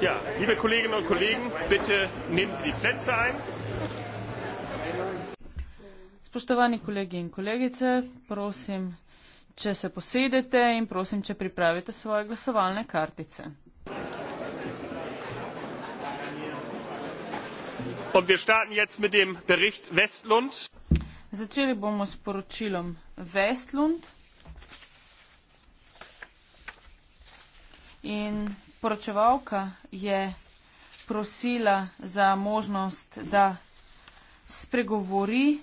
Ja, liebe Kolleginnen und Kollegen, bitte nehmen Sie die Plätze ein. Spoštovani kolegi in kolegice, prosim, če se posedete in prosim, če pripravite svoje glasovalne kartice. Začeli bomo s poročilom Vestlund. In poročevalka je prosila za možnost, da spregovori.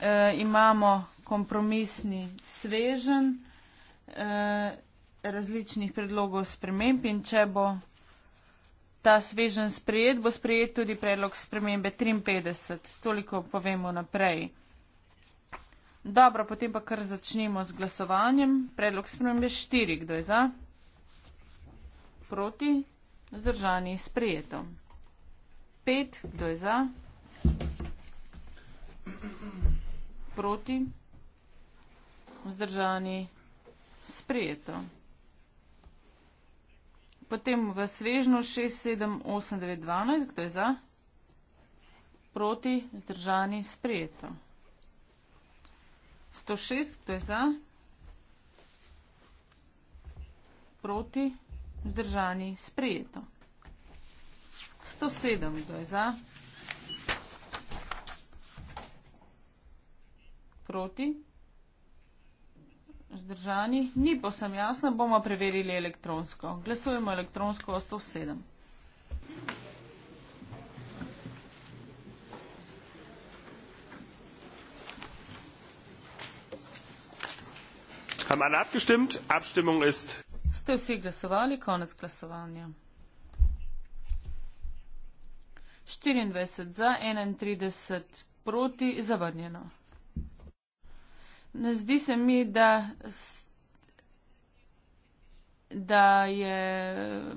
E, imamo kompromisni svežen e, različnih predlogov sprememb in če bo ta svežen sprejet, bo sprejet tudi predlog spremembe 53. Toliko povemo naprej. Dobro, potem pa kar začnimo z glasovanjem. Predlog spremembe 4. Kdo je za? proti, vzdržani, sprijeto. Pet, kdo je za? Proti, vzdržani, sprijeto. Potem v svežno 6, 7, 8, 9, 12, kdo je za? Proti, vzdržani, sprijeto. 106, kdo je za? Proti, vzdržani, sprijeto vzdržani, sprejeto. 107, kdo je za? Proti? Vzdržani, ni posem jasno, bomo preverili elektronsko. Glesujemo elektronsko o 107. Haben alle abgestimmt? Abstimmung ist... Ste vsi glasovali? Konec glasovanja. 24 za, 31 proti, zavrnjeno. Ne zdi se mi, da, da je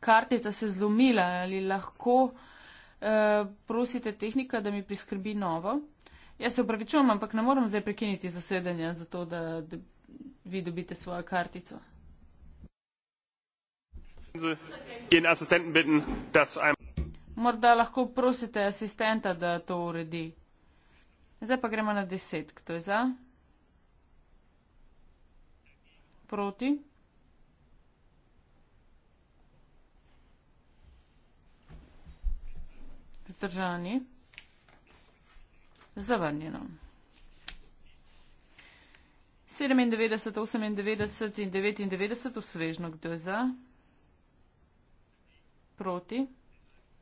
kartica se zlomila ali lahko eh, prosite tehnika, da mi priskrbi novo. Jaz se upravičujem, ampak ne morem zdaj prekiniti zasedanja, zato da, da vi dobite svojo kartico. Morda lahko prosite asistenta, da to uredi. Zdaj pa gremo na deset. Kdo je za? Proti? Zdržani? Zavrnjeno. 97, 98 in 99 v svežnu. Kdo je za? proti,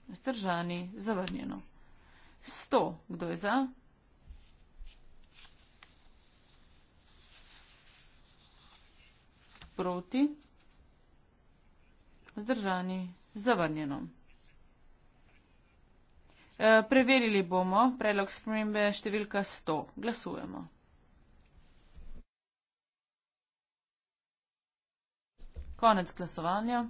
zdržani, zavrnjeno. 100, kdo je za? 100, proti, zdržani, zavrnjeno. E, preverili bomo predlog spremembe številka 100. Glasujemo. Konec glasovanja.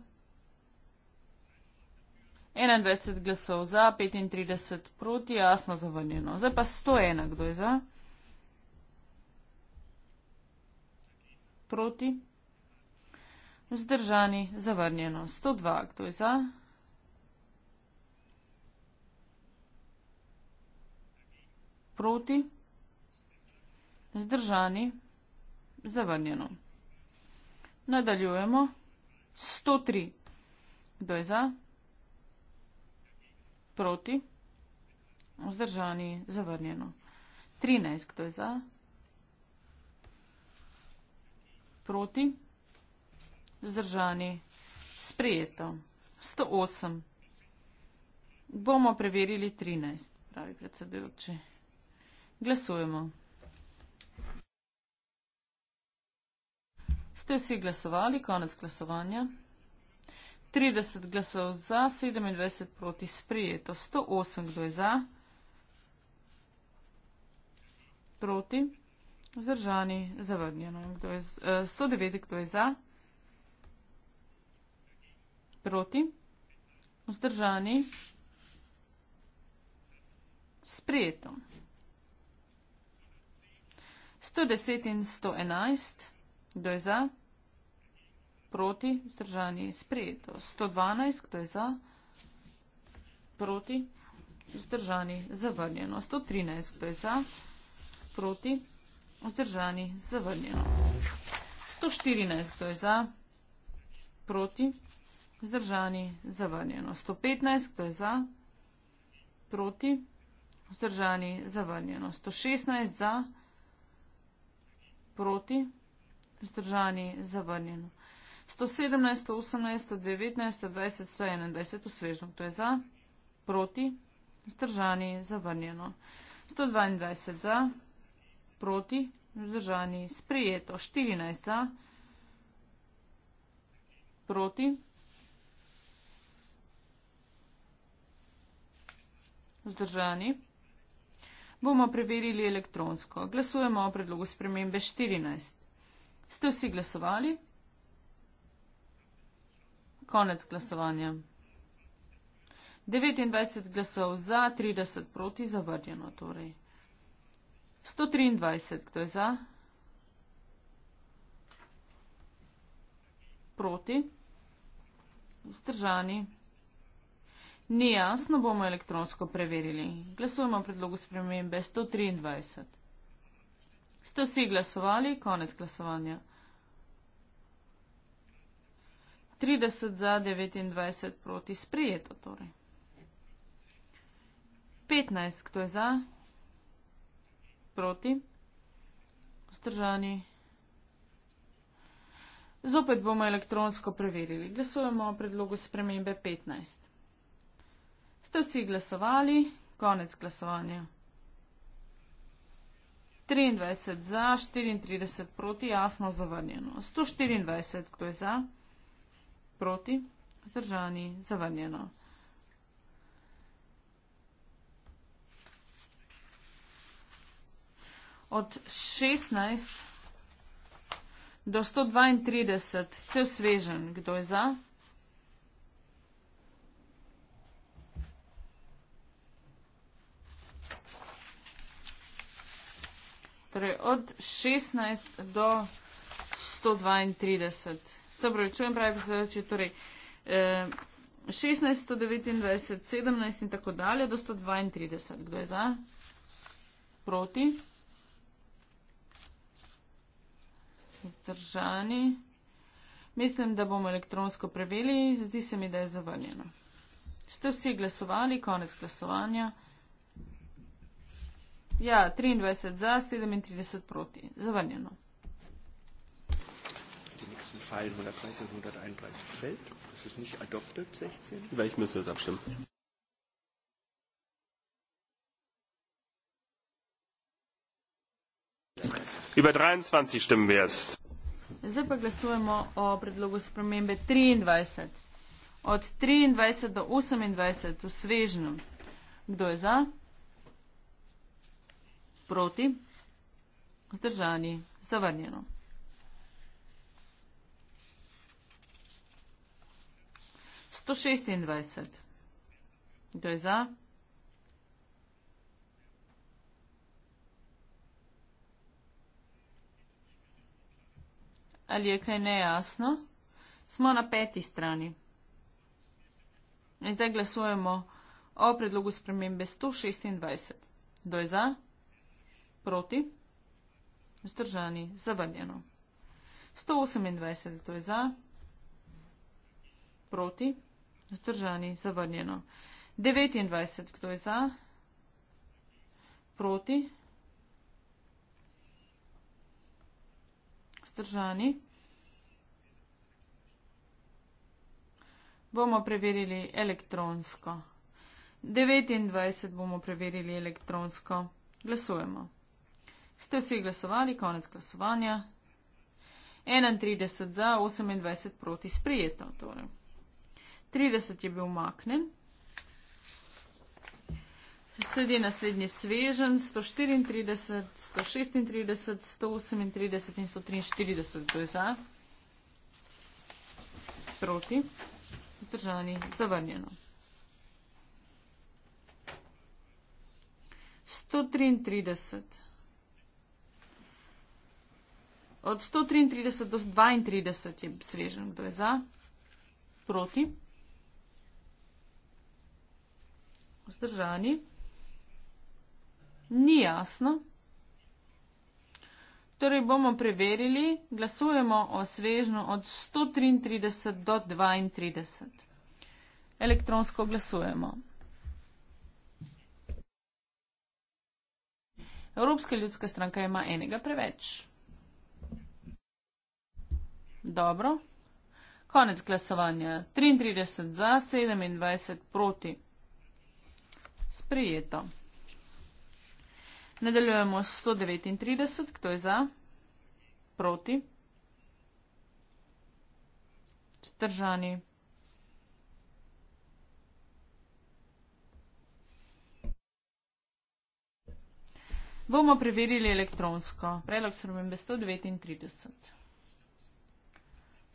21 glasov za, 35 proti, jasno zavrnjeno. Zdaj pa 101, kdo je za? Proti. Vzdržani, zavrnjeno. 102, kdo je za? Proti. Vzdržani, zavrnjeno. Nadaljujemo. 103, kdo je za? Proti. Proti. Vzdržani. Zavrnjeno. 13. Kdo je za? Proti. Vzdržani. Sprijeto. 108. Bomo preverili 13, pravi predsedujoči. Glasujemo. Ste vsi glasovali? Konec glasovanja. 30 glasov za, 27 proti sprijeto, 108 kdo je za, proti, vzdržani, zavrnjeno, 109 e, kdo je za, proti, vzdržani, sprijeto. 110 in 111, kdo je za, proti, vzdržani, sprijeto. Proti. Vzdržani je sprejeto. 112. Kdo je za? Proti. Vzdržani. Zavrnjeno. 113. Kdo je za? Proti. Vzdržani. Zavrnjeno. 114. Kdo je za? Proti. Vzdržani. Zavrnjeno. 115. Kdo je za? Proti. Vzdržani. Zavrnjeno. 116. Za. Proti. Vzdržani. Zavrnjeno. 117, 118, 119, 20, 121 osvežno. To je za, proti, zdržani, zavrnjeno. 122 za, proti, zdržani, sprijeto. 14 za, proti, zdržani. Bomo preverili elektronsko. Glasujemo o predlogu spremembe 14. Ste vsi glasovali? Konec glasovanja. 29 glasov za, 30 proti, zavrjeno torej. 123, kdo je za? Proti. Vzdržani. Ni jasno, bomo elektronsko preverili. Glasujemo o predlogu spremembe 123. Ste vsi glasovali? Konec glasovanja. 30 za 29 proti sprejeto torej. 15, kdo je za, proti, vzdržani. Zopet bomo elektronsko preverili. Glasujemo o predlogu spremembe 15. Ste vsi glasovali, konec glasovanja. 23 za, 34 proti, jasno zavrnjeno. 124, kdo je za proti, zdržani, zavrnjeno. Od 16 do 132, cel svežen, kdo je za? Torej, od 16 do 132 se upravičujem, pravi predsedujoči, torej eh, 16, 129, 17 in tako dalje do 132. Kdo je za? Proti? Zdržani? Mislim, da bomo elektronsko preveli, zdi se mi, da je zavrnjeno. Ste vsi glasovali, konec glasovanja. Ja, 23 za, 37 proti. Zavrnjeno. Fall 130 und 131 fällt. Das ist nicht adopted 16. Welch müssen wir es abstimmen? Über 23 stimmen wir jetzt. Zdaj pa glasujemo o predlogu spremembe 23. Od 23 do 28 v svežnem. Kdo je za? Proti? Zdržani? Zavrnjeno? Sto šestindvajset. Kdo je za? Ali je kaj nejasno? Smo na peti strani. In zdaj glasujemo o predlogu spremembe sto šestindvajset. Kdo je za? Proti? Zdržani? Zavrnjeno. Sto osemindvajset. Kdo je za? Proti? Vzdržani, zavrnjeno. 29, kdo je za? Proti? Vzdržani? Bomo preverili elektronsko. 29 bomo preverili elektronsko. Glasujemo. Ste vsi glasovali, konec glasovanja. 31 za, 28 proti, sprijeto. Torej. 30 je bil umaknen. Sledi naslednji svežen 134, 136, 138 in 143. To je za. Proti. Vzdržani. Zavrnjeno. 133. Od 133 do 32 je svežen. To je za. Proti. vzdržani. Ni jasno. Torej bomo preverili, glasujemo o svežnu od 133 do 32. Elektronsko glasujemo. Evropska ljudska stranka ima enega preveč. Dobro. Konec glasovanja. 33 za, 27 proti. Sprejeto. Nadaljujemo s 139, kdo je za? Proti? Zdržani. Bomo preverili elektronsko. Predlog spremembe 139.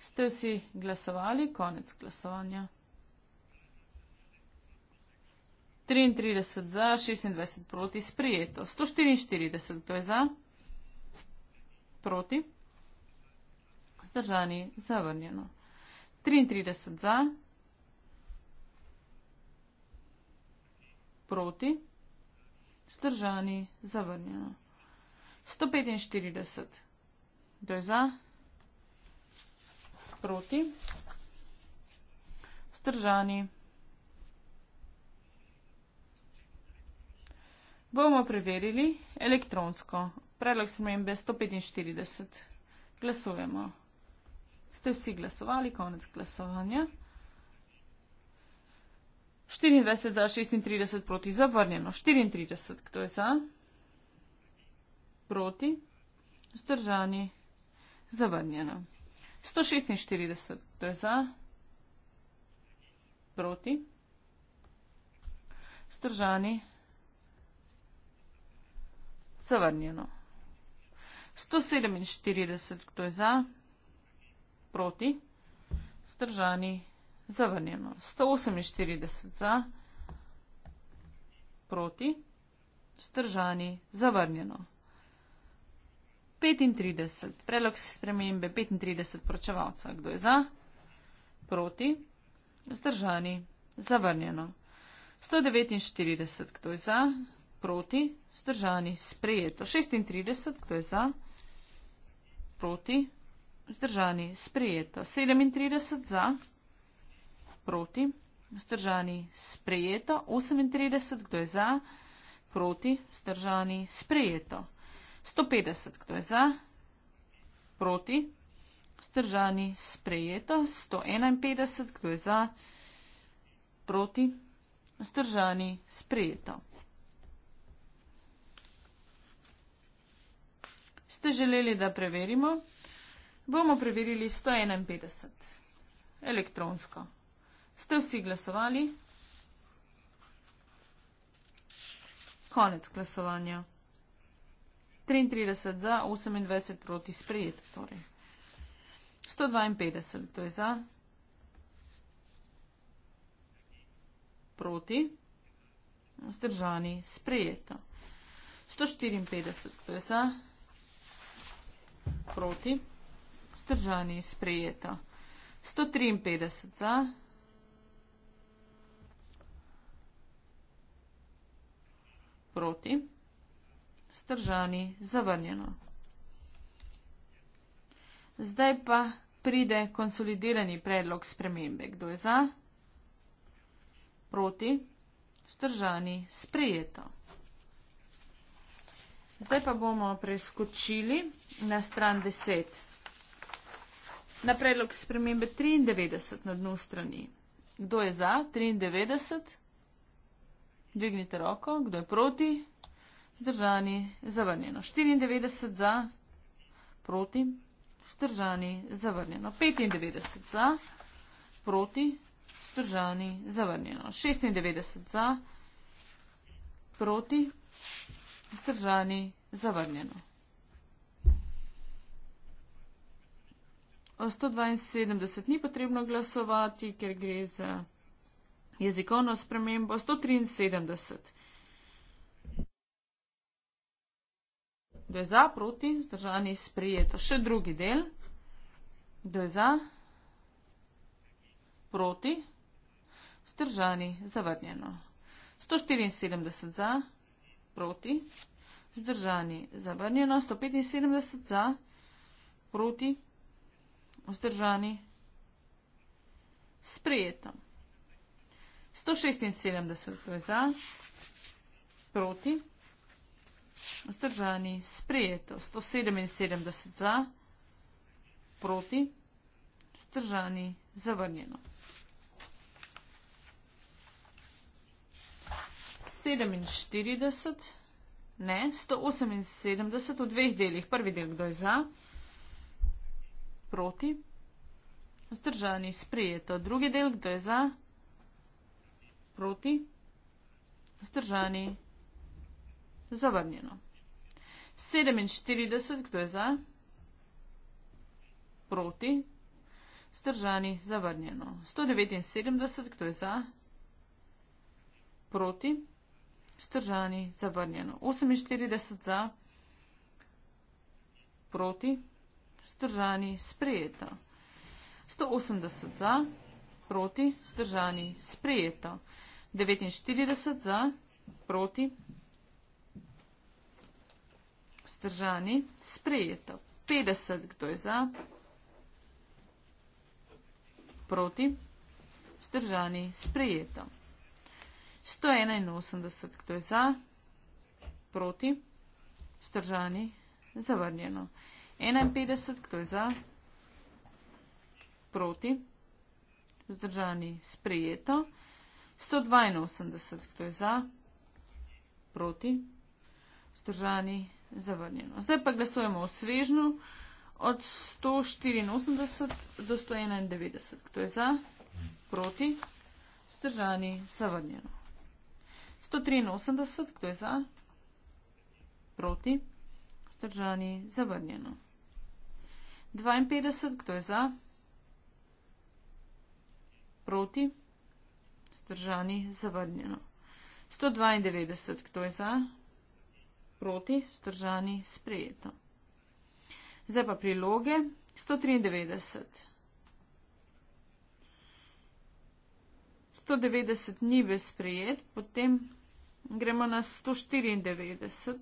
Ste vsi glasovali? Konec glasovanja. 33 za, 26 proti, sprijeto. 144, to je za, proti, zdržani, zavrnjeno. 33 za, proti, zdržani, zavrnjeno. 145, to je za, proti, zdržani, zavrnjeno. bomo preverili elektronsko. Predlog spremembe 145. Glasujemo. Ste vsi glasovali, konec glasovanja. 24 za, 36 proti, zavrnjeno. 34, kdo je za? Proti, zdržani, zavrnjeno. 146, kdo je za? Proti, zdržani, zavrnjeno zavrnjeno. 147, kdo je za, proti, zdržani, zavrnjeno. 148 za, proti, zdržani, zavrnjeno. 35, predlog spremembe 35 pročevalca, kdo je za, proti, zdržani, zavrnjeno. 149, kdo je za, Proti. Vzdržani. Sprejeto. 36, kdo je za? Proti. Vzdržani. Sprejeto. 37 za. Proti. Vzdržani. Sprejeto. 38, kdo je za? Proti. Vzdržani. Sprejeto. 150, kdo je za? Proti. Vzdržani. Sprejeto. 151, kdo je za? Proti. Vzdržani. Sprejeto. Ste želeli, da preverimo? Bomo preverili 151. Elektronsko. Ste vsi glasovali? Konec glasovanja. 33 za, 28 proti sprejet. Torej. 152, to je za. Proti. Zdržani, sprejeto. 154, to je za proti. Zdržani je sprejeto. 153 za. 1 proti. Zdržani je zavrnjeno. Zdaj pa pride konsolidirani predlog spremembe. Kdo je za? 1 proti. Zdržani je sprejeto. Zdaj pa bomo preskočili na stran 10. Na predlog spremembe 93 na dnu strani. Kdo je za 93? Dvignite roko. Kdo je proti? Zdržani. Zavrnjeno. 94 za. Proti. Zdržani. Zavrnjeno. 95 za. Proti. Zdržani. Zavrnjeno. 96 za. Proti vzdržani, zavrnjeno. O 172 ni potrebno glasovati, ker gre za jezikovno spremembo. 173. Kdo je za, proti, vzdržani, sprijeto. Še drugi del. Kdo je za, proti, vzdržani, zavrnjeno. 174 za proti, vzdržani, zavrnjeno, 175 za, proti, vzdržani, sprejeto. 176 za, proti, vzdržani, sprejeto. 177 za, proti, vzdržani, zavrnjeno. sedeminštirideset, ne, sto oseminsedemdeset v dveh delih. Prvi del, kdo je za? Proti? Vzdržani, sprejeto. Drugi del, kdo je za? Proti? Vzdržani, zavrnjeno. Sedeminštirideset, kdo je za? Proti? Vzdržani, zavrnjeno. Sto devetinsedemdeset, kdo je za? Proti? vzdržani, zavrnjeno. 48 za, proti, vzdržani, sprejeto. 180 za, proti, vzdržani, sprejeto. 49 za, proti, vzdržani, sprejeto. 50, kdo je za, proti, vzdržani, sprejeto. 181, kdo je za, proti, vzdržani, zavrnjeno. 51, kdo je za, proti, vzdržani, sprijeto. 182, kdo je za, proti, vzdržani, zavrnjeno. Zdaj pa glasujemo v svežnju od 184 do 191, kdo je za, proti, vzdržani, zavrnjeno. 183, kdo je za? Proti. Vzdržani, zavrnjeno. 52, kdo je za? Proti. Vzdržani, zavrnjeno. 192, kdo je za? Proti. Vzdržani, sprejeto. Zdaj pa priloge. 193. 190 ni bil sprejet, potem gremo na 194,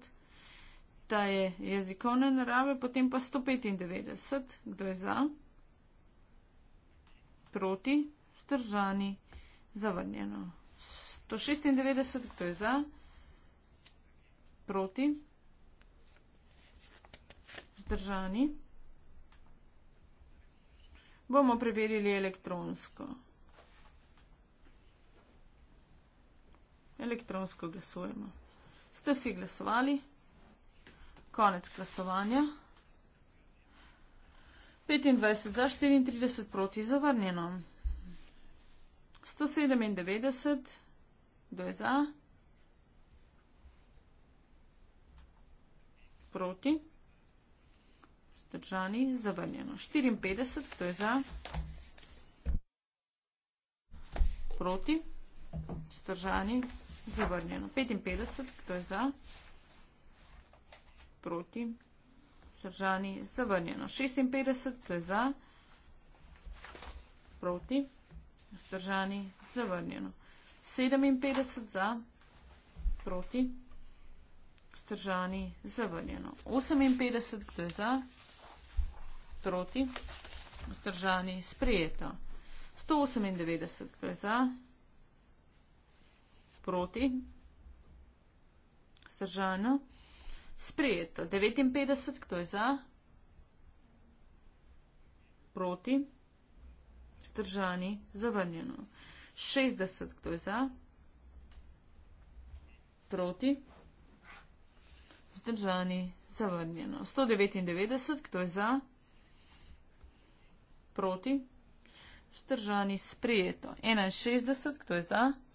ta je jezikovne narave, potem pa 195, kdo je za, proti, vzdržani, zavrnjeno. 196, kdo je za, proti, vzdržani. Bomo preverili elektronsko. elektronsko glasujemo. Ste vsi glasovali? Konec glasovanja. 25 za 34 proti zavrnjeno. 197, kdo je za? Proti. Zdržani, zavrnjeno. 54, kdo je za? Proti. Zdržani, Zavrnjeno. 55. Kdo je za? Proti. Zdržani. Zavrnjeno. 56. Kdo je za? Proti. Zdržani. Zavrnjeno. 57. Za. Proti. Zdržani. Zavrnjeno. 58. Kdo je za? Proti. Zdržani. Sprijeto. 198. Kdo je za? Proti proti, stržano, sprejeto. 59, kdo je za, proti, stržani, zavrnjeno. 60, kdo je za, proti, stržani, zavrnjeno. 199, kdo je za, proti, stržani, sprejeto. 61, kdo je za, proti,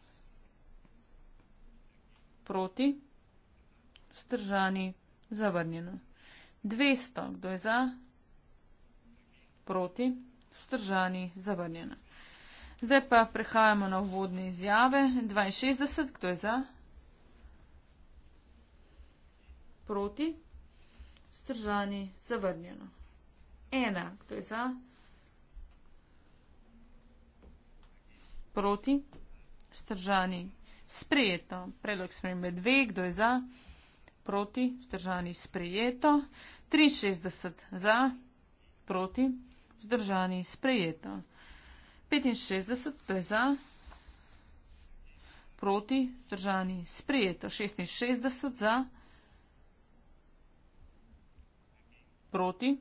proti, vzdržani, zavrnjeno. 200, kdo je za, proti, vzdržani, zavrnjeno. Zdaj pa prehajamo na uvodne izjave. 62, kdo je za, proti, vzdržani, zavrnjeno. 1, kdo je za, proti, vzdržani, zavrnjeno sprejeto. Predlog spremembe dve, kdo je za, proti, vzdržani sprejeto, 63 za, proti, vzdržani sprejeto, 65, kdo je za, proti, vzdržani sprejeto, 66 za, proti,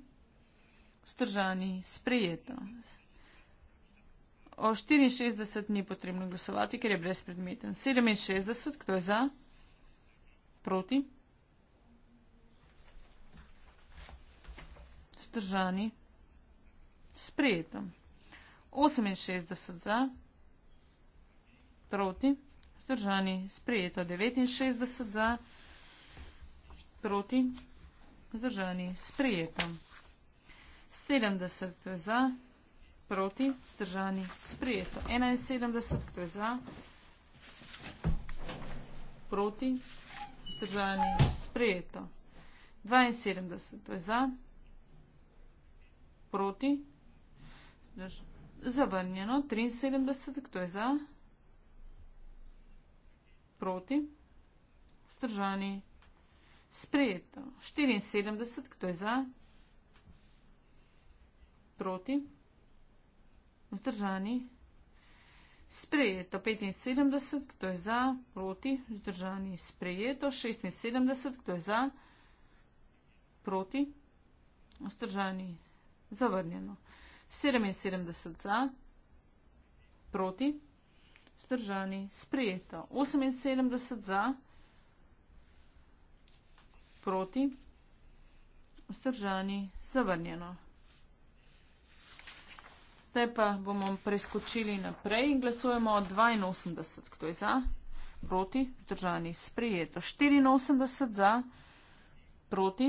vzdržani sprejeto. O 64 ni potrebno glasovati, ker je brezpredmeten. 67, kdo je za? Proti? Zdržani? Sprejeto. 68 za? Proti? Zdržani? Sprejeto. 69 za? Proti? Zdržani? Sprejeto. 70 za? Proti? proti, vzdržani, sprejeto. 71, kdo je za, proti, vzdržani, sprejeto. 72, kdo je za, proti, zavrnjeno. 73, kdo je za, proti, vzdržani, sprejeto. 74, kdo je za, proti, vzdržani, sprejeto vzdržani. Sprejeto 75, kdo je za, proti, vzdržani. Sprejeto 76, kdo je za, proti, vzdržani. Zavrnjeno. 77 za, proti, vzdržani. Sprejeto 78 za, proti, vzdržani. Zavrnjeno. Zdaj pa bomo preskočili naprej in glasujemo 82, kdo je za, proti, vzdržani, sprijeto. 84 za, proti,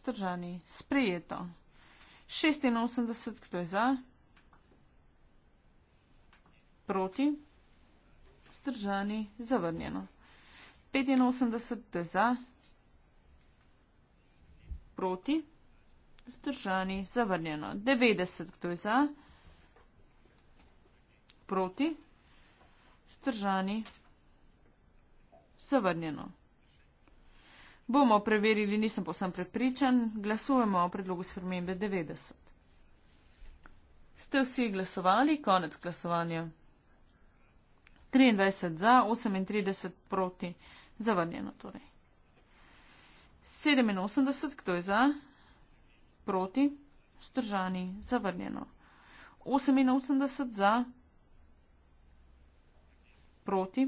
vzdržani, sprijeto. 86, kdo je za, proti, vzdržani, zavrnjeno. 85, kdo je za, proti, vzdržani, zavrnjeno. 90, kdo je za, proti proti, stržani, zavrnjeno. Bomo preverili, nisem posem prepričan, glasujemo o predlogu spremembe 90. Ste vsi glasovali, konec glasovanja. 23 za, 38 proti, zavrnjeno torej. 87, kdo je za, proti, stržani, zavrnjeno. 88 za, proti,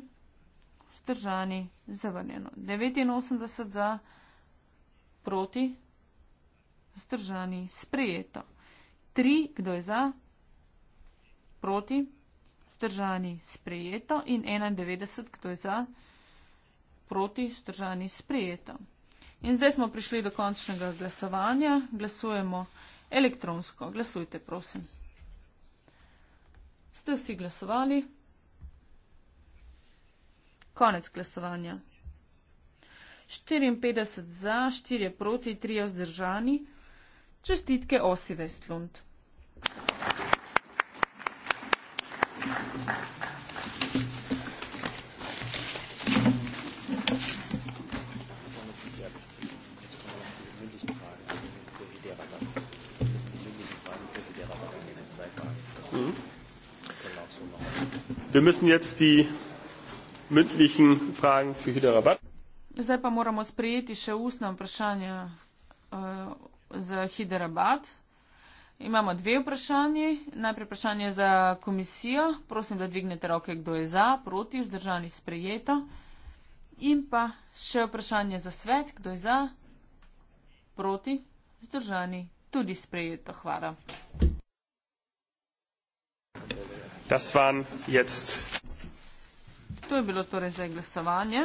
vzdržani, zavrnjeno. 89 za, proti, vzdržani, sprejeto. 3, kdo je za, proti, vzdržani, sprejeto in 91, kdo je za, proti, vzdržani, sprejeto. In zdaj smo prišli do končnega glasovanja. Glasujemo elektronsko. Glasujte, prosim. Ste vsi glasovali? Konec glasovanja. 54 za, 4 proti, 3 vzdržani. Čestitke Osi Vestlund. Wir müssen jetzt die mündlichen Fragen für Hyderabad. Zdaj pa moramo sprejeti še ustna vprašanja uh, za Hyderabad. Imamo dve vprašanje. Najprej vprašanje za komisijo. Prosim, da dvignete roke, kdo je za, proti, vzdržani sprejeto. In pa še vprašanje za svet, kdo je za, proti, vzdržani tudi sprejeto. Hvala. Das waren jetzt to je bilo torej zdaj glasovanje.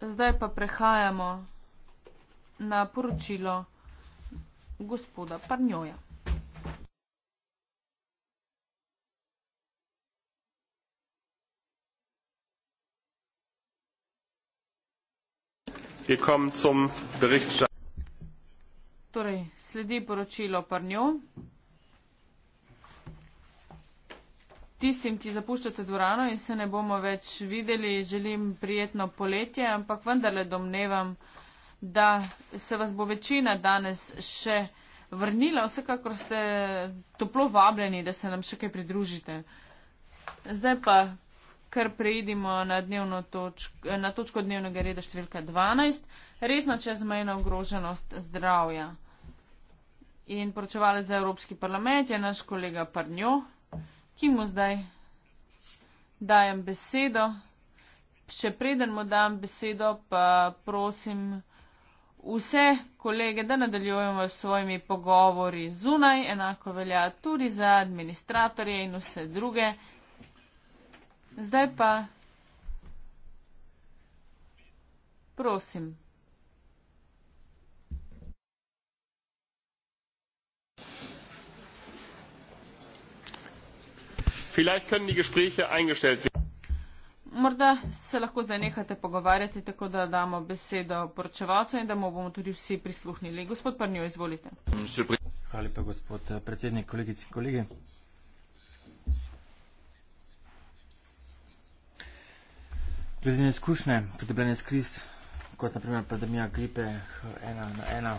Zdaj pa prehajamo na poročilo gospoda Parnjoja. Torej, sledi poročilo Parnjo. tistim, ki zapuščate dvorano in se ne bomo več videli, želim prijetno poletje, ampak vendarle domnevam, da se vas bo večina danes še vrnila. Vsekakor ste toplo vabljeni, da se nam še kaj pridružite. Zdaj pa kar preidimo na, točk, na točko dnevnega reda številka 12, resna čezmejna ogroženost zdravja. In poročevalec za Evropski parlament je naš kolega Parnjo ki mu zdaj dajem besedo. Še preden mu dam besedo, pa prosim vse kolege, da nadaljujemo s svojimi pogovori zunaj, enako velja tudi za administratorje in vse druge. Zdaj pa prosim. Vielleicht können die Gespräche eingestellt werden. Morda se lahko zdaj nehate pogovarjati, tako da damo besedo poročevalcu in da mu bomo tudi vsi prisluhnili. Gospod Parnjo, izvolite. Hvala lepa, gospod eh, predsednik, kolegici in kolegi. Glede na izkušnje, pridobljene iz kriz, kot naprimer pandemija gripe 1 na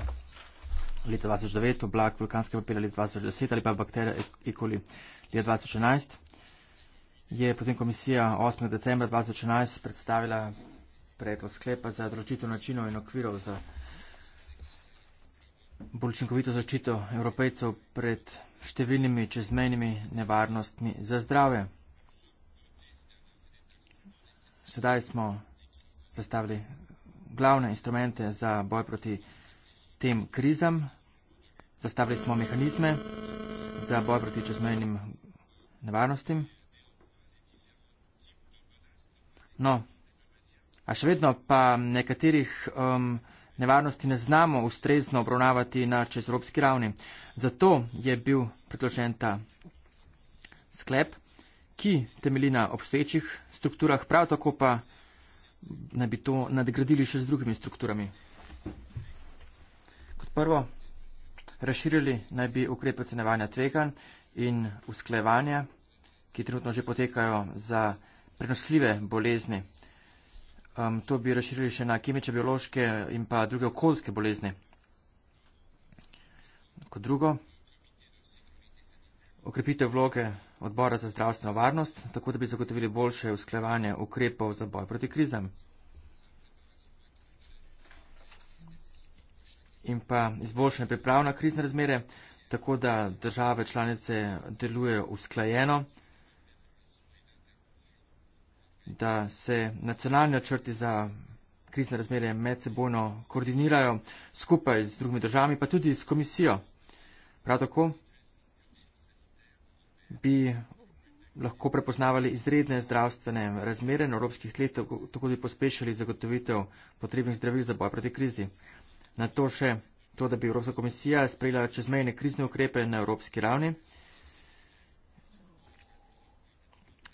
1 leta 2009, oblak vulkanske papirja leta 2010 ali pa bakterija ekoli leta 2011, je potem komisija 8. decembra 2011 predstavila predlog sklepa za odločitev načinov in okvirov za bolj učinkovito zaščito evropejcev pred številnimi čezmejnimi nevarnostmi za zdrave. Sedaj smo zastavili glavne instrumente za boj proti tem krizam. Zastavili smo mehanizme za boj proti čezmejnim nevarnostim. No, a še vedno pa nekaterih um, nevarnosti ne znamo ustrezno obravnavati na čezevropski ravni. Zato je bil predložen ta sklep, ki temeli na obstoječih strukturah, prav tako pa ne bi to nadgradili še z drugimi strukturami. Kot prvo, razširili naj bi ukrepe ocenevanja tvegan in usklevanja, ki trenutno že potekajo za prenosljive bolezni. Um, to bi razširili še na kemične, biološke in pa druge okoljske bolezni. Kot drugo, okrepitev vloge odbora za zdravstveno varnost, tako da bi zagotovili boljše usklevanje ukrepov za boj proti krizam. In pa izboljšanje priprav na krizne razmere, tako da države članice delujejo usklajeno da se nacionalni načrti za krizne razmere medsebojno koordinirajo skupaj z drugimi državami, pa tudi s komisijo. Prav tako bi lahko prepoznavali izredne zdravstvene razmere na evropskih tleh, tako bi pospešili zagotovitev potrebnih zdravil za boj proti krizi. Na to še to, da bi Evropska komisija sprejela čezmejne krizne ukrepe na evropski ravni.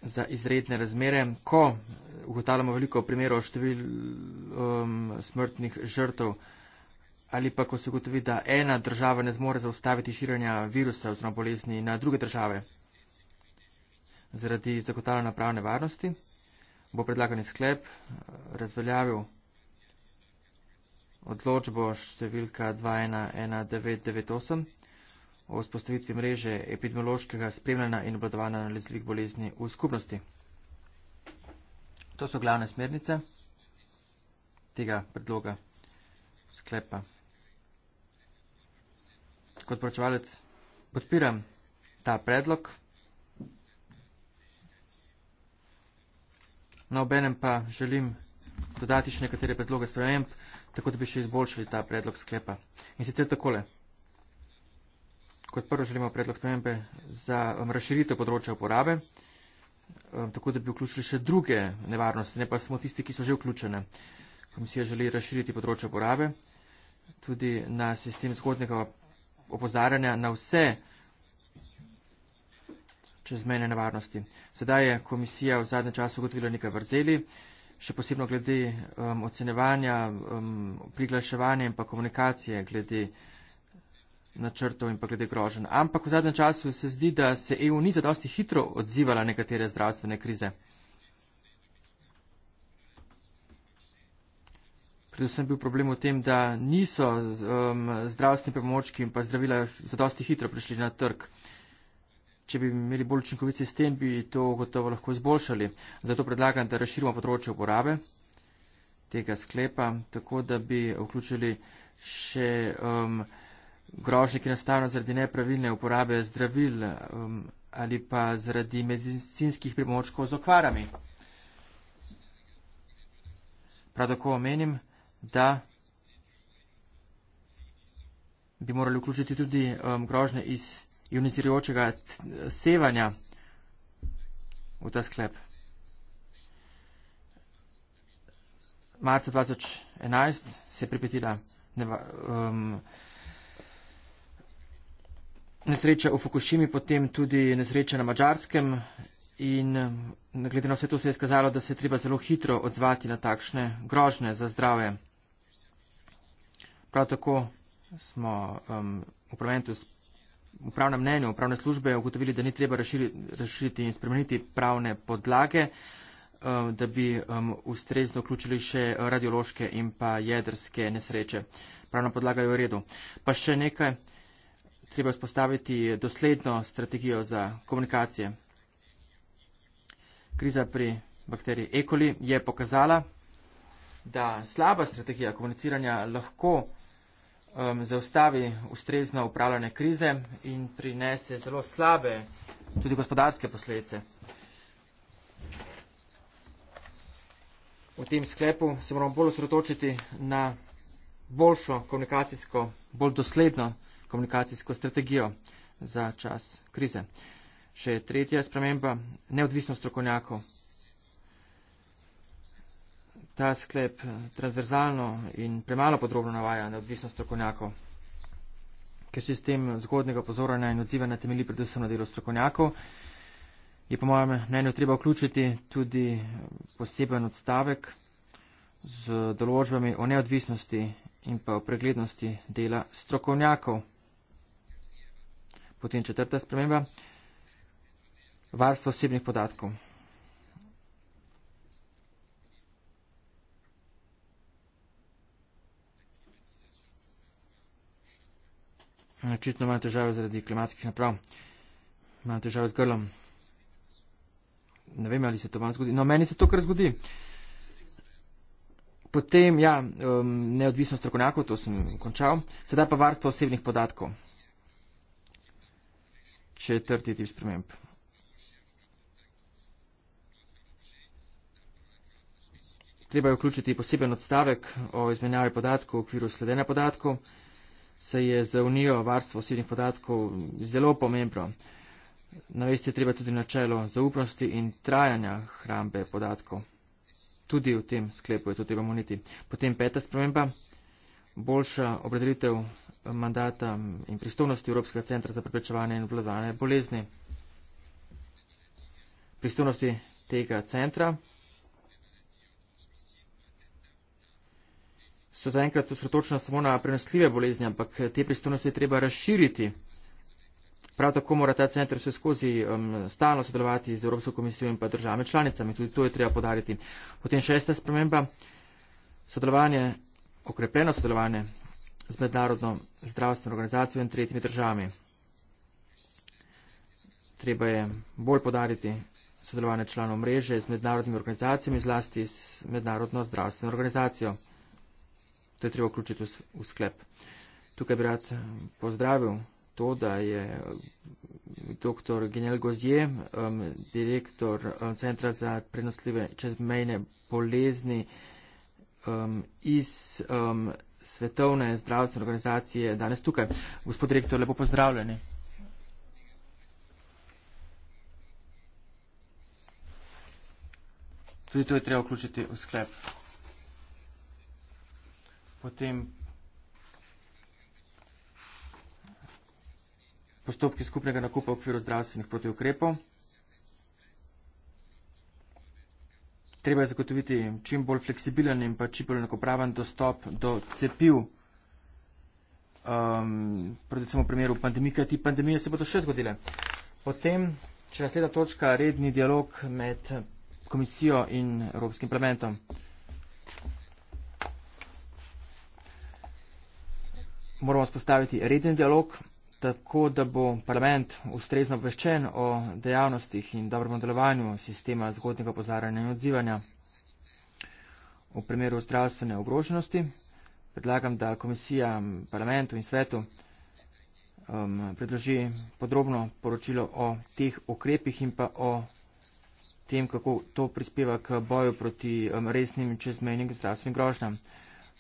za izredne razmere, ko ugotavljamo veliko primerov števil um, smrtnih žrtev ali pa ko se gotovi, da ena država ne zmore zaustaviti širanja virusa oziroma bolezni na druge države zaradi zagotavljanja pravne varnosti, bo predlagani sklep uh, razveljavil odločbo številka 21198 o vzpostavitvi mreže epidemiološkega spremljanja in obladovanja nalezljivih bolezni v skupnosti. To so glavne smernice tega predloga sklepa. Kot poročevalec podpiram ta predlog, na no, obenem pa želim dodati še nekatere predloge sprememb, tako da bi še izboljšali ta predlog sklepa. In sicer takole kot prvo želimo predlog spremembe za um, razširitev področja uporabe, um, tako da bi vključili še druge nevarnosti, ne pa samo tisti, ki so že vključene. Komisija želi razširiti področje uporabe tudi na sistem zgodnega opozarjanja na vse čezmene nevarnosti. Sedaj je komisija v zadnjem času ugotovila nekaj vrzeli, še posebno glede um, ocenevanja, um, priglaševanja in pa komunikacije glede načrtov in pa glede groženj. Ampak v zadnjem času se zdi, da se EU ni zadosti hitro odzivala na nekatere zdravstvene krize. Predvsem bil problem v tem, da niso um, zdravstveni pomočki in pa zdravila zadosti hitro prišli na trg. Če bi imeli bolj učinkovit sistem, bi to gotovo lahko izboljšali. Zato predlagam, da razširimo področje uporabe tega sklepa, tako da bi vključili še um, grožnje, ki nastanejo zaradi nepravilne uporabe zdravil um, ali pa zaradi medicinskih primočkov z okvarami. Prav tako omenim, da bi morali vključiti tudi um, grožnje iz ionizirajočega sevanja v ta sklep. Marca 2011 se je pripetila neva, um, nesreča v Fukushimi, potem tudi nesreča na Mačarskem in um, glede na vse to se je skazalo, da se je treba zelo hitro odzvati na takšne grožne za zdrave. Prav tako smo um, v parlamentu v pravnem mnenju upravne službe ugotovili, da ni treba razširiti in spremeniti pravne podlage, um, da bi um, ustrezno vključili še radiološke in pa jedrske nesreče. Pravna podlaga je v redu. Pa še nekaj treba vzpostaviti dosledno strategijo za komunikacije. Kriza pri bakteriji E. coli je pokazala, da slaba strategija komuniciranja lahko um, zaustavi ustrezno upravljanje krize in prinese zelo slabe tudi gospodarske posledice. V tem sklepu se moramo bolj osredotočiti na boljšo komunikacijsko, bolj dosledno komunikacijsko strategijo za čas krize. Še tretja sprememba, neodvisnost strokovnjakov. Ta sklep eh, transverzalno in premalo podrobno navaja neodvisnost strokovnjakov, ker sistem zgodnega pozoranja in odzivanja temeli predvsem na delu strokovnjakov. Je po mojem mnenju treba vključiti tudi eh, poseben odstavek z določbami o neodvisnosti in pa o preglednosti dela strokovnjakov. Potem četrta sprememba, varstvo osebnih podatkov. Očitno imajo težave zaradi klimatskih naprav, imajo težave z grlom. Ne vem, ali se to vam zgodi. No, meni se to kar zgodi. Potem, ja, um, neodvisnost strokovnjakov, to sem končal. Sedaj pa varstvo osebnih podatkov četrti tip sprememb. Treba je vključiti poseben odstavek o izmenjavi podatkov v okviru sledenja podatkov, saj je za unijo varstvo osebnih podatkov zelo pomembno. Navesti je treba tudi načelo zaupnosti in trajanja hrambe podatkov. Tudi v tem sklepu je to treba moniti. Potem peta sprememba, boljša obredelitev mandata in pristojnosti Evropskega centra za preprečevanje in obladovanje bolezni. Pristojnosti tega centra so zaenkrat usredotočene samo na prenosljive bolezni, ampak te pristojnosti je treba razširiti. Prav tako mora ta center vse skozi um, stalno sodelovati z Evropsko komisijo in pa državami članicami. Tudi to je treba podariti. Potem šesta sprememba. Sodelovanje, okrepljeno sodelovanje z mednarodno zdravstveno organizacijo in tretjimi državami. Treba je bolj podariti sodelovanje članov mreže z mednarodnimi organizacijami, zlasti z mednarodno zdravstveno organizacijo. To je treba vključiti v sklep. Tukaj bi rad eh, pozdravil to, da je eh, dr. Genel Gozje, um, direktor um, Centra za prenosljive čezmejne bolezni um, iz um, svetovne zdravstvene organizacije danes tukaj. Gospod direktor, lepo pozdravljeni. Tudi to je treba vključiti v sklep. Potem postopki skupnega nakupa v okviru zdravstvenih protiukrepov. treba je zagotoviti čim bolj fleksibilen in pa čim bolj enakopraven dostop do cepiv, um, predvsem v primeru pandemije, ker ti pandemije se bodo še zgodile. Potem, če nasleda točka, redni dialog med komisijo in Evropskim parlamentom. Moramo spostaviti reden dialog tako da bo parlament ustrezno obveščen o dejavnostih in dobrom delovanju sistema zgodnjega pozaranja in odzivanja. V primeru zdravstvene ogroženosti predlagam, da komisija parlamentu in svetu um, predloži podrobno poročilo o teh ukrepih in pa o tem, kako to prispeva k boju proti um, resnim čezmejnim zdravstvenim grožnjam.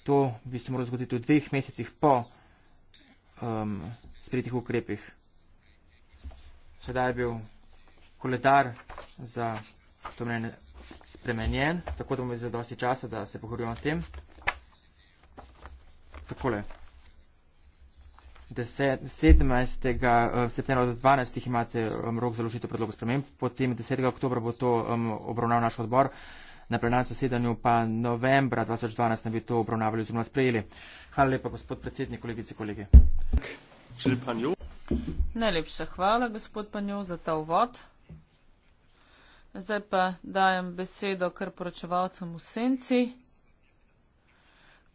To bi se moralo zgoditi v dveh mesecih po um, spritih ukrepih. Sedaj je bil koledar za to mnenje spremenjen, tako da bomo imeli zadosti časa, da se pogovorimo o tem. Takole. 17. Eh, septembra do 12. imate um, rok za ložitev predlogu sprememb, potem 10. oktober bo to um, obravnal naš odbor, na plenarnem zasedanju pa novembra 2012 bi to obravnavali oziroma sprejeli. Uh, Hvala lepa, gospod predsednik, kolegice in kolege. Najlepša hvala, gospod Panjo, za ta uvod. Zdaj pa dajem besedo kar poročevalcem v senci.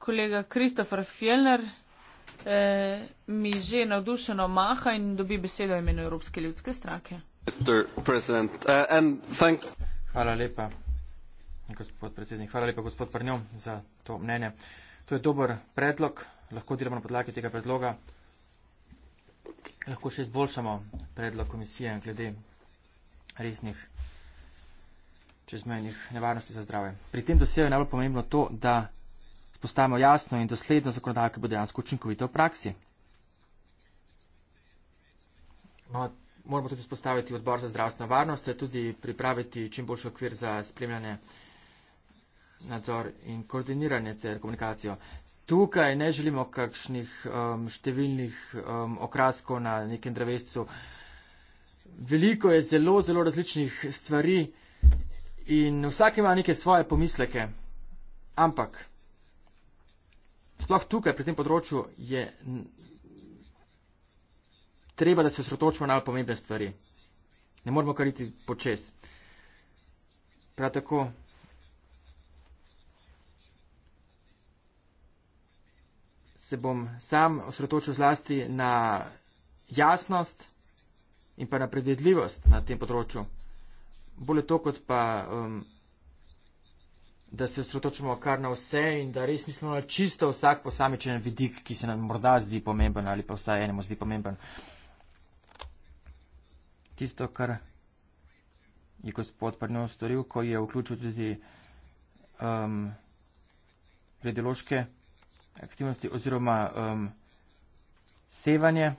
Kolega Kristofer Fjellner eh, mi že navdušeno maha in dobi besedo imenu Evropske ljudske stranke. Uh, hvala lepa, gospod predsednik. Hvala lepa, gospod Parnjo, za to mnenje. Uh, To je dober predlog, lahko delamo na podlagi tega predloga, lahko še izboljšamo predlog komisije glede resnih čezmejnih nevarnosti za zdrave. Pri tem dosegu je najbolj pomembno to, da spostavimo jasno in dosledno zakonodajo, ki bo dejansko učinkovito v praksi. Moramo tudi spostaviti odbor za zdravstveno varnost, tudi pripraviti čim boljši okvir za spremljanje nadzor in koordiniranje ter komunikacijo. Tukaj ne želimo kakšnih um, številnih um, okraskov na nekem drevescu. Veliko je zelo, zelo različnih stvari in vsak ima neke svoje pomisleke. Ampak sploh tukaj, pri tem področju, je treba, da se osredotočimo na pomembne stvari. Ne moramo kariti počes. Prav tako se bom sam osredotočil zlasti na jasnost in pa na predvidljivost na tem področju. Bole to, kot pa, um, da se osredotočimo kar na vse in da res mislimo na čisto vsak posamičen vidik, ki se nam morda zdi pomemben ali pa vsaj enemu zdi pomemben. Tisto, kar je gospod Prnjo storil, ko je vključil tudi um, predeloške aktivnosti oziroma um, sevanje,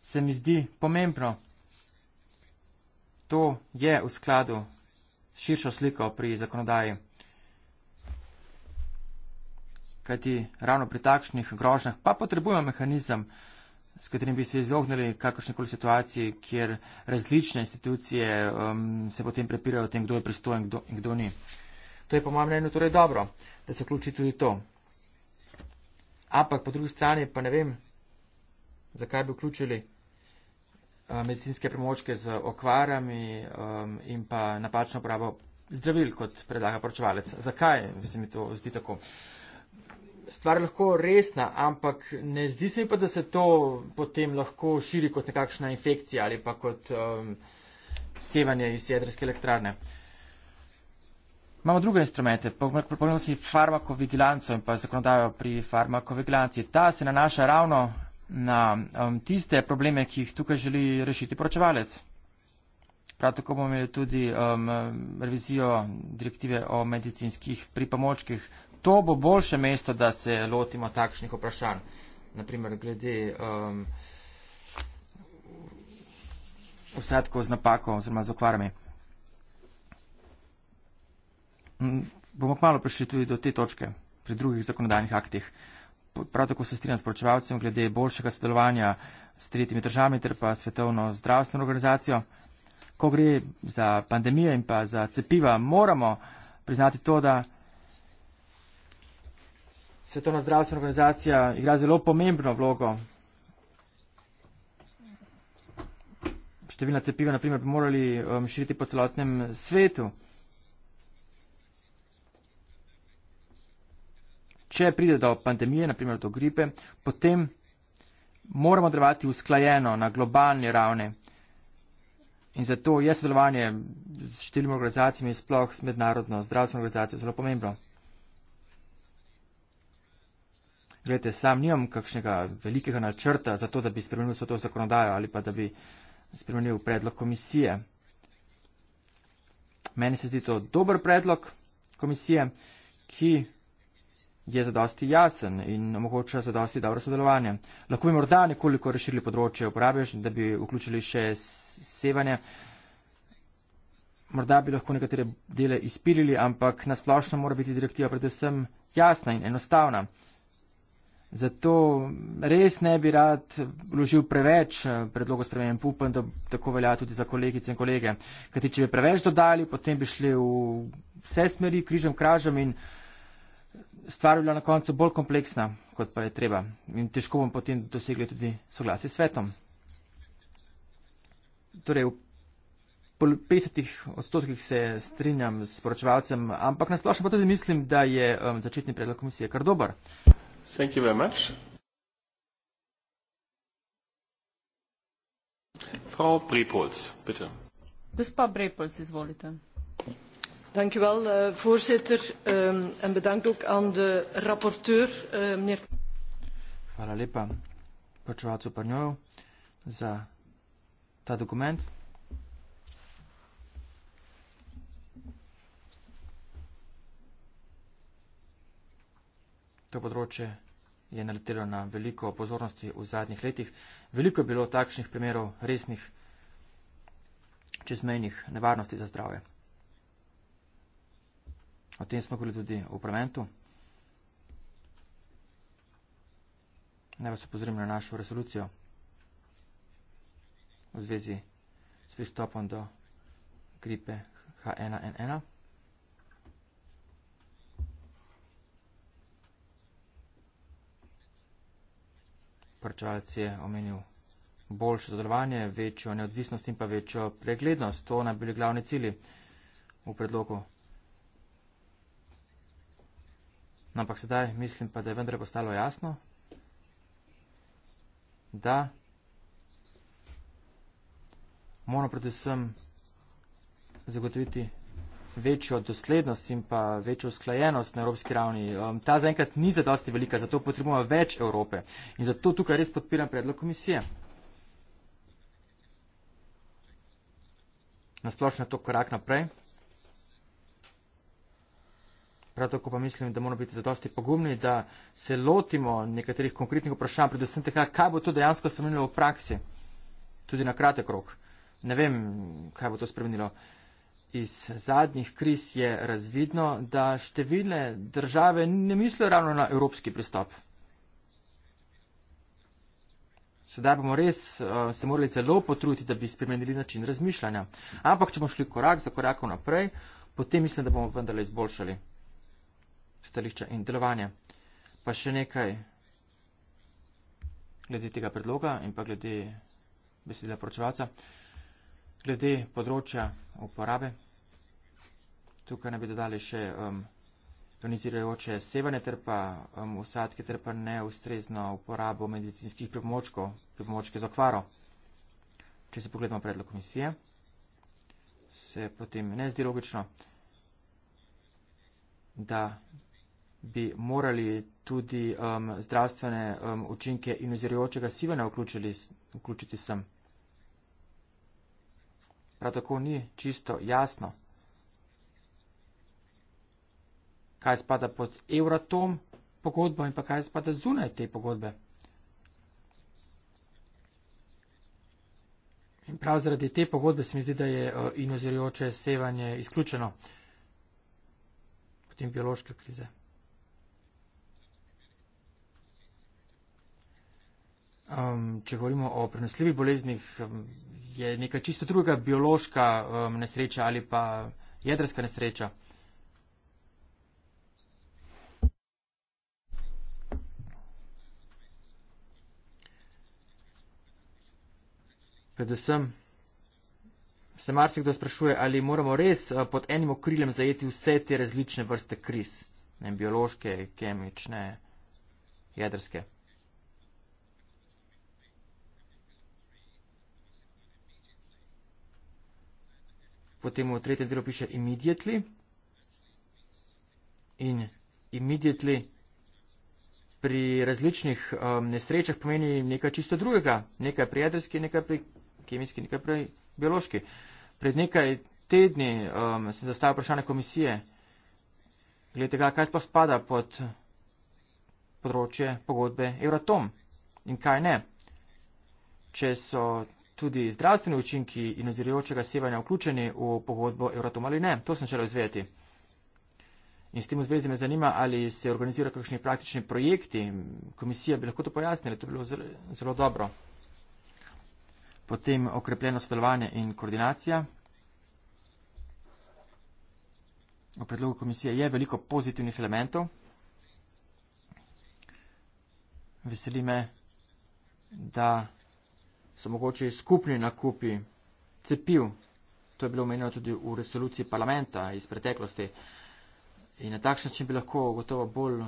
se mi zdi pomembno. To je v skladu s širšo sliko pri zakonodaji. Kajti ravno pri takšnih grožnjah pa potrebujemo mehanizem, s katerim bi se izognili kakršnekoli situaciji, kjer različne institucije um, se potem prepirajo o tem, kdo je pristojen in kdo ni. To je po mojem mnenju torej dobro, da se vključi tudi to ampak po drugi strani pa ne vem, zakaj bi vključili eh, medicinske premočke z okvarami in pa napačno pravo zdravil, kot predlaga poročevalec. Zakaj se mi to zdi tako? Stvar je lahko resna, ampak ne zdi se mi pa, da se to potem lahko širi kot nekakšna infekcija ali pa kot um, sevanje iz jedrske elektrarne. Uh, Imamo druge instrumente, pomenimo si farmakovigilanco in pa zakonodajo pri farmakovigilanci. Ta se nanaša ravno na um, tiste probleme, ki jih tukaj želi rešiti poročevalec. Prav tako bomo imeli tudi um, revizijo direktive o medicinskih pripomočkih. To bo boljše mesto, da se lotimo takšnih vprašanj. Naprimer, glede um, vsadkov z napako oziroma z okvarami. Mm, bomo kmalo prišli tudi do te točke pri drugih zakonodajnih aktih. Prav tako se strinjam s poročevalcem glede boljšega sodelovanja s tretjimi državami ter pa svetovno zdravstveno organizacijo. Ko gre za pandemijo in pa za cepiva, moramo priznati to, da svetovna zdravstvena organizacija igra zelo pomembno vlogo. Številna cepiva, naprimer, bi morali um, širiti po celotnem svetu. Če pride do pandemije, naprimer do gripe, potem moramo delovati usklajeno na globalni ravni. In zato je sodelovanje s štirimi organizacijami, sploh s mednarodno zdravstveno organizacijo, zelo pomembno. Glede, sam nimam kakšnega velikega načrta za to, da bi spremenil vso to zakonodajo ali pa da bi spremenil predlog komisije. Meni se zdi to dober predlog komisije, ki je zadosti jasen in omogoča zadosti dobro sodelovanje. Lahko bi morda nekoliko razširili področje uporabe, da bi vključili še sevanje. Morda bi lahko nekatere dele izpilili, ampak nasplošno mora biti direktiva predvsem jasna in enostavna. Zato res ne bi rad vložil preveč eh, predlogov spremenjen pupen, da tako velja tudi za kolegice in kolege. Kajti, če bi preveč dodali, potem bi šli v vse smeri, križem, kražem in stvar bila na koncu bolj kompleksna, kot pa je treba. In težko bomo potem dosegli tudi soglasje s svetom. Torej, v 50 odstotkih se strinjam s poročevalcem, ampak na splošno pa tudi mislim, da je um, začetni predlog komisije kar dober. Thank you very much. Frau Brepolz, bitte. Gospa Brepolz, izvolite. Eh, voorzitter ehm, en bedankt ook aan de rapporteur eh, mijnheer hvala lepa poročevalcu Parnjoju za ta dokument. To področje je naletelo na veliko pozornosti v zadnjih letih. Veliko je bilo takšnih primerov resnih čezmejnih nevarnosti za zdravje. O tem smo govorili tudi v parlamentu. Naj vas upozorim na našo resolucijo v zvezi s pristopom do gripe H1N1. Prčevalc je omenil boljše zadovoljanje, večjo neodvisnost in pa večjo preglednost. To naj bi bili glavni cili v predlogu No, ampak sedaj mislim pa, da je vendar postalo jasno, da moramo predvsem zagotoviti večjo doslednost in pa večjo usklajenost na evropski ravni. Um, ta zaenkrat ni zadosti velika, zato potrebujemo več Evrope. In zato tukaj res podpiram predlog komisije. Nasplošno je to korak naprej. Prav tako pa mislim, da moramo biti zadosti pogumni, da se lotimo nekaterih konkretnih vprašanj, predvsem tega, kaj bo to dejansko spremenilo v praksi, tudi na kratek rok. Ne vem, kaj bo to spremenilo. Iz zadnjih kriz je razvidno, da številne države ne mislijo ravno na evropski pristop. Sedaj bomo res uh, se morali zelo potruditi, da bi spremenili način razmišljanja. Ampak, če bomo šli korak za korakom naprej, potem mislim, da bomo vendarle izboljšali stališča in delovanja. Pa še nekaj glede tega predloga in pa glede besedila poročevalca, glede področja uporabe. Tukaj ne bi dodali še um, tonizirajoče sevanje ter pa um, usadke ter pa neustrezno uporabo medicinskih pripomočkov, pripomočke za okvaro. Če se pogledamo predlog komisije, se potem ne zdi logično, da bi morali tudi um, zdravstvene um, učinke inozirajočega sivena vključili, vključiti sem. Prav tako ni čisto jasno, kaj spada pod Euratom pogodbo in pa kaj spada zunaj te pogodbe. In prav zaradi te pogodbe se mi zdi, da je uh, inozirajoče sevanje izključeno potem biološke krize. Um, če govorimo o prenosljivih boleznih, um, je nekaj čisto druga biološka um, nesreča ali pa jedrska nesreča. Predvsem se marsikdo sprašuje, ali moramo res uh, pod enim okriljem zajeti vse te različne vrste kriz, ne, biološke, kemične, jedrske. potem v tretjem delu piše immediately in immediately pri različnih um, nesrečah pomeni nekaj čisto drugega, nekaj pri jedrski, nekaj pri kemijski, nekaj pri biološki. Pred nekaj tedni um, sem zastavil vprašanje komisije, glede tega, kaj sploh spada pod področje pogodbe Euratom in kaj ne. Če so tudi zdravstveni učinki inozirajočega sevanja vključeni v pogodbo Euratom ali ne. To sem želel izvedeti. In s tem v zvezi me zanima, ali se organizira kakšni praktični projekti. Komisija bi lahko to pojasnila, to bi bilo zelo, zelo dobro. Potem okrepljeno sodelovanje in koordinacija. V predlogu komisije je veliko pozitivnih elementov. Veseli me, da so mogoče skupni nakupi cepiv. To je bilo omenjeno tudi v resoluciji parlamenta iz preteklosti. In na takšen način bi lahko gotovo bolj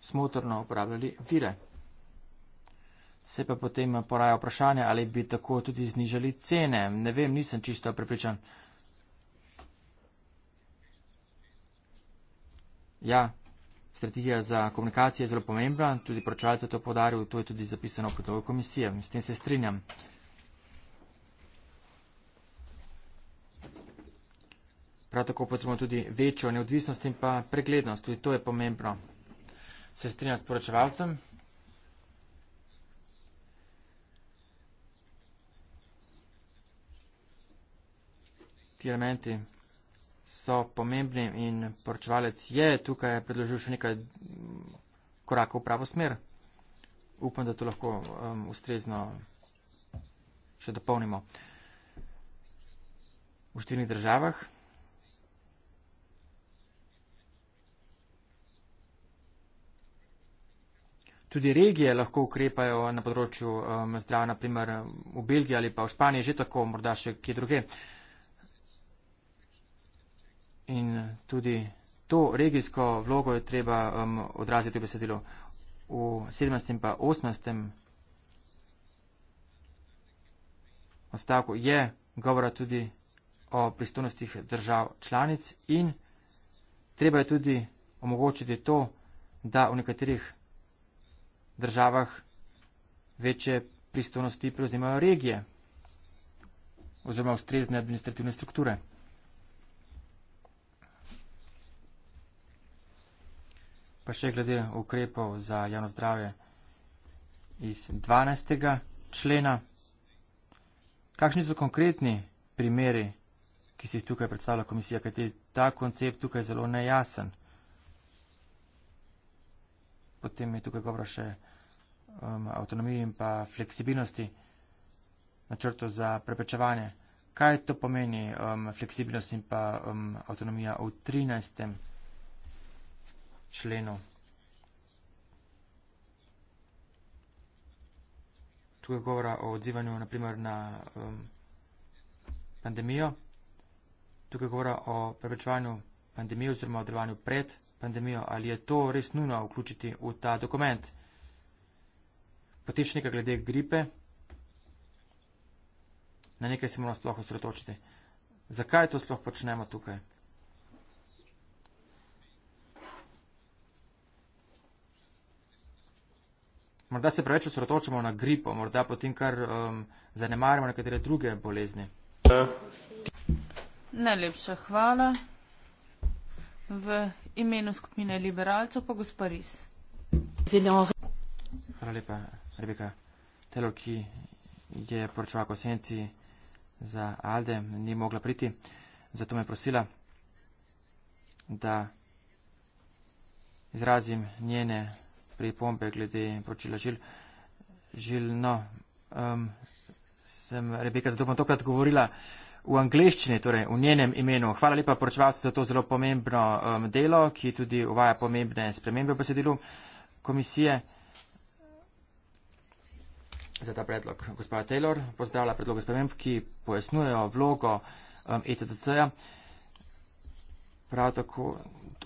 smotrno uporabljali vire. Se pa potem poraja vprašanje, ali bi tako tudi znižali cene. Ne vem, nisem čisto prepričan. Ja, strategija za komunikacijo je zelo pomembna, tudi pročevalce to podaril, to je tudi zapisano v predlogu komisije. S tem se strinjam. Prav tako potrebujemo tudi večjo neodvisnost in pa preglednost, tudi to je pomembno. Se strinjam s poročevalcem. Ti elementi so pomembni in poročevalec je tukaj predložil še nekaj korakov v pravo smer. Upam, da to lahko um, ustrezno še dopolnimo. V štirih državah tudi regije lahko ukrepajo na področju um, zdrava, naprimer v Belgiji ali pa v Španiji, že tako, morda še kje drugje. Uh, In eh, tudi to regijsko vlogo je treba um, odraziti v besedilo. V 17. pa 18. odstavku je govora tudi o pristojnostih držav članic in treba je tudi omogočiti to, da v nekaterih državah večje pristojnosti prevzimajo regije oziroma ustrezne administrativne strukture. Pa še glede ukrepov za javno zdravje iz 12. člena. Kakšni so konkretni primeri, ki si jih tukaj predstavlja komisija, kajti ta koncept tukaj je zelo nejasen. Potem je tukaj govora še um, avtonomiji in pa fleksibilnosti načrtu za preprečevanje. Kaj to pomeni um, fleksibilnost in pa um, avtonomija v 13 členu. Tu je govora o odzivanju naprimer na um, pandemijo. Tukaj je govora o preprečevanju pandemije oziroma odrevanju pred pandemijo. Ali je to res nujno vključiti v ta dokument? Potiš nekaj glede gripe. Na nekaj se moramo sploh osredotočiti. Zakaj to sploh počnemo tukaj? Morda se preveč osredotočamo na gripo, morda potem kar um, zanemarimo nekatere druge bolezni. Najlepša hvala. V imenu skupine liberalcev pa gospod Riz. Hvala lepa, Rebeka. Telo, ki je poročala v senci za Alde, ni mogla priti, zato me je prosila, da izrazim njene pripombe glede poročila žil. Žil, no, um, sem Rebeka, zato bom tokrat govorila v angliščini, torej v njenem imenu. Hvala lepa poročevalcu za to zelo pomembno um, delo, ki tudi uvaja pomembne spremembe v besedilu komisije. Za ta predlog, gospod Taylor, pozdravlja predloge sprememb, ki pojasnujejo vlogo um, ECDC-ja prav tako,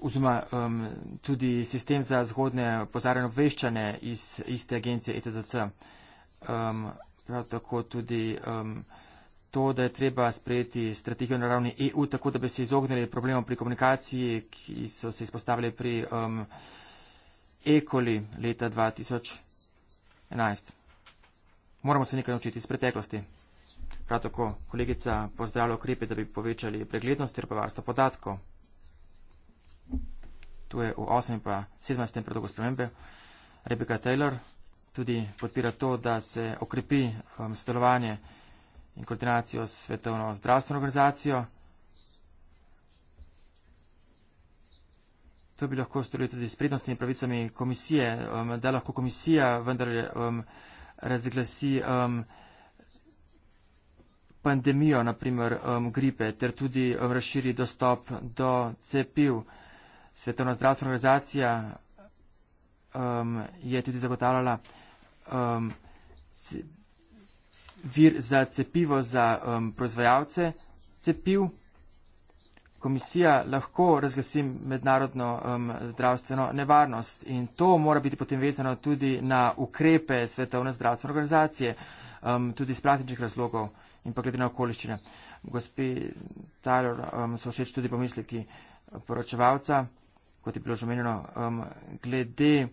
oziroma um, tudi sistem za zgodne pozarjeno veščanje iz iste agencije ECDC. Um, prav tako tudi um, to, da je treba sprejeti strategijo na ravni EU, tako da bi se izognili problemom pri komunikaciji, ki so se izpostavili pri um, ekoli leta 2011. Moramo se nekaj naučiti iz preteklosti. Prav tako kolegica pozdravlja ukrepe, da bi povečali preglednost ter pa varstvo podatkov tu je v 8 pa 17 predlogu spremembe. Rebecca Taylor tudi podpira to, da se okrepi um, sodelovanje in koordinacijo s svetovno zdravstveno organizacijo. To bi lahko storili tudi s prednostnimi pravicami komisije, um, da lahko komisija vendar um, razglasi um, pandemijo, naprimer um, gripe, ter tudi um, razširi dostop do cepiv. Svetovna zdravstvena organizacija um, je tudi zagotavljala um, vir za cepivo za um, proizvajalce cepiv. Komisija lahko razglasi mednarodno um, zdravstveno nevarnost in to mora biti potem vezano tudi na ukrepe Svetovne zdravstvene organizacije, um, tudi iz praktičnih razlogov in pa glede na okoliščine. Gospi Tyler, um, so všeč tudi pomisliki poročevalca kot je bilo že omenjeno, um, glede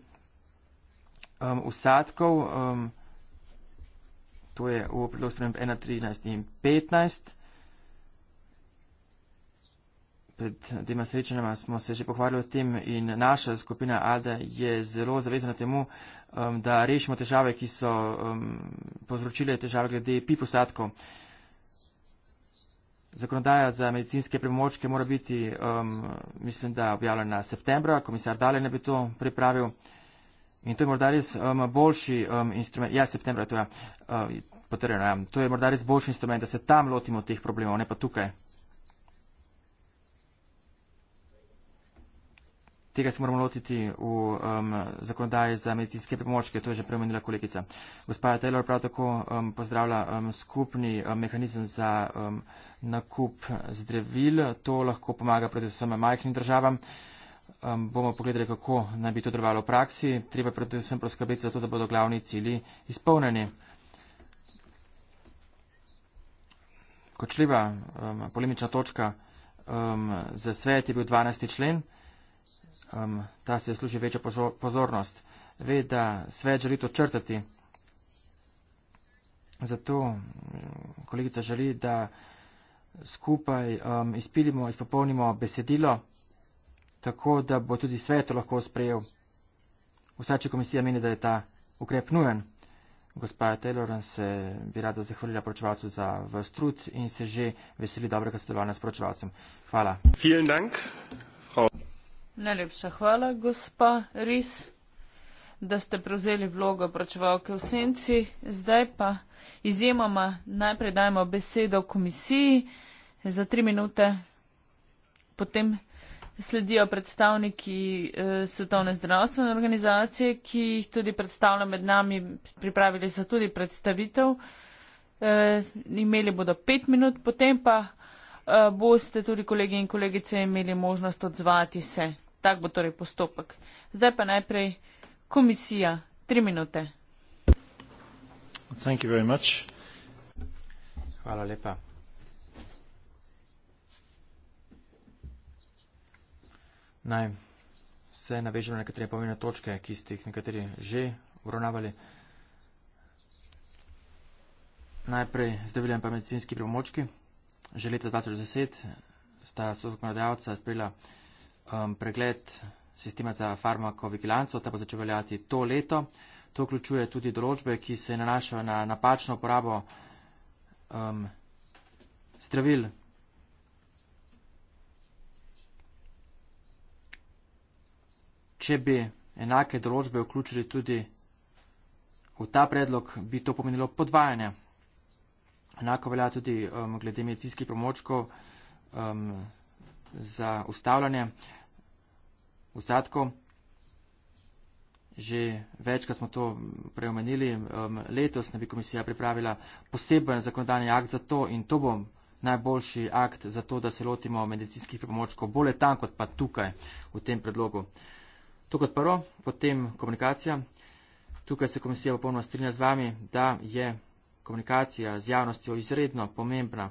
um, usadkov, um, to je v predlogu sprememb 1, 13 in 15. Pred dvema srečanjama smo se že pohvalili o tem in naša skupina ADA je zelo zavezana temu, um, da rešimo težave, ki so um, povzročile težave glede pip usadkov. Zakonodaja za medicinske premočke mora biti, um, mislim, da objavljena septembra, komisar Dalen bi to pripravil in to je morda res um, boljši um, instrument, ja, septembra to je ja. uh, potrebno, ja. to je morda res boljši instrument, da se tam lotimo teh problemov, ne pa tukaj. tega se moramo lotiti v um, zakonodaji za medicinske pripomočke, to je že premenila kolegica. Gospa Taylor prav tako um, pozdravlja um, skupni um, mehanizem za um, nakup zdravil, to lahko pomaga predvsem majhnim državam. Um, bomo pogledali, kako naj bi to delovalo v praksi. Treba predvsem proskrbeti za to, da bodo glavni cili izpolnjeni. Kočljiva um, polemična točka um, za svet je bil 12. člen um, ta si služi večjo pozornost. Ve, da svet želi to črtati. Zato mm, kolegica želi, da skupaj um, izpilimo, izpopolnimo besedilo, tako da bo tudi svet to lahko sprejel. Vsače komisija meni, da je ta ukrep nujen. Gospa Taylor se bi rada zahvalila poročevalcu za vas trud in se že veseli dobrega sodelovanja s poročevalcem. Hvala. Dank, frau... Najlepša hvala, gospa Riz, da ste prevzeli vlogo pračevalke v senci. Zdaj pa izjemoma najprej dajmo besedo komisiji za tri minute, potem sledijo predstavniki eh, Svetovne zdravstvene organizacije, ki jih tudi predstavlja med nami, pripravili so tudi predstavitev. Eh, imeli bodo pet minut, potem pa eh, boste tudi kolegi in kolegice imeli možnost odzvati se. Tak bo torej postopek. Zdaj pa najprej komisija. Tri minute. Thank you very much. Hvala lepa. Naj se navežem na nekatere pomembne točke, ki ste jih nekateri že obravnavali. Najprej zdravili in pa medicinski pripomočki. Že leta 2010 sta sozakonodajalca sprejela um, pregled sistema za farmakovigilanco, ta bo začel veljati to leto. To vključuje tudi določbe, ki se nanašajo na napačno uporabo um, zdravil. Če bi enake določbe vključili tudi v ta predlog, bi to pomenilo podvajanje. Enako velja tudi um, glede medicinskih pomočkov um, za ustavljanje. Uh, usadko. Že večkrat smo to preomenili. Um, letos ne bi komisija pripravila poseben zakonodajni akt za to in to bo najboljši akt za to, da se lotimo medicinskih pripomočkov bolje tam, kot pa tukaj v tem predlogu. To kot prvo, potem komunikacija. Tukaj se komisija popolnoma strinja z vami, da je komunikacija z javnostjo izredno pomembna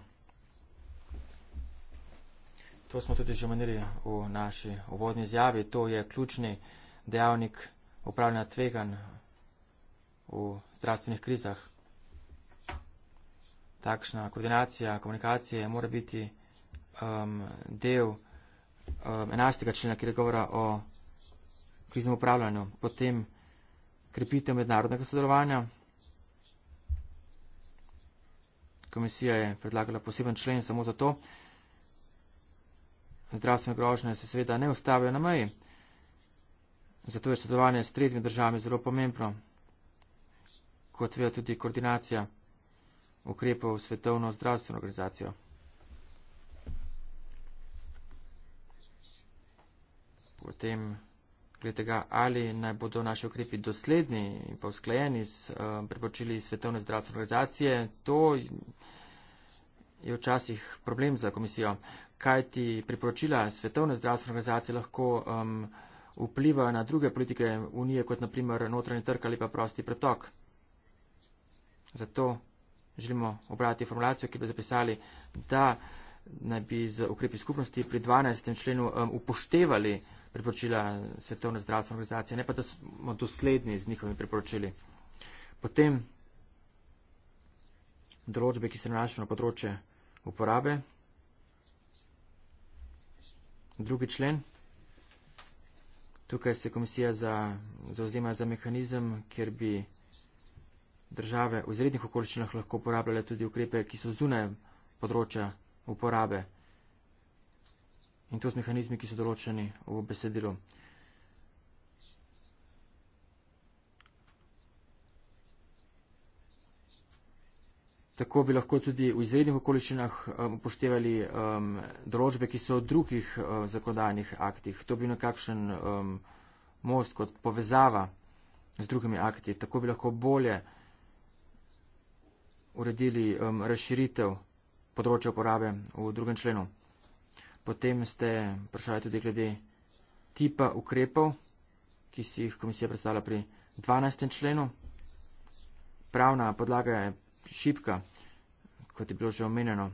To smo tudi že omenili v naši uvodni izjavi. To je ključni dejavnik upravljanja tvegan v zdravstvenih krizah. Takšna koordinacija komunikacije mora biti um, del um, 11. člena, ki je govora o kriznem upravljanju. Potem krepitev mednarodnega sodelovanja. Komisija je predlagala poseben člen samo za to, Zdravstvene grožnje se seveda ne ustavijo na meji, zato je sodelovanje s tretjimi državami zelo pomembno, kot seveda tudi koordinacija ukrepov Svetovno zdravstveno organizacijo. Potem glede tega, ali naj bodo naši ukrepi dosledni in pa usklajeni s uh, priporočili Svetovne zdravstvene organizacije, to je včasih problem za komisijo kaj ti priporočila Svetovne zdravstvene organizacije lahko um, vplivajo na druge politike unije, kot naprimer notranji trg ali pa prosti pretok. Zato želimo obrati formulacijo, ki bi zapisali, da naj bi z ukrepi skupnosti pri 12. členu um, upoštevali priporočila Svetovne zdravstvene organizacije, ne pa da smo dosledni z njihovimi priporočili. Potem določbe, ki se nanašajo na področje uporabe Drugi člen. Tukaj se komisija za, zauzema za mehanizem, kjer bi države v izrednih okoliščinah lahko uporabljale tudi ukrepe, ki so zunaj področja uporabe. In to z mehanizmi, ki so določeni v besedilu. Tako bi lahko tudi v izrednih okoliščinah um, upoštevali um, določbe, ki so v drugih um, zakonodajnih aktih. To bi nekakšen um, most kot povezava z drugimi akti. Tako bi lahko bolje uredili um, razširitev področja uporabe v drugem členu. Potem ste vprašali tudi glede tipa ukrepov, ki si jih komisija predstavlja pri 12. členu. Pravna podlaga je šipka, kot je bilo že omenjeno.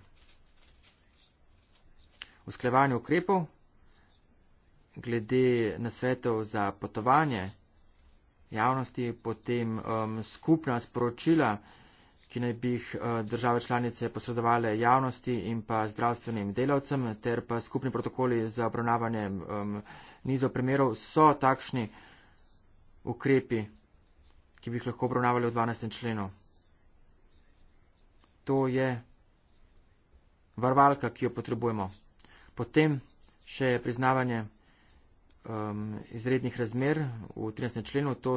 Usklevanje ukrepov glede nasvetov za potovanje javnosti, potem um, skupna sporočila, ki naj bi jih uh, države članice posredovale javnosti in pa zdravstvenim delavcem, ter pa skupni protokoli za obravnavanje um, nizov primerov, so takšni ukrepi, ki bi jih lahko obravnavali v 12. členu to je varvalka, ki jo potrebujemo. Potem še priznavanje um, izrednih razmer v 13. členu, to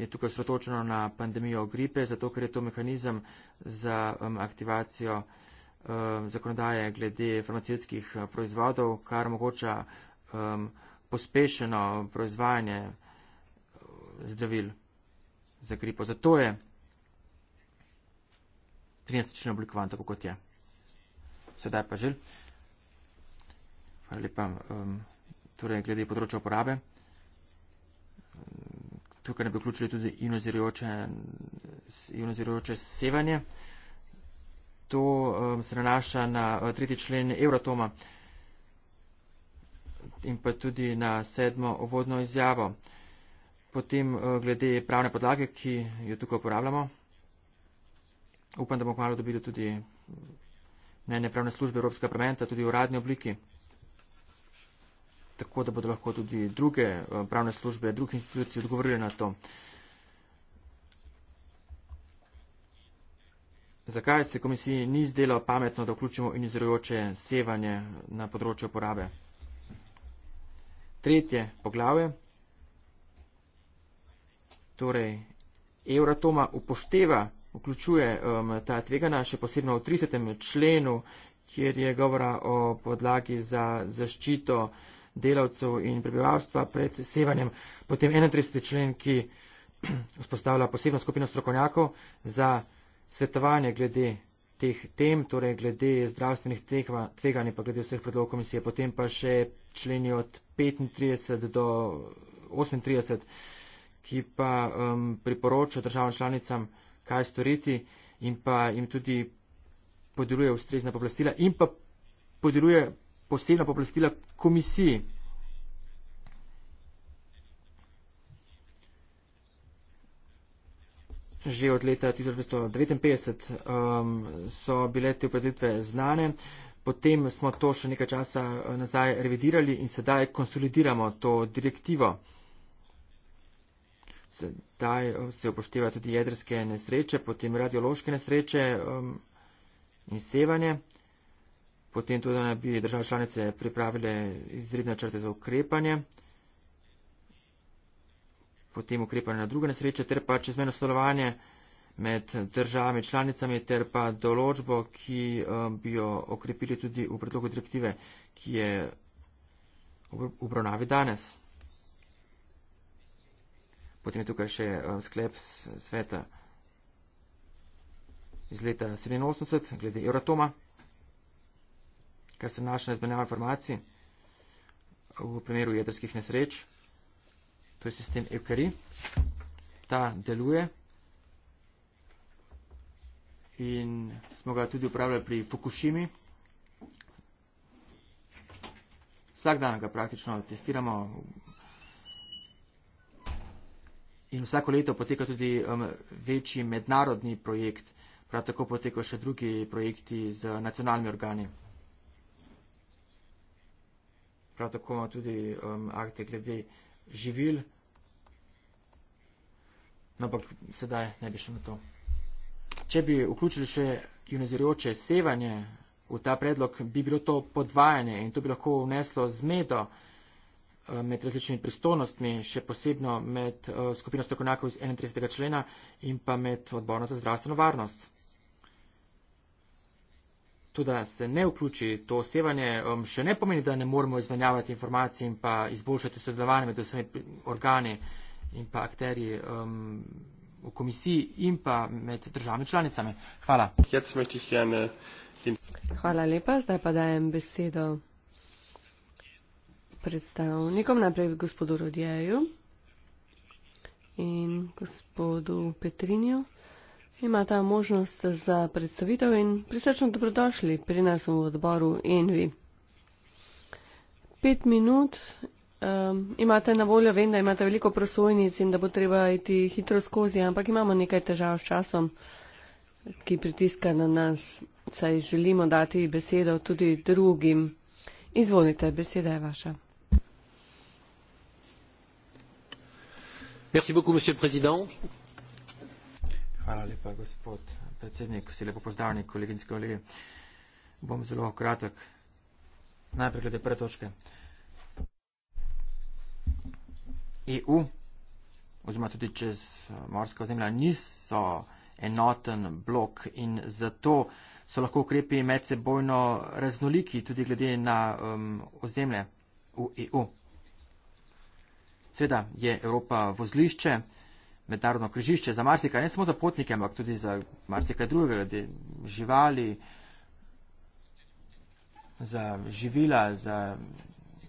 je tukaj sotočeno na pandemijo gripe, zato ker je to mehanizem za um, aktivacijo um, zakonodaje glede farmacijskih uh, proizvodov, kar omogoča um, pospešeno proizvajanje uh, zdravil za gripo. Zato je trinastično oblikovan, tako kot je. Sedaj pa žel. Hvala lepa. Um, torej, glede področja uporabe. Tukaj ne bi vključili tudi ionizirajoče sevanje. To um, se nanaša na uh, tretji člen Euratoma in pa tudi na sedmo ovodno izjavo. Potem uh, glede pravne podlage, ki jo tukaj uporabljamo upam, da bomo kmalo dobili tudi mnenje pravne službe Evropskega parlamenta, tudi v uradni obliki, tako da bodo lahko tudi druge eh, pravne službe, druge institucije odgovorile na to. Zakaj se komisiji ni zdelo pametno, da vključimo inizirajoče sevanje na področju uporabe? Tretje poglavje, torej Euratoma upošteva vključuje um, ta tvegana, še posebno v 30. členu, kjer je govora o podlagi za zaščito delavcev in prebivalstva pred sevanjem. Potem 31. člen, ki vzpostavlja posebno skupino strokovnjakov za svetovanje glede teh tem, torej glede zdravstvenih tveganj, pa glede vseh predlogov komisije. Potem pa še členi od 35 do 38, ki pa um, priporoča državam članicam, kaj storiti in pa jim tudi podeluje ustrezna poblastila in pa podeluje posebna poblastila komisiji. Že od leta 1959 um, so bile te upreditve znane, potem smo to še nekaj časa uh, nazaj revidirali in sedaj konsolidiramo to direktivo sedaj se upošteva tudi jedrske nesreče, potem radiološke nesreče um, in sevanje, potem tudi, da naj bi države članice pripravile izredne črte za ukrepanje, potem ukrepanje na druge nesreče, ter pa čezmeno sodelovanje med državami članicami, ter pa določbo, ki um, bi jo okrepili tudi v predlogu direktive, ki je v obravnavi danes. Potem je tukaj še eh, sklep sveta iz leta 87 glede Euratoma, kar se naša izmenjava informacij v primeru jedrskih nesreč. To je sistem Evkari. Ta deluje in smo ga tudi upravljali pri Fukushimi. Vsak dan ga praktično testiramo, In vsako leto poteka tudi um, večji mednarodni projekt, prav tako potekajo še drugi projekti z nacionalnimi organi. Prav tako imamo tudi um, akte glede živil, no, ampak sedaj ne bi še na to. Če bi vključili še ionizirajoče sevanje v ta predlog, bi bilo to podvajanje in to bi lahko vneslo zmedo. Eh, med različnimi pristojnostmi, še posebno med eh, skupino strokovnjakov iz 31. člena in pa med odborom za zdravstveno varnost. Tudi, da se ne vključi to osevanje, še ne pomeni, da ne moramo izmenjavati informacij in pa izboljšati sodelovanje med vsemi organi in pa akteri um, v komisiji in pa med državami članicami. Hvala. Hvala lepa, zdaj pa dajem besedo predstavnikom, najprej gospodu Rodjeju in gospodu Petrinju. Imata možnost za predstavitev in prisrčno dobrodošli pri nas v odboru Envi. Pet minut um, imate na voljo, vem, da imate veliko prosojnic in da bo treba iti hitro skozi, ampak imamo nekaj težav s časom, ki pritiska na nas, saj želimo dati besedo tudi drugim. Izvolite, beseda je vaša. Merci beaucoup, Monsieur le Président. Hvala lepa, gospod predsednik. Vsi lepo pozdravni, kolegenci, kolege. Bom zelo kratek. Najprej glede prve točke. EU oziroma tudi čez eh, morska ozemlja niso enoten blok in zato so lahko ukrepi medsebojno raznoliki tudi glede na um, ozemlje v EU. Sveda je Evropa vozlišče, mednarodno križišče za marsikaj, ne samo za potnike, ampak tudi za marsikaj drugega, glede živali, za živila, za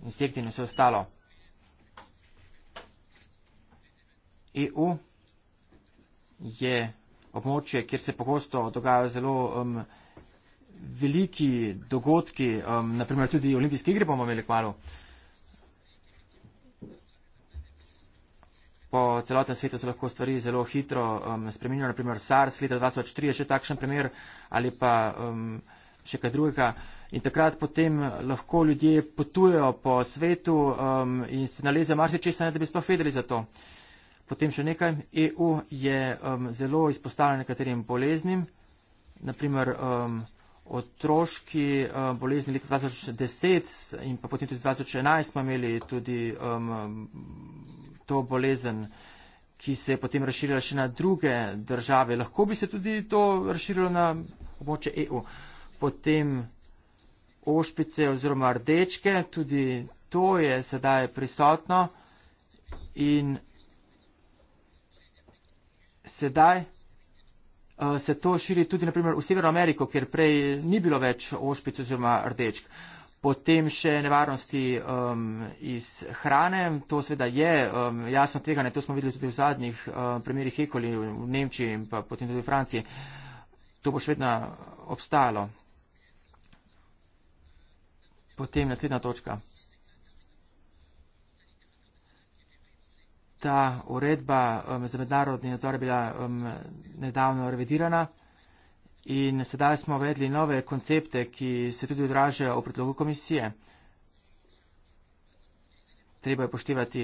insekti in vse ostalo. EU je območje, kjer se pogosto dogajajo zelo um, veliki dogodki, um, naprimer tudi olimpijske igre bomo imeli kmalo. po celotnem svetu se lahko stvari zelo hitro um, spremenijo, naprimer SARS leta 2003 je še takšen primer ali pa um, še kaj drugega. In takrat potem lahko ljudje potujejo po svetu um, in se nalezejo marsičesa, da bi sploh vedeli za to. Potem še nekaj. EU je um, zelo izpostavljena nekaterim boleznim, naprimer um, otroški um, bolezni leta 2010 in pa potem tudi 2011 smo imeli tudi um, to bolezen, ki se je potem razširila še na druge države, lahko bi se tudi to razširilo na območje EU. Potem ošpice oziroma rdečke, tudi to je sedaj prisotno in sedaj eh, se to širi tudi naprimer v Severno Ameriko, kjer prej ni bilo več ošpic oziroma rdečk. Potem še nevarnosti um, iz hrane, to seveda je um, jasno tveganje, to smo videli tudi v zadnjih um, primerih Ekoli v Nemčiji in pa potem tudi v Franciji. To bo še vedno obstajalo. Potem naslednja točka. Ta uredba um, za mednarodni nadzor je bila um, nedavno revidirana in sedaj smo vedli nove koncepte, ki se tudi odražajo v predlogu komisije. Treba je poštevati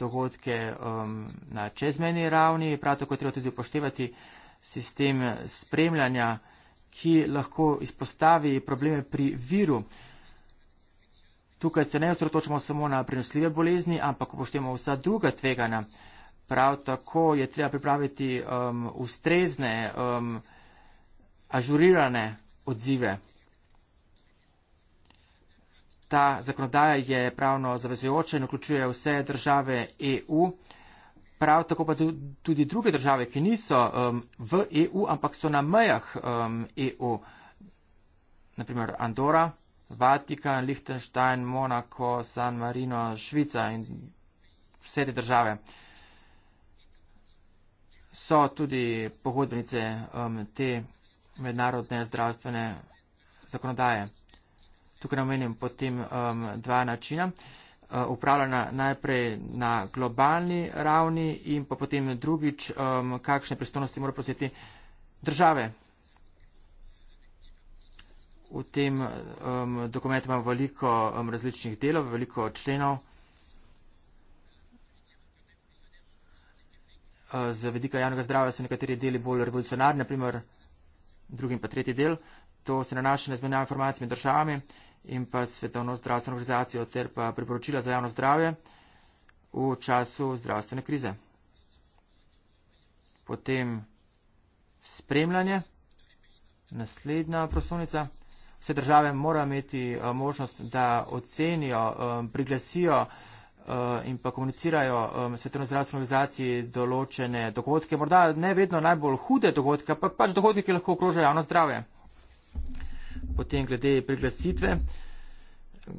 dogodke um, na čezmeni ravni, prav tako treba tudi poštevati sistem spremljanja, ki lahko izpostavi probleme pri viru. Tukaj se ne osredotočamo samo na prenosljive bolezni, ampak upoštevamo vsa druga tvegana. Prav tako je treba pripraviti um, ustrezne. Um, ažurirane odzive. Ta zakonodaja je pravno zavezujoča in vključuje vse države EU, prav tako pa tudi druge države, ki niso um, v EU, ampak so na mejah um, EU, naprimer Andora, Vatikan, Liechtenstein, Monako, San Marino, Švica in vse te države. So tudi pogodbenice um, te države mednarodne zdravstvene zakonodaje. Tukaj namenim potem um, dva načina. Uh, Upravljena najprej na globalni ravni in pa potem drugič, um, kakšne pristojnosti mora prositi države. V tem um, dokumentu imamo veliko um, različnih delov, veliko členov. Uh, z vedika javnega zdravja so nekateri deli bolj revolucionarni, naprimer drugi in pa tretji del. To se nanaša na izmenjavo informacij med državami in pa svetovno zdravstveno organizacijo ter pa priporočila za javno zdravje v času zdravstvene krize. Potem spremljanje, naslednja prosovnica. Vse države morajo imeti eh, možnost, da ocenijo, eh, priglasijo Eh, in pa komunicirajo eh, svetovno zdravstveno organizaciji določene dogodke, morda ne vedno najbolj hude dogodke, ampak pač dogodke, ki lahko ogrožajo javno zdrave. Potem glede priglasitve,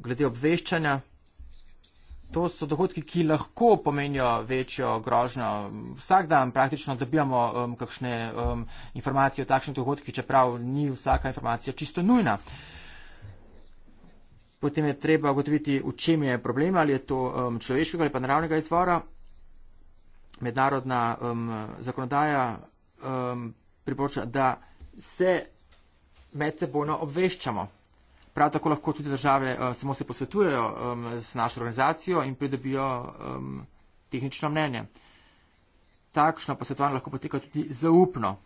glede obveščanja. To so dogodki, ki lahko pomenijo večjo grožnjo. Vsak dan praktično dobijamo um, kakšne um, informacije o takšnih dogodkih, čeprav ni vsaka informacija čisto nujna. Uh, potem je treba ugotoviti, v čem je problem, ali je to um, človeškega ali pa naravnega izvora. Mednarodna um, zakonodaja um, priporoča, da se med sebojno obveščamo. Prav tako lahko tudi države uh, samo se posvetujejo um, z našo organizacijo in pridobijo um, tehnično mnenje. Takšno posvetovanje lahko poteka tudi zaupno.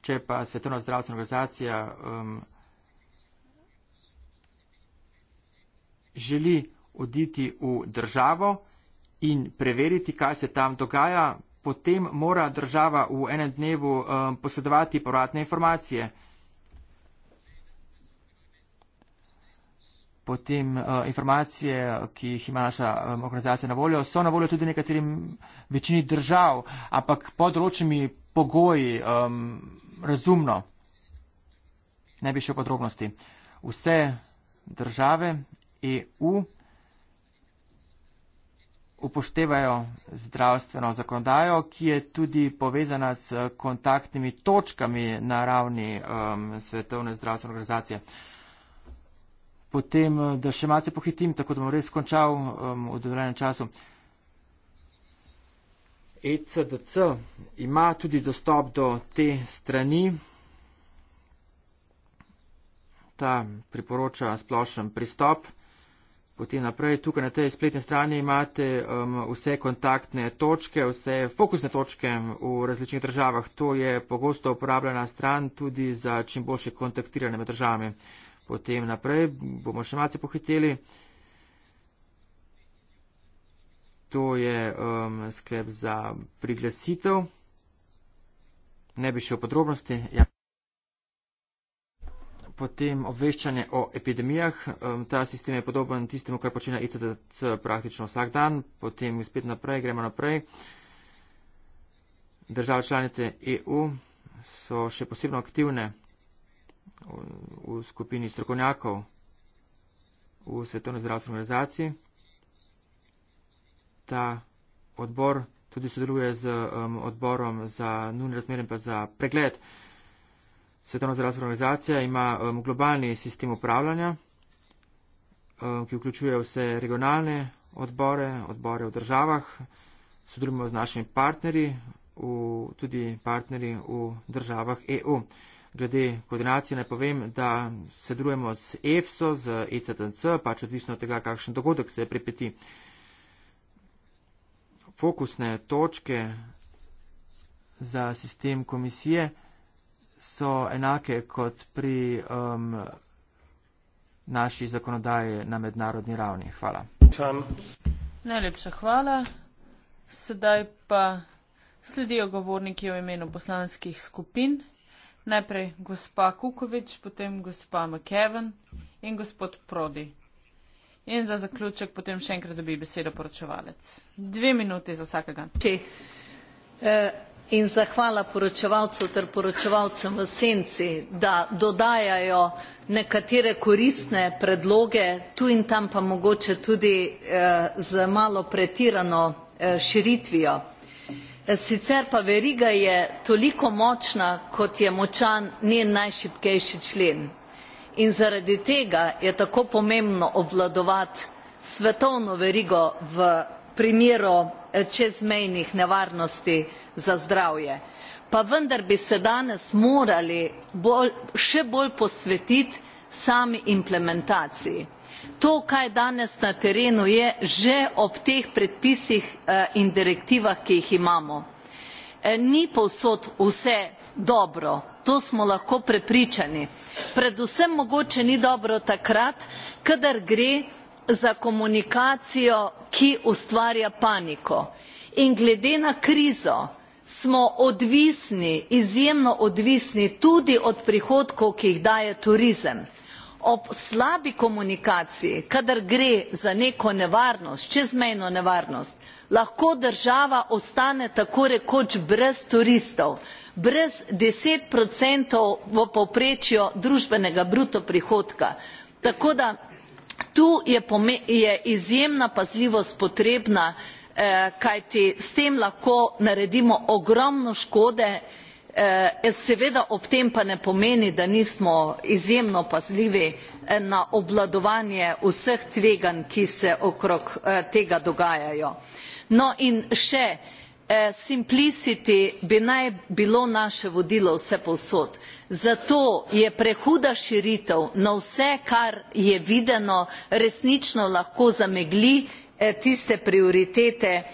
Če pa Svetovna zdravstvena organizacija um, želi oditi v državo in preveriti, kaj se tam dogaja, potem mora država v enem dnevu um, eh, posedovati povratne informacije. Potem uh, informacije, ki jih ima naša um, organizacija na voljo, so na voljo tudi nekaterim večini držav, ampak pod določenimi pogoji, um, razumno. Ne bi šel podrobnosti. Vse države EU upoštevajo zdravstveno zakonodajo, ki je tudi povezana s kontaktnimi točkami na ravni um, Svetovne zdravstvene organizacije. Potem, eh, da še malce pohitim, tako da bom res končal um, v dovoljenem času. ECDC ima tudi dostop do te strani. Ta priporoča splošen pristop. Potem naprej, tukaj na tej spletni strani imate um, vse kontaktne točke, vse fokusne točke um, v različnih državah. To je pogosto uporabljena stran tudi za čim boljše kontaktiranje med državami. Potem naprej bomo še malce pohiteli. To je um, sklep za priglasitev. Ne bi šel podrobnosti. Ja potem obveščanje o epidemijah. Ta sistem je podoben tistemu, kar počne ICDC praktično vsak dan. Potem spet naprej, gremo naprej. Države članice EU so še posebno aktivne v skupini strokovnjakov v Svetovni zdravstveni organizaciji. Ta odbor tudi sodeluje z um, odborom za nujne razmere in pa za pregled uh, Svetovna zdravstvena organizacija ima um, globalni sistem upravljanja, um, ki vključuje vse regionalne odbore, odbore v državah, sodelujemo z našimi partnerji, v, tudi partnerji v državah EU. Glede koordinacije naj povem, da sedrujemo e z EFSO, z ECTNC, pač odvisno od tega, kakšen dogodek se pripeti. Fokusne točke za sistem komisije so enake kot pri um, naši zakonodaji na mednarodni ravni. Hvala. Tam. Najlepša hvala. Sedaj pa sledijo govorniki o imenu poslanskih skupin. Najprej gospa Kukovič, potem gospa McKeven in gospod Prodi. In za zaključek potem še enkrat dobi besedo poročevalec. Dve minuti za vsakega. Okay. Uh. Eh, In zahvala poročevalcu ter poročevalcem v senci, da dodajajo nekatere koristne predloge, tu in tam pa mogoče tudi eh, z malo pretirano eh, širitvijo. Eh, sicer pa veriga je toliko močna, kot je močan njen najšipkejši člen. In zaradi tega je tako pomembno obvladovati svetovno verigo v primeru eh, čezmejnih nevarnosti, za zdravje. Pa vendar bi se danes morali bolj, še bolj posvetiti sami implementaciji. To, kaj danes na terenu je, že ob teh predpisih eh, in direktivah, ki jih imamo. Eh, ni povsod vse dobro, to smo lahko prepričani. Predvsem mogoče ni dobro takrat, kadar gre za komunikacijo, ki ustvarja paniko. In glede na krizo, smo odvisni, izjemno odvisni tudi od prihodkov, ki jih daje turizem. Ob slabi komunikaciji, kadar gre za neko nevarnost, čezmejno nevarnost, lahko država ostane tako rekoč brez turistov, brez 10% v povprečju družbenega bruto prihodka. Tako da tu je, je izjemna pazljivost potrebna, Eh, kajti s tem lahko naredimo ogromno škode eh, seveda ob tem pa ne pomeni da nismo izjemno pazljivi eh, na obvladovanje vseh tveganj ki se okrog tega dogajajo. no in še simplicity bi naj bilo naše vodilo vsepovsod zato je prehuda širitev na vse kar je videno resnično lahko zamegli Eh, tiste prioritete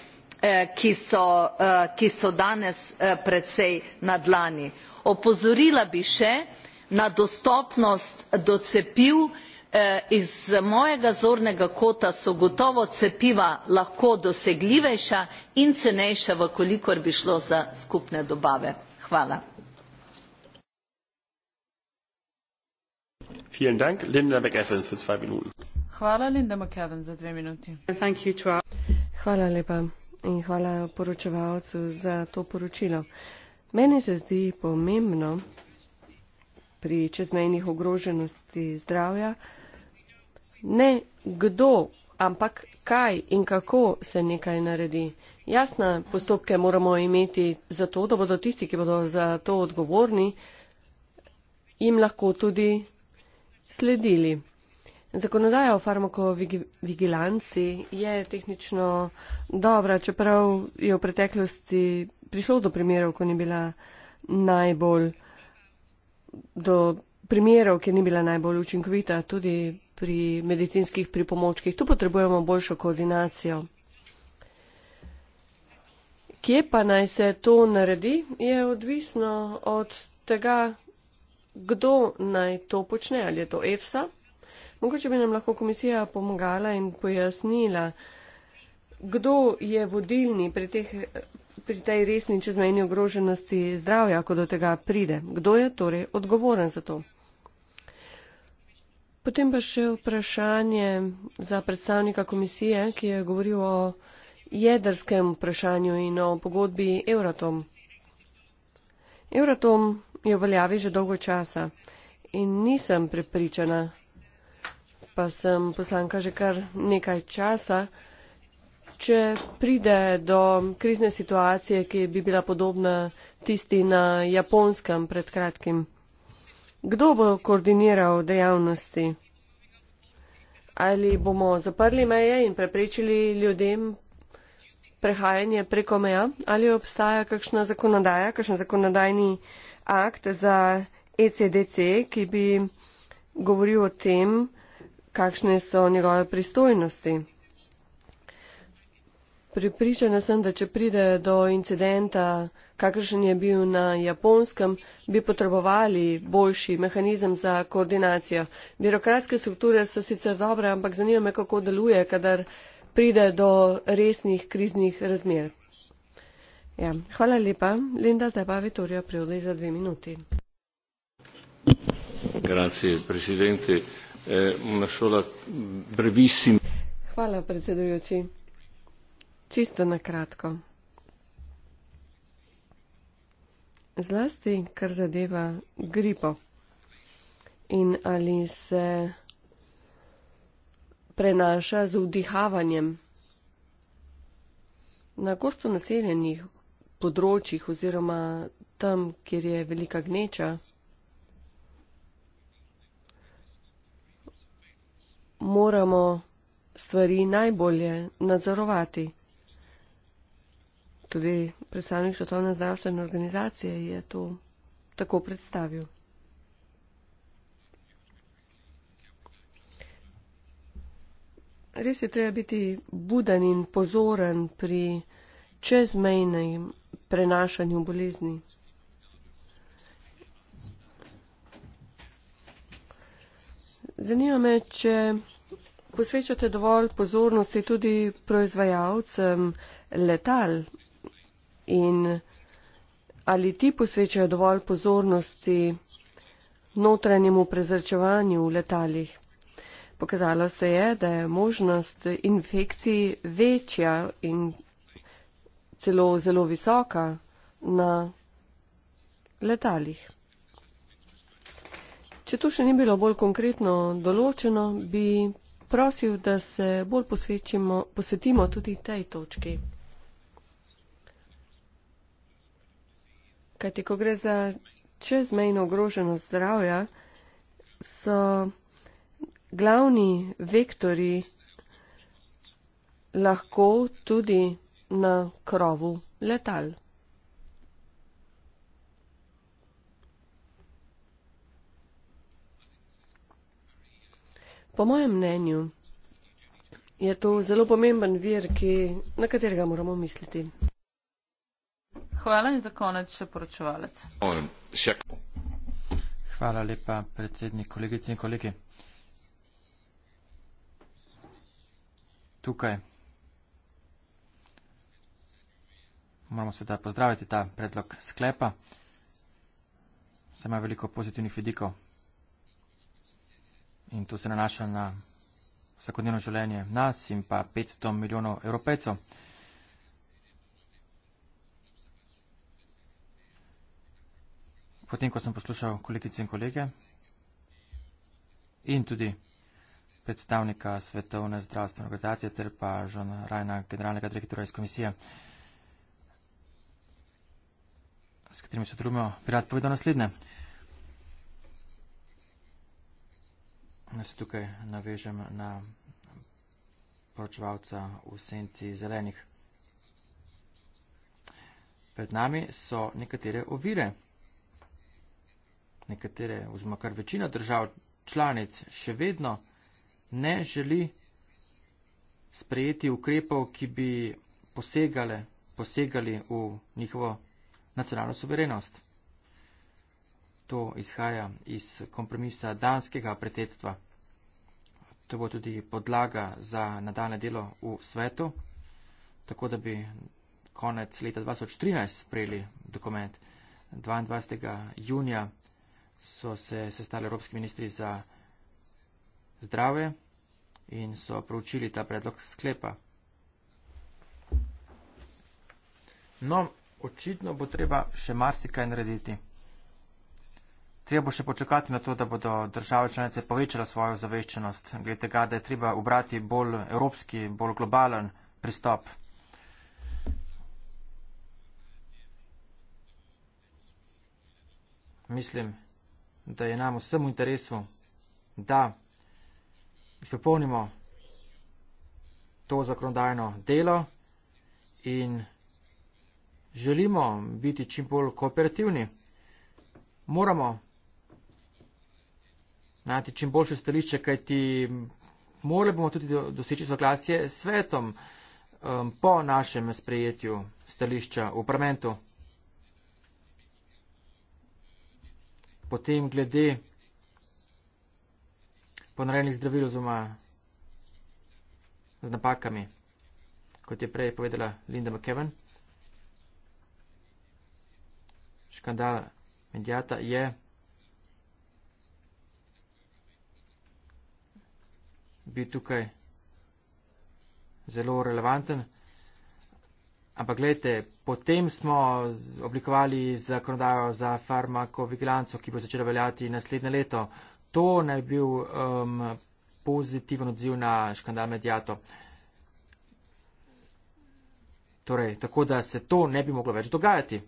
eh, eh, ki so danes precej na dlani. opozorila bi še na dostopnost do cepiv iz mojega zornega kota so gotovo cepiva lahko dosegljivejša in cenejša v kolikor bi šlo za skupne dobave hvala Hvala, Linda McKevin, za dve minuti. Hvala lepa in hvala poročevalcu za to poročilo. Meni se zdi pomembno pri čezmejnih ogroženosti zdravja ne kdo, ampak kaj in kako se nekaj naredi. Jasne postopke moramo imeti za to, da bodo tisti, ki bodo za to odgovorni, jim lahko tudi sledili. Zakonodaja o farmakovigilanci je tehnično dobra, čeprav je v preteklosti prišlo do primerov, ko ni bila najbolj, do primerov, ki ni bila najbolj učinkovita tudi pri medicinskih pripomočkih. Tu potrebujemo boljšo koordinacijo. Kje pa naj se to naredi, je odvisno od tega, kdo naj to počne, ali je to EFSA. Mogoče bi nam lahko komisija pomagala in pojasnila, kdo je vodilni pri, teh, pri tej resni čezmejni ogroženosti zdravja, ko do tega pride. Kdo je torej odgovoren za to? Potem pa še vprašanje za predstavnika komisije, ki je govoril o jedrskem vprašanju in o pogodbi Euratom. Euratom je v veljavi že dolgo časa in nisem prepričana, pa sem poslanka že kar nekaj časa. Če pride do krizne situacije, ki bi bila podobna tisti na japonskem pred kratkim, kdo bo koordiniral dejavnosti? Ali bomo zaprli meje in preprečili ljudem prehajanje preko meja? Ali obstaja kakšna zakonodaja, kakšen zakonodajni akt za ECDC, ki bi govoril o tem, kakšne so njegove pristojnosti. Pripričana sem, da če pride do incidenta, kakršen je bil na japonskem, bi potrebovali boljši mehanizem za koordinacijo. Birokratske strukture so sicer dobre, ampak zanima me, kako deluje, kadar pride do resnih kriznih razmer. Ja, hvala lepa. Linda, zdaj pa Vitorija, prijodi za dve minuti. Grazie, una sola brevissima. Hvala, predsedujoči. Čisto na kratko. Zlasti, kar zadeva gripo in ali se prenaša z vdihavanjem. Na gosto naseljenih področjih oziroma tam, kjer je velika gneča, moramo stvari najbolje nadzorovati. Tudi predstavnik Svetovne zdravstvene organizacije je to tako predstavil. Res je treba biti buden in pozoren pri čezmejnem prenašanju bolezni. Zanima me, če posvečate dovolj pozornosti tudi proizvajalcem letal in ali ti posvečajo dovolj pozornosti notranjemu prezračevanju v letalih. Pokazalo se je, da je možnost infekcij večja in celo zelo visoka na letalih. Če to še ni bilo bolj konkretno določeno, bi prosil, da se bolj posvetimo tudi tej točki. Kajti, ko gre za čezmejno ogroženost zdravja, so glavni vektori lahko tudi na krovu letal. Po mojem mnenju je to zelo pomemben vir, ki, na katerega moramo misliti. Hvala in za konec še poročevalec. Hvala lepa, predsednik, kolegice in kolegi. Tukaj moramo seveda pozdraviti ta predlog sklepa. Se ima veliko pozitivnih vidikov in to se nanaša na vsakodnevno življenje nas in pa 500 milijonov evropejcev. Potem, ko sem poslušal kolegice in kolege in tudi predstavnika Svetovne zdravstvene organizacije ter pa Žona Rajna, generalnega direktora iz komisije, s katerimi se drugimo, bi rad povedal naslednje. Da se tukaj navežem na poročevalca v senci zelenih. Pred nami so nekatere ovire. Nekatere, oziroma kar večina držav članic še vedno ne želi sprejeti ukrepov, ki bi posegale, posegali v njihovo nacionalno suverenost to izhaja iz kompromisa danskega predsedstva. To bo tudi podlaga za nadaljne delo v svetu, tako da bi konec leta 2013 sprejeli dokument. 22. junija so se sestali Evropski ministri za zdrave in so proučili ta predlog sklepa. No, očitno bo treba še marsikaj narediti. Treba bo še počakati na to, da bodo države članice povečale svojo zaveščenost, glede tega, da je treba obrati bolj evropski, bolj globalen pristop. Mislim, da je nam vsem v interesu, da izpopolnimo to zakonodajno delo in želimo biti čim bolj kooperativni. Moramo najti čim boljše stališče, kajti morali bomo tudi doseči soglasje s svetom um, po našem sprejetju stališča v parlamentu. Potem glede ponarejenih zdravil oziroma z napakami, kot je prej povedala Linda McKeven. Škandal medijata je bi tukaj zelo relevanten. Ampak gledajte, potem smo oblikovali zakonodajo za farmakovigilanco, ki bo začela veljati naslednje leto. To naj bi bil um, pozitiven odziv na škandal medijato. Torej, tako da se to ne bi moglo več dogajati,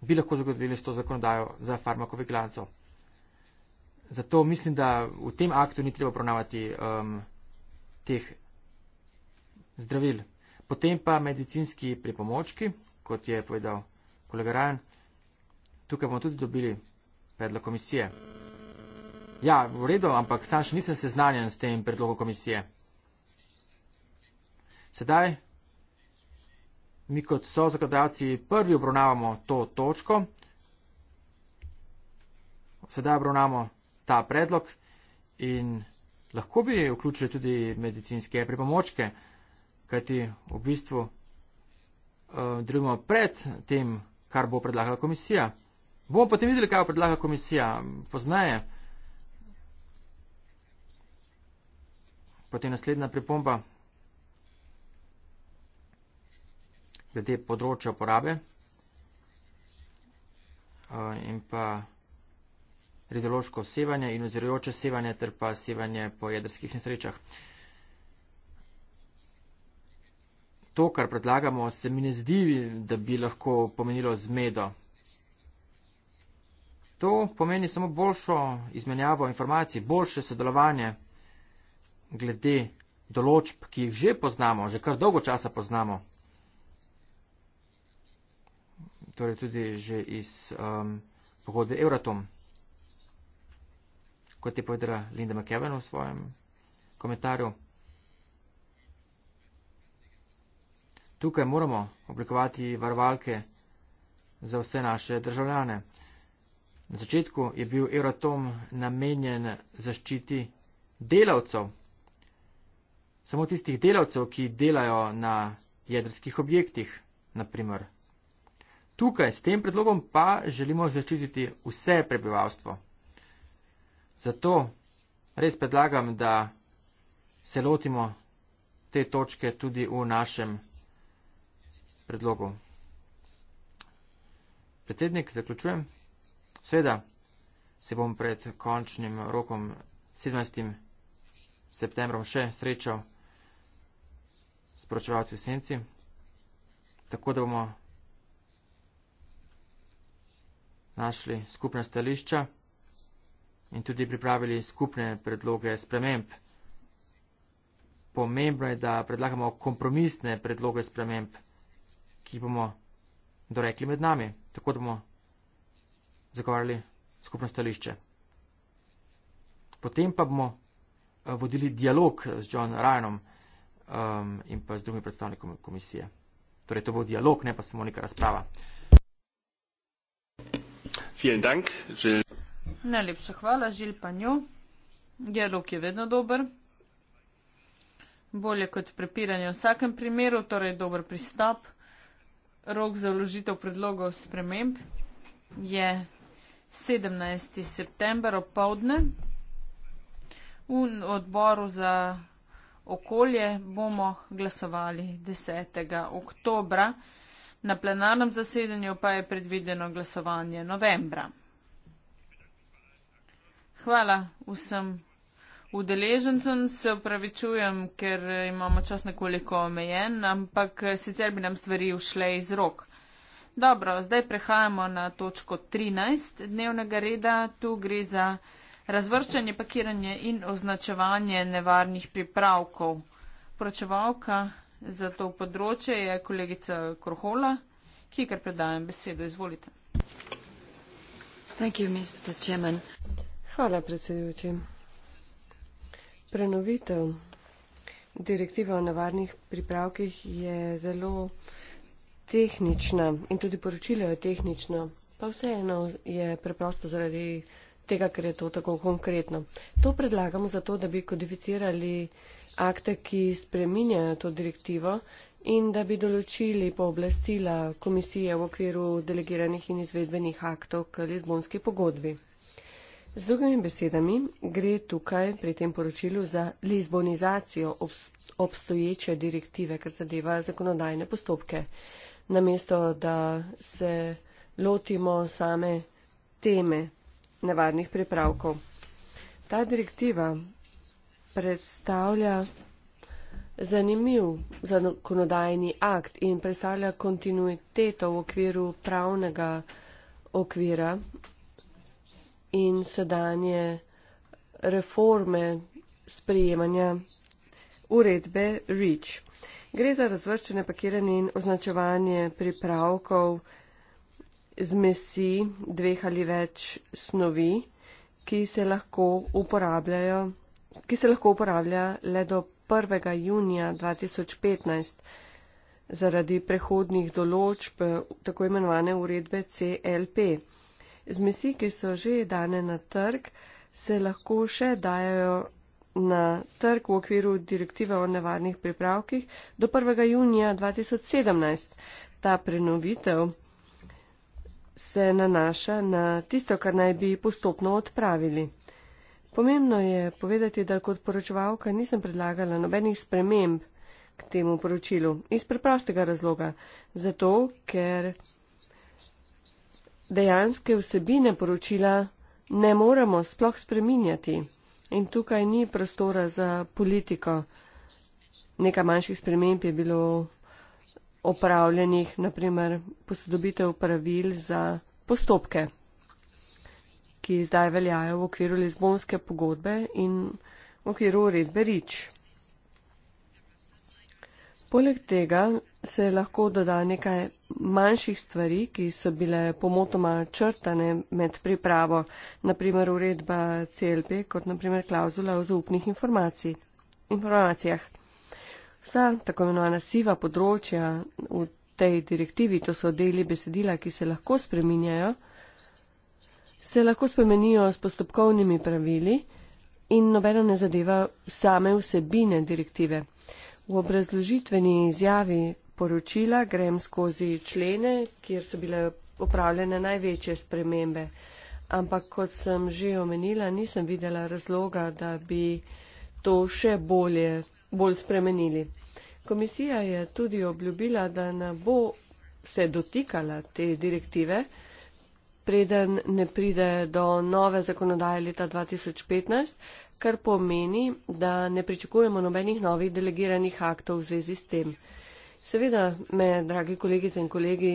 bi lahko zagotovili s to zakonodajo za farmakovigilanco. Zato mislim, da v tem aktu ni treba obravnavati um, teh zdravil. Potem pa medicinski pripomočki, kot je povedal kolega Rajan. Tukaj bomo tudi dobili predlog komisije. Ja, v redu, ampak sam še nisem seznanjen s tem predlogom komisije. Sedaj mi kot so zakladajci prvi obravnavamo to točko. Sedaj obravnavamo ta predlog in lahko bi vključili tudi medicinske pripomočke, kajti v bistvu uh, delujemo pred tem, kar bo predlagala komisija. Bomo potem videli, kaj bo predlagala komisija poznaje. Potem naslednja pripomba glede področja uporabe uh, in pa radiološko sevanje in ozirajoče sevanje ter pa sevanje po jedrskih nesrečah. To, kar predlagamo, se mi ne zdi, da bi lahko pomenilo zmedo. To pomeni samo boljšo izmenjavo informacij, boljše sodelovanje glede določb, ki jih že poznamo, že kar dolgo časa poznamo. Torej tudi že iz um, pogodbe Euratom kot je povedala Linda McKevin v svojem komentarju. Tukaj moramo oblikovati varovalke za vse naše državljane. Na začetku je bil Euratom namenjen zaščiti delavcev, samo tistih delavcev, ki delajo na jedrskih objektih, naprimer. Tukaj s tem predlogom pa želimo zaščititi vse prebivalstvo. Zato res predlagam, da se lotimo te točke tudi v našem predlogu. Predsednik, zaključujem. Sveda se bom pred končnim rokom 17. septembrom še srečal s pročevalci v senci, tako da bomo našli skupne stališča in tudi pripravili skupne predloge sprememb. Pomembno je, da predlagamo kompromisne predloge sprememb, ki bomo dorekli med nami, tako da bomo zagovarjali skupno stališče. Potem pa bomo eh, vodili dialog z John Ryanom um, in pa z drugimi predstavniki komisije. Torej, to bo dialog, ne pa samo neka razprava. Vielen Dank, Jill. Najlepša hvala, žil pa njo. Dialog je vedno dober. Bolje kot prepiranje v vsakem primeru, torej dober pristop. Rok za vložitev predlogov sprememb je 17. september opovdne. V odboru za okolje bomo glasovali 10. oktobra, na plenarnem zasedanju pa je predvideno glasovanje novembra. Hvala vsem udeležencem, se upravičujem, ker imamo čas nekoliko omejen, ampak sicer bi nam stvari ušle iz rok. Dobro, zdaj prehajamo na točko 13 dnevnega reda. Tu gre za razvrščanje, pakiranje in označevanje nevarnih pripravkov. Pročevalka za to področje je kolegica Krohola, ki kar predajem besedo. Izvolite. Thank you, Mr. Chairman. Hvala, predsedujoči. Prenovitev direktive o nevarnih pripravkih je zelo tehnična in tudi poročilo je tehnično, pa vseeno je preprosto zaradi tega, ker je to tako konkretno. To predlagamo zato, da bi kodificirali akte, ki spreminjajo to direktivo in da bi določili pooblastila komisije v okviru delegiranih in izvedbenih aktov k Lizbonski pogodbi. Z drugimi besedami gre tukaj pri tem poročilu za lizbonizacijo obstoječe direktive, kar zadeva zakonodajne postopke. Namesto, da se lotimo same teme nevarnih pripravkov. Ta direktiva predstavlja zanimiv zakonodajni akt in predstavlja kontinuiteto v okviru pravnega okvira in sedanje reforme sprejemanja uredbe REACH. Gre za razvrščene pakiranje in označevanje pripravkov zmesi dveh ali več snovi, ki se lahko uporabljajo, ki se lahko uporablja le do 1. junija 2015 zaradi prehodnih določb tako imenovane uredbe CLP zmesi, ki so že dane na trg, se lahko še dajajo na trg v okviru direktive o nevarnih pripravkih do 1. junija 2017. Ta prenovitev se nanaša na tisto, kar naj bi postopno odpravili. Pomembno je povedati, da kot poročevalka nisem predlagala nobenih sprememb k temu poročilu iz preprostega razloga. Zato, ker dejanske vsebine poročila ne moremo sploh spreminjati in tukaj ni prostora za politiko. Nekaj manjših sprememb je bilo opravljenih, naprimer posodobitev pravil za postopke, ki zdaj veljajo v okviru Lizbonske pogodbe in v okviru uredbe Rič. Poleg tega se lahko doda nekaj manjših stvari, ki so bile pomotoma črtane med pripravo, naprimer uredba CLP, kot naprimer klauzula o zaupnih informacijah. Vsa tako imenovana siva področja v tej direktivi, to so deli besedila, ki se lahko spreminjajo, se lahko spremenijo s postopkovnimi pravili in nobeno ne zadeva same vsebine direktive. V obrazložitveni izjavi poročila grem skozi člene, kjer so bile upravljene največje spremembe. Ampak, kot sem že omenila, nisem videla razloga, da bi to še bolje, bolj spremenili. Komisija je tudi obljubila, da ne bo se dotikala te direktive, preden ne pride do nove zakonodaje leta 2015, kar pomeni, da ne pričakujemo nobenih novih delegiranih aktov v zvezi s tem. Seveda me, dragi kolegice in kolegi,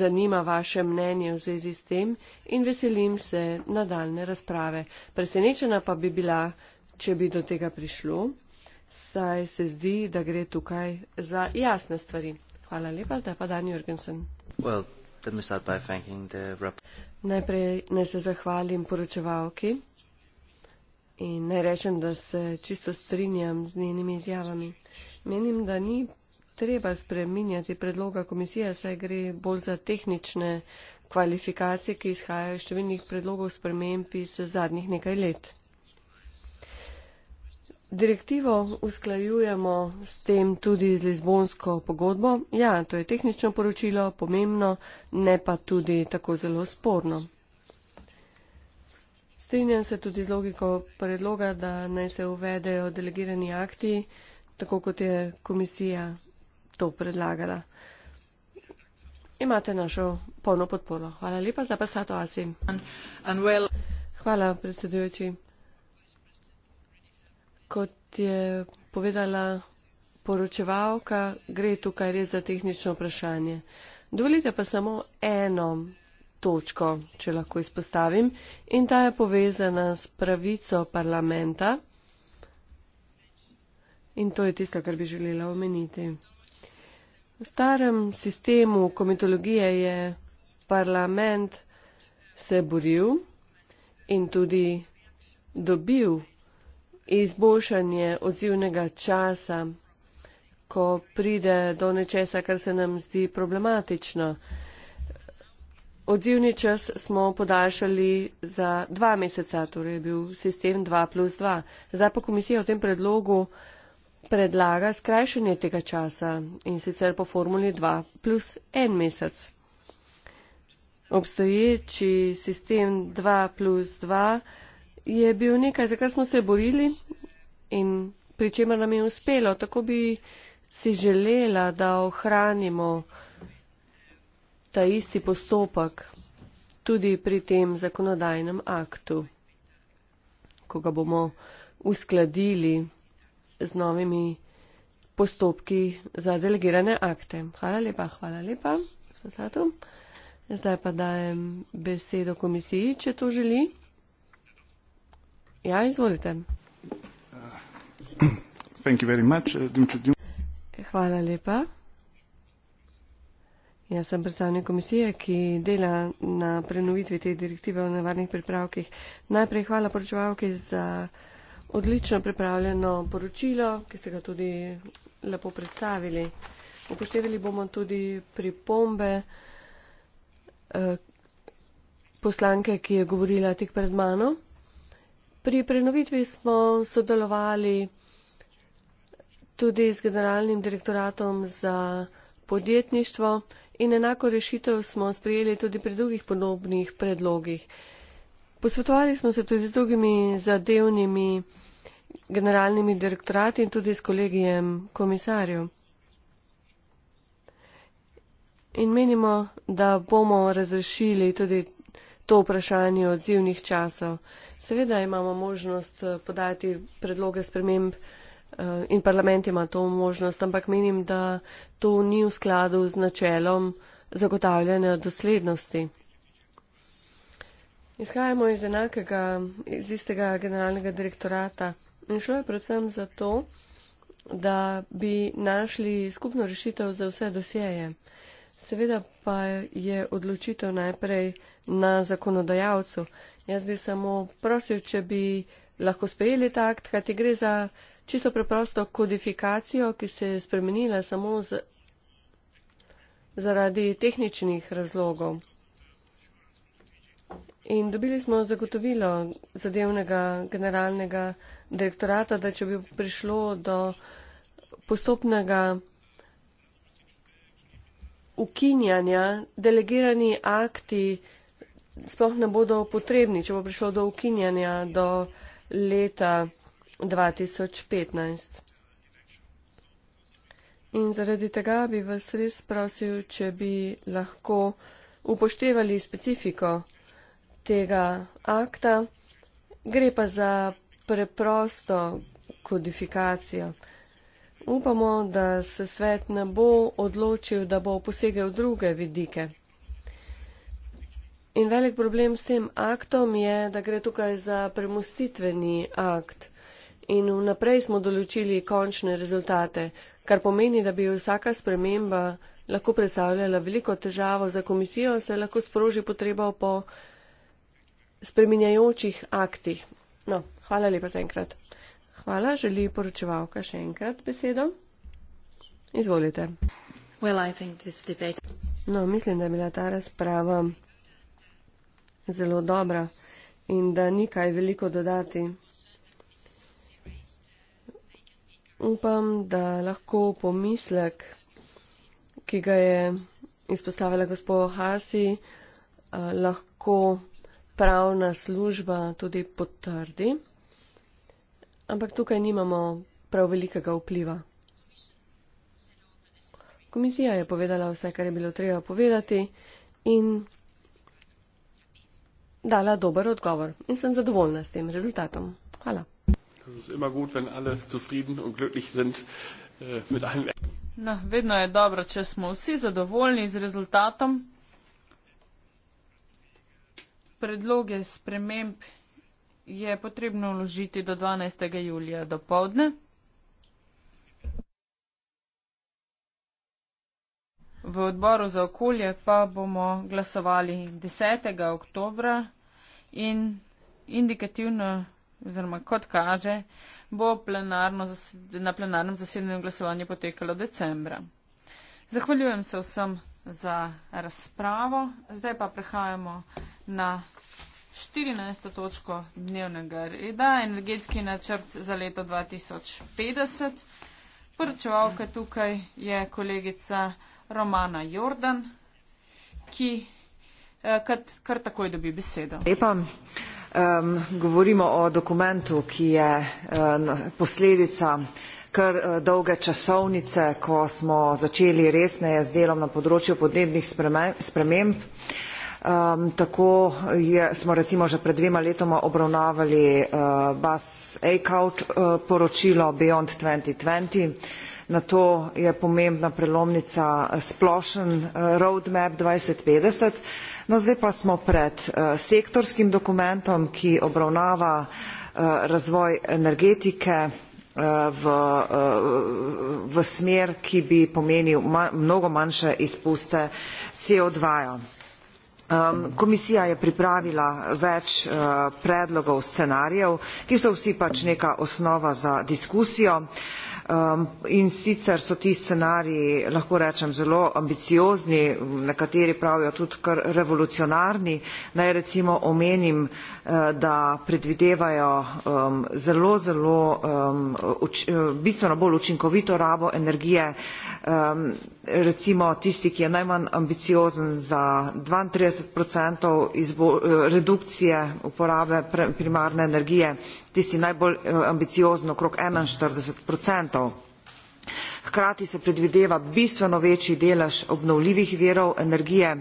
zanima vaše mnenje v zvezi s tem in veselim se nadaljne razprave. Presenečena pa bi bila, če bi do tega prišlo, saj se zdi, da gre tukaj za jasne stvari. Hvala lepa, da pa Dan Jorgensen. Well, Najprej naj se zahvalim poročevalki. In naj rečem, da se čisto strinjam z njenimi izjavami. Menim, da ni treba spreminjati predloga komisije, saj gre bolj za tehnične kvalifikacije, ki izhajajo iz številnih predlogov sprememb iz zadnjih nekaj let. Direktivo usklajujemo s tem tudi z Lizbonsko pogodbo. Ja, to je tehnično poročilo, pomembno, ne pa tudi tako zelo sporno. Strinjam se tudi z logiko predloga, da naj se uvedejo delegirani akti, tako kot je komisija to predlagala. Imate našo polno podporo. Hvala lepa, zdaj pa Sato Asi. Hvala, predsedujoči. Kot je povedala poročevalka, gre tukaj res za tehnično vprašanje. Dovolite pa samo eno točko, če lahko izpostavim, in ta je povezana s pravico parlamenta. In to je tisto, kar bi želela omeniti. V starem sistemu komitologije je parlament se boril in tudi dobil izboljšanje odzivnega časa, ko pride do nečesa, kar se nam zdi problematično odzivni čas smo podaljšali za dva meseca, torej je bil sistem 2 plus 2. Zdaj pa komisija v tem predlogu predlaga skrajšanje tega časa in sicer po formuli 2 plus 1 mesec. Obstoječi sistem 2 plus 2 je bil nekaj, za kar smo se borili in pri čemer nam je uspelo. Tako bi si želela, da ohranimo ta isti postopek tudi pri tem zakonodajnem aktu, ko ga bomo uskladili z novimi postopki za delegirane akte. Hvala lepa, hvala lepa, smo za to. Zdaj pa dajem besedo komisiji, če to želi. Ja, izvolite. Uh, hvala lepa. Jaz sem predstavnik komisije, ki dela na prenovitvi te direktive o nevarnih pripravkih. Najprej hvala poročevalki za odlično pripravljeno poročilo, ki ste ga tudi lepo predstavili. Upoštevali bomo tudi pripombe eh, poslanke, ki je govorila tik pred mano. Pri prenovitvi smo sodelovali tudi z generalnim direktoratom za podjetništvo, in enako rešitev smo sprejeli tudi pri drugih podobnih predlogih. Posvetovali smo se tudi z drugimi zadevnimi generalnimi direktorati in tudi s kolegijem komisarjev. In menimo, da bomo razrešili tudi to vprašanje odzivnih časov. Seveda imamo možnost eh, podati predloge sprememb Eh, in parlament ima to možnost, ampak menim, da to ni v skladu z načelom zagotavljanja doslednosti. Izhajamo iz enakega, iz istega generalnega direktorata in šlo je predvsem zato, da bi našli skupno rešitev za vse dosjeje. Seveda pa je odločitev najprej na zakonodajalcu. Jaz bi samo prosil, če bi lahko sprejeli ta akt, kajti gre za čisto preprosto kodifikacijo, ki se je spremenila samo z, zaradi tehničnih razlogov. In dobili smo zagotovilo zadevnega generalnega direktorata, da če bi prišlo do postopnega ukinjanja, delegirani akti sploh ne bodo potrebni, če bo prišlo do ukinjanja do leta 2015. In zaradi tega bi vas res prosil, če bi lahko upoštevali specifiko tega akta. Gre pa za preprosto kodifikacijo. Upamo, da se svet ne bo odločil, da bo posegel druge vidike. In velik problem s tem aktom je, da gre tukaj za premustitveni akt in vnaprej smo določili končne rezultate, kar pomeni, da bi vsaka sprememba lahko predstavljala veliko težavo za komisijo in se lahko sproži potrebo po spreminjajočih aktih. No, hvala lepa za enkrat. Hvala, želi poročevalka še enkrat besedo. Izvolite. Well, debate... No, mislim, da je bila ta razprava zelo dobra in da ni kaj veliko dodati. Upam, da lahko pomislek, ki ga je izpostavila gospod Hasi, eh, lahko pravna služba tudi potrdi. Ampak tukaj nimamo prav velikega vpliva. Komisija je povedala vse, kar je bilo treba povedati in dala dober odgovor. In sem zadovoljna s tem rezultatom. Hvala ist immer gut, wenn alle zufrieden und glücklich sind äh, mit einem Na, no, vedno je dobro, če smo vsi zadovoljni z rezultatom. Predloge sprememb je potrebno vložiti do 12. julija do povdne. V odboru za okolje pa bomo glasovali 10. oktobra in indikativno oziroma kot kaže, bo na plenarnem zasedanju glasovanje potekalo decembra. Zahvaljujem se vsem za razpravo. Zdaj pa prehajamo na 14. točko dnevnega reda, energetski načrt za leto 2050. Poročevalka tukaj je kolegica Romana Jordan, ki eh, kar takoj dobi besedo. Lepa. Um, govorimo o dokumentu, ki je uh, posledica kar uh, dolge časovnice, ko smo začeli resneje z delom na področju podnebnih sprememb. Um, tako je, smo recimo že pred dvema letoma obravnavali uh, BAS ACOUT uh, eh, poročilo Beyond 2020. Na to je pomembna prelomnica splošen uh, roadmap 2050. No, zdaj pa smo pred eh, sektorskim dokumentom, ki obravnava eh, razvoj energetike eh, v, v smer, ki bi pomenil mnogo manjše izpuste CO2. -ja. Um, komisija je pripravila več uh, predlogov scenarijev, ki so vsi pač neka osnova za diskusijo. Uh, Um, in sicer so ti scenariji, lahko rečem, zelo ambiciozni, nekateri pravijo tudi kar revolucionarni. Naj recimo omenim, eh, da predvidevajo um, zelo, zelo um, uč, eh, bistveno bolj učinkovito rabo energije. Um, recimo tisti, ki je najmanj ambiciozen za 32 odstotkov eh, redukcije uporabe primarne energije, tisti najbolj eh, ambiciozen okrog enainštirideset odstotkov hkrati se predvideva bistveno večji delež obnovljivih virov energije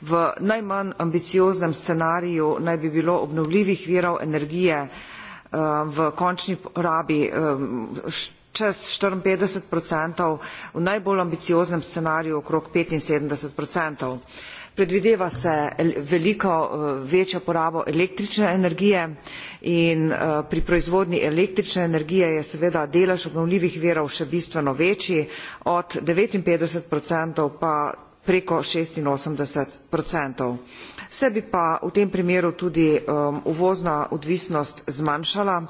v najmanj ambicioznem scenariju naj bi bilo obnovljivih virov energije eh, v končni porabi eh, čez štiriinpetdeset odstotkov v najbolj ambicioznem scenariju okrog petinsedemdeset odstotkov predvideva se veliko eh, večjo porabo električne energije in eh, pri proizvodnji električne energije je seveda delež obnovljivih virov še bistveno večji od devetinpetdeset procentov pa preko šestinosemdeset procentov. se bi pa v tem primeru tudi eh, uvozna odvisnost zmanjšala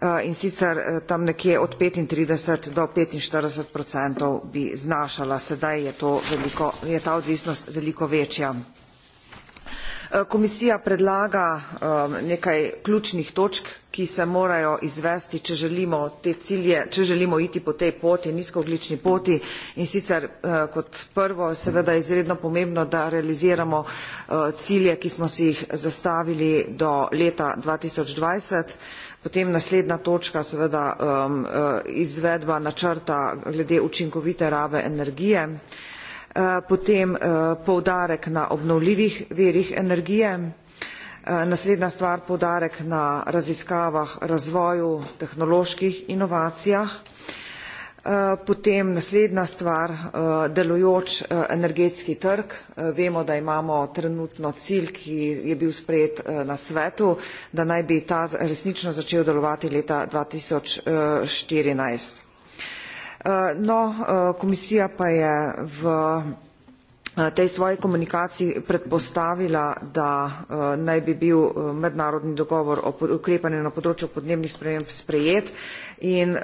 Eh, in sicer eh, tam nekje od 35 do 45 odstotkov bi znašala. Sedaj je, veliko, je ta odvisnost veliko večja. Eh, komisija predlaga nekaj ključnih točk, ki se morajo izvesti, če želimo, te cilje, če želimo iti po tej poti, nizkoglični poti. In sicer kot prvo, seveda je izredno pomembno, da realiziramo cilje, ki smo si jih zastavili do leta 2020. Potem naslednja točka, seveda um, uh, izvedba načrta glede učinkovite rave energije, uh, potem uh, poudarek na obnovljivih verjih energije, naslednja stvar poudarek na raziskavah, razvoju, tehnoloških inovacijah, Eh, potem naslednja stvar, eh, delujoč eh, energetski trg. Vemo, da imamo trenutno cilj, ki je bil sprejet na svetu, da naj bi ta resnično začel delovati leta 2014. No, komisija pa je v Eh, tej svoji komunikaciji predpostavila, da eh, naj bi bil eh, mednarodni dogovor o ukrepanju na področju podnebnih sprememb sprejet in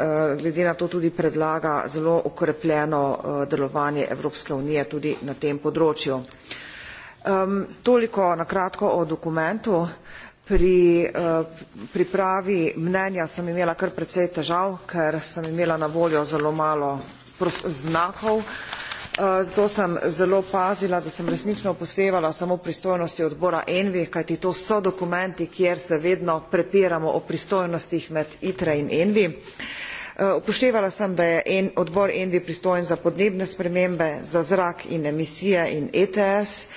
glede na to tudi predlaga zelo ukrepljeno delovanje Evropske unije tudi na tem področju. Toliko nakratko o dokumentu. Pri pripravi mnenja sem imela kar precej težav, ker sem imela na voljo zelo malo znakov, Eh, zato sem zelo pazila, da sem resnično upoštevala samo pristojnosti odbora Envi, kajti to so dokumenti, kjer se vedno prepiramo o pristojnostih med ITRE in Envi. Eh, upoštevala sem, da je en, odbor Envi pristojen za podnebne spremembe, za zrak in emisije in ETS.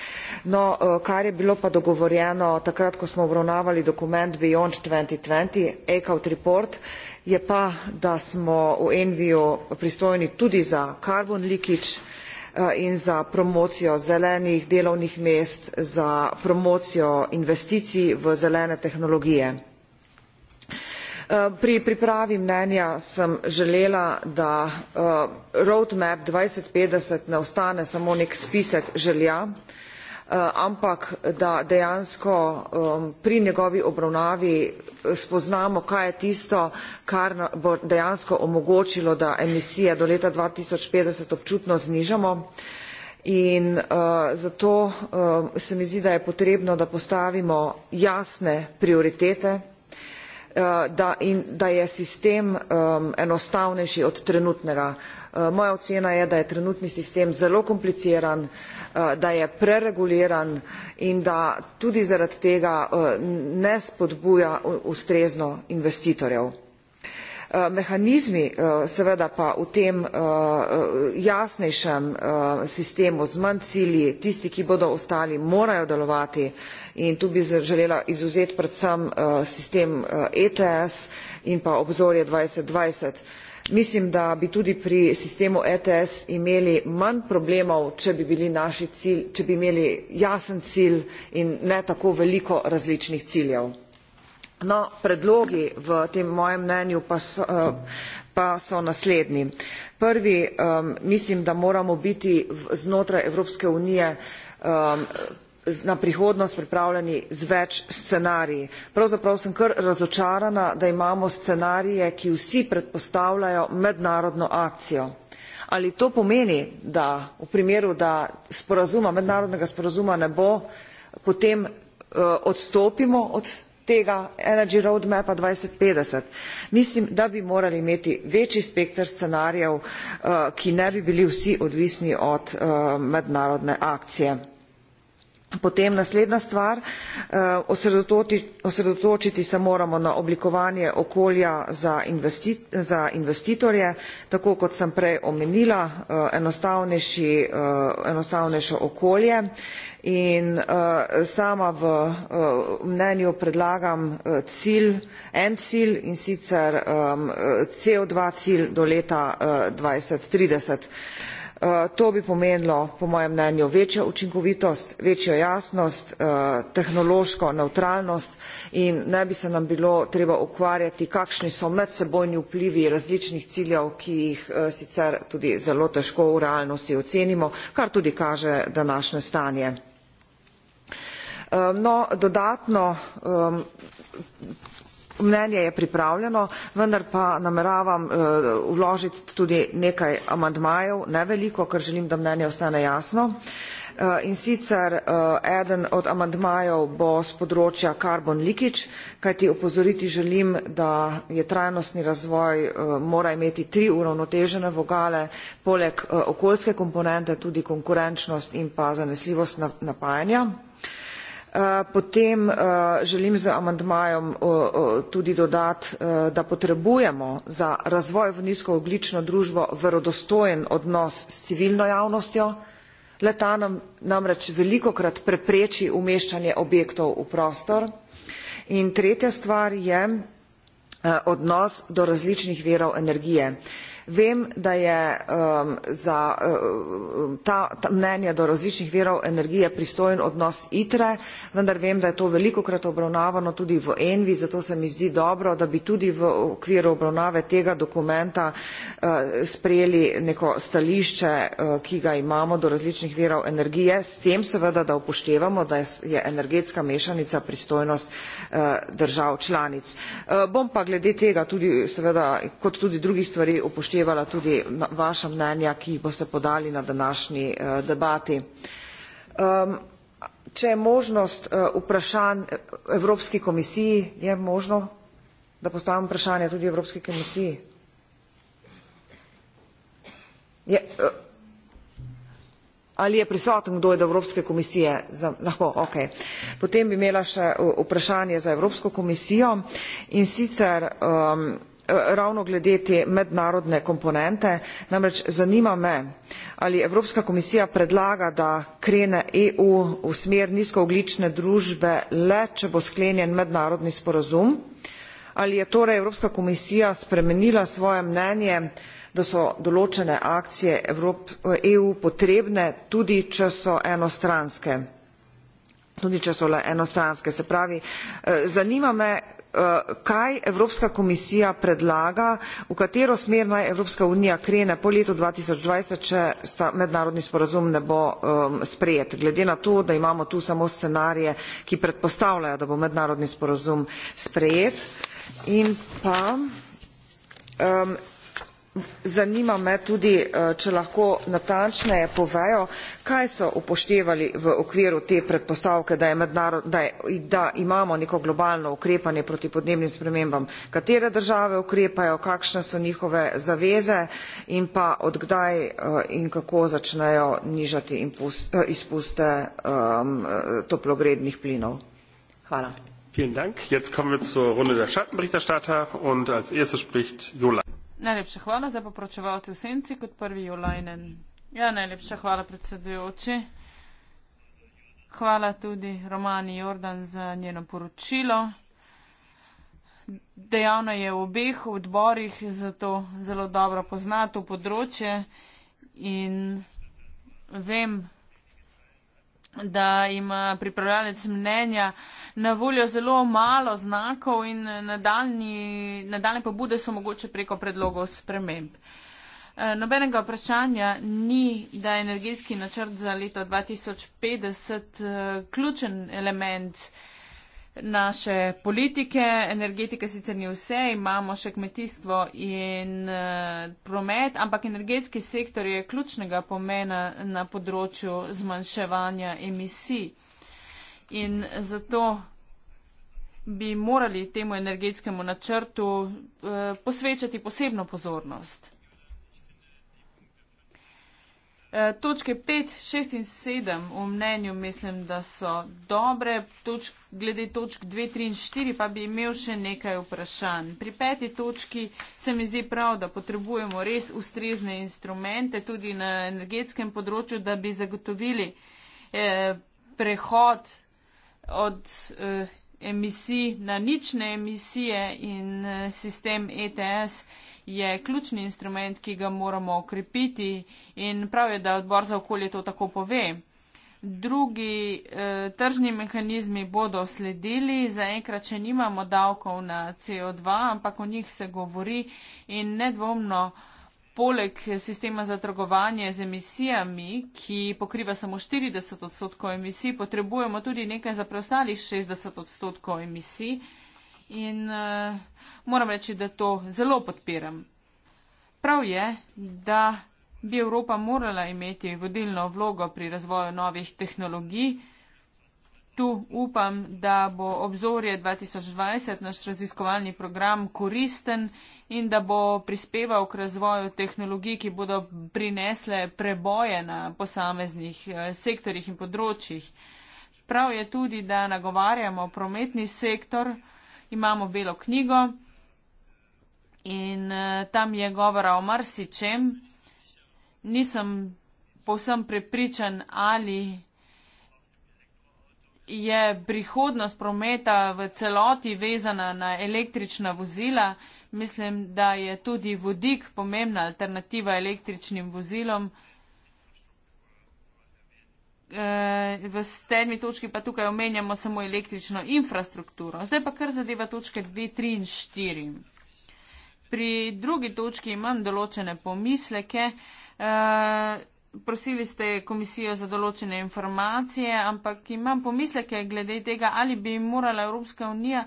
No, eh, kar je bilo pa dogovorjeno takrat, ko smo obravnavali dokument Beyond 2020, ACOUT report, je pa, da smo v Enviju pristojni tudi za carbon leakage, Eh, in za promocijo zelenih delovnih mest, za promocijo investicij v zelene tehnologije. Eh, pri pripravi mnenja sem želela, da eh, roadmap 2050 ne ostane samo nek spisek želja, Eh, ampak da dejansko pri njegovi obravnavi eh, spoznamo, kaj je tisto, kar bo dejansko omogočilo, da emisije do leta 2050 občutno znižamo. In uh, zato uh, se mi zdi, da je potrebno, da postavimo jasne prioritete, Eh, da je sistem enostavnejši od trenutnega. Eh, moja ocena je da je trenutni sistem zelo kompliciran eh, da je prereguliran in da tudi zaradi tega ne spodbuja ustrezno investitorjev. mehanizmi seveda pa v tem jasnejšem sistemu z manj cilji tisti ki bodo ostali morajo delovati In tu bi želela izuzeti predvsem eh, sistem ETS eh, e in pa obzorje 2020. Mislim, da bi tudi pri sistemu ETS imeli manj problemov, če bi, bili naši cilj, če bi imeli jasen cilj in ne tako veliko različnih ciljev. No, predlogi v tem mojem mnenju pa so, eh, pa so naslednji. Prvi, mislim, da moramo biti znotraj Evropske unije na prihodnost pripravljeni z več scenariji. Pravzaprav sem kar razočarana, da imamo scenarije, ki vsi predpostavljajo mednarodno akcijo. Ali to pomeni, da v primeru, da sporazuma, mednarodnega sporazuma ne bo, potem uh, odstopimo od tega Energy Roadmapa 2050. Mislim, da bi morali imeti večji spektr scenarijev, uh, ki ne bi bili vsi odvisni od uh, mednarodne akcije. Potem naslednja stvar, eh, osredotočiti se moramo na oblikovanje okolja za investitorje, tako kot sem prej omenila, eh, enostavnejši, eh, enostavnejše okolje in, sama v, mnenju predlagam, cilj, en cilj, in sicer, COdva cilj do leta, dvajset trideset. Eh, to bi pomenilo, po mojem mnenju, večjo učinkovitost, večjo jasnost, eh, tehnološko neutralnost in ne bi se nam bilo treba ukvarjati, kakšni so medsebojni vplivi različnih ciljev, ki jih eh, sicer tudi zelo težko v realnosti ocenimo, kar tudi kaže današnje stanje. No, dodatno ehm, Mnenje je pripravljeno, vendar pa nameravam eh, vložiti tudi nekaj amandmajev, ne veliko, ker želim, da mnenje ostane jasno. Eh, in sicer eh, eden od amandmajev bo z področja carbon leakage, kajti opozoriti želim, da je trajnostni razvoj mora imeti tri uravnotežene vogale, poleg okoljske komponente tudi konkurenčnost in pa zanesljivost napajanja. Eh, potem eh, želim z amandmajem eh, tudi dodati, da potrebujemo za razvoj v nizkooglično družbo verodostojen odnos s civilno javnostjo, le ta nam namreč velikokrat prepreči umeščanje objektov v prostor. In tretja stvar je odnos do različnih virov energije. Vem, da je um, za um, ta, ta mnenja do različnih virov energije pristojen odnos ITRE, vendar vem, da je to veliko krat obravnavano tudi v ENVI, zato se mi zdi dobro, da bi tudi v okviru obravnave tega dokumenta uh, sprejeli neko stališče, uh, ki ga imamo do različnih virov energije, s tem seveda, da upoštevamo, da je energetska mešanica pristojnost uh, držav članic. Uh, bom pa glede tega tudi, seveda, kot tudi drugih stvari upoštevala, upoštevala tudi vaša mnenja, ki jih boste podali na današnji eh, debati. Um, če je možnost eh, vprašanj eh, Evropski komisiji, je možno, da postavim vprašanje tudi Evropski komisiji? Je, ali je prisoten kdo od Evropske komisije? Za, lahko, ok. Potem bi imela še vprašanje za Evropsko komisijo in sicer um, Eh, ravno glede te mednarodne komponente namreč zanima me ali evropska komisija predlaga da krene eu v smer nizkoogljične družbe le če bo sklenjen mednarodni sporazum ali je torej evropska komisija spremenila svoje mnenje da so določene akcije eu e potrebne tudi če so enostranske tudi če so le enostranske se pravi eh, zanima me Eh, kaj evropska komisija predlaga v katero smer naj evropska unija krene po letu dva tisoč dvajset če sta mednarodni sporazum ne bo um, sprejet glede na to da imamo tu samo scenarije ki predpostavljajo da bo mednarodni sporazum sprejet in pa um, zanima me tudi, eh, če lahko natančneje povejo, kaj so upoštevali v okviru te predpostavke, da, je da, je, da imamo neko globalno ukrepanje proti podnebnim spremembam. Katere države ukrepajo, kakšne so njihove zaveze in pa odkdaj eh, in kako začnejo nižati impuste, eh, izpuste um, toplogrednih plinov. Hvala. Vielen Dank. Jetzt kommen wir zur Runde der Schattenberichterstatter und als erste spricht Jola. Najlepša hvala za poprečevalce v senci kot prvi Jolajnen. Ja, najlepša hvala predsedujoči. Hvala tudi Romani Jordan za njeno poročilo. Dejavna je v obeh odborih, zato zelo dobro pozna to področje in vem, da ima pripravljalec mnenja na voljo zelo malo znakov in nadaljni, nadaljne pobude so mogoče preko predlogov sprememb. Eh, nobenega vprašanja ni, da je energetski načrt za leto 2050 eh, ključen element naše politike. Energetika sicer ni vse, imamo še kmetijstvo in eh, promet, ampak energetski sektor je ključnega pomena na področju zmanjševanja emisij. In zato bi morali temu energetskemu načrtu eh, posvečati posebno pozornost. Eh, točke 5, 6 in 7 v mnenju mislim, da so dobre. Točk, glede točk 2, 3 in 4 pa bi imel še nekaj vprašanj. Pri peti točki se mi zdi prav, da potrebujemo res ustrezne instrumente tudi na energetskem področju, da bi zagotovili eh, prehod od eh, emisij na nične emisije in eh, sistem ETS je ključni instrument, ki ga moramo okrepiti in prav je, da odbor za okolje to tako pove. Drugi eh, tržni mehanizmi bodo sledili, zaenkrat še nimamo davkov na CO2, ampak o njih se govori in nedvomno eh, poleg sistema za trgovanje z emisijami, ki pokriva samo 40 odstotkov emisij, potrebujemo tudi nekaj za preostalih 60 odstotkov emisij in uh, moram reči, da to zelo podpiram. Prav je, da bi Evropa morala imeti vodilno vlogo pri razvoju novih tehnologij, Tu upam, da bo obzorje 2020 naš raziskovalni program koristen in da bo prispeval k razvoju tehnologij, ki bodo prinesle preboje na posameznih eh, sektorjih in področjih. Prav je tudi, da nagovarjamo prometni sektor, imamo belo knjigo in eh, tam je govora o marsičem. Nisem povsem prepričan, ali je prihodnost prometa v celoti vezana na električna vozila. Mislim, da je tudi vodik pomembna alternativa električnim vozilom. Eh, v sedmi točki pa tukaj omenjamo samo električno infrastrukturo. Zdaj pa kar zadeva točke 2, 3 in 4. Pri drugi točki imam določene pomisleke. Eh, prosili ste komisijo za določene informacije, ampak imam pomisleke glede tega, ali bi morala Evropska unija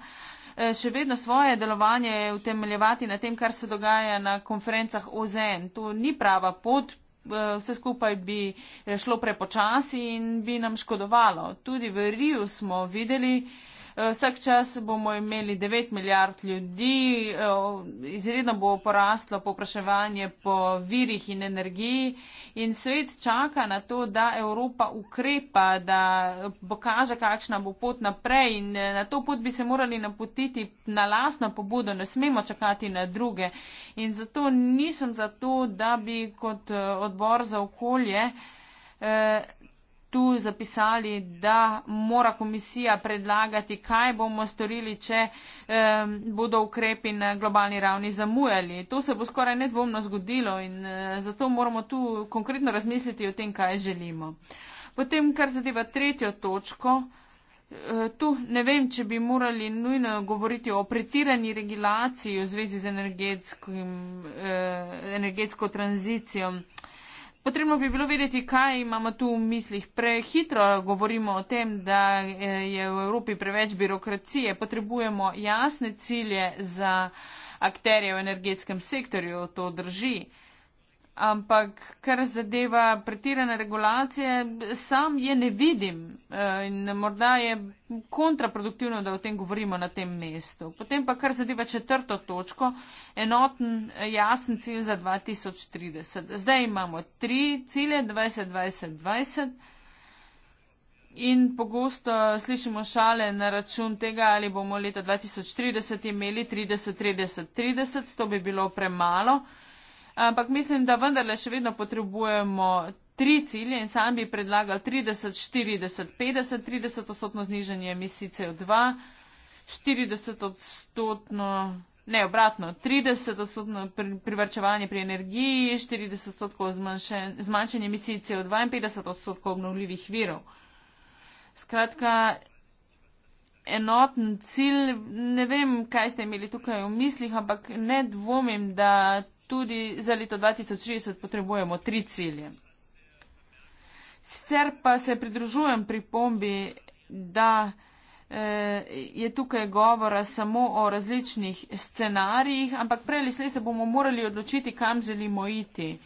eh, še vedno svoje delovanje utemeljevati na tem, kar se dogaja na konferencah OZN. To ni prava pot, eh, vse skupaj bi eh, šlo prepočasi in bi nam škodovalo. Tudi v Riju smo videli, vsak čas bomo imeli 9 milijard ljudi, izredno bo poraslo popraševanje po virih in energiji in svet čaka na to, da Evropa ukrepa, da pokaže, kakšna bo pot naprej in eh, na to pot bi se morali napotiti na lasno pobudo, ne smemo čakati na druge. In zato nisem za to, da bi kot eh, odbor za okolje. Eh, tu zapisali, da mora komisija predlagati, kaj bomo storili, če um, bodo ukrepi na globalni ravni zamujali. To se bo skoraj nedvomno zgodilo in uh, zato moramo tu konkretno razmisliti o tem, kaj želimo. Potem, kar zadeva tretjo točko, eh, Tu ne vem, če bi morali nujno govoriti o pretirani regulaciji v zvezi z eh, energetsko tranzicijo. Potrebno bi bilo vedeti, kaj imamo tu v mislih. Prehitro govorimo o tem, da eh, je v Evropi preveč birokracije. Potrebujemo jasne cilje za akterje v energetskem sektorju. To drži ampak kar zadeva pretirane regulacije, sam je ne vidim eh, in morda je kontraproduktivno, da o tem govorimo na tem mestu. Potem pa kar zadeva četrto točko, enoten eh, jasen cilj za 2030. Zdaj imamo tri cilje, 2020, 20, 20. In pogosto slišimo šale na račun tega, ali bomo leta 2030 imeli 30, 30, 30, to bi bilo premalo. Uh, ampak mislim, da vendarle še vedno potrebujemo tri cilje in sam bi predlagal 30, 40, 50, 30 odstotno znižanje emisij CO2, 40 odstotno, ne obratno, 30 odstotno privrčevanje pri energiji, 40 odstotkov zmanjšanje emisij CO2 in 50 odstotkov obnovljivih virov. Skratka, enoten cilj, ne vem, kaj ste imeli tukaj v mislih, ampak ne dvomim, da tudi za leto 2030 potrebujemo tri cilje. Sicer pa se pridružujem pri pombi, da eh, je tukaj govora samo o različnih scenarijih, ampak prej ali slej se bomo morali odločiti, kam želimo iti.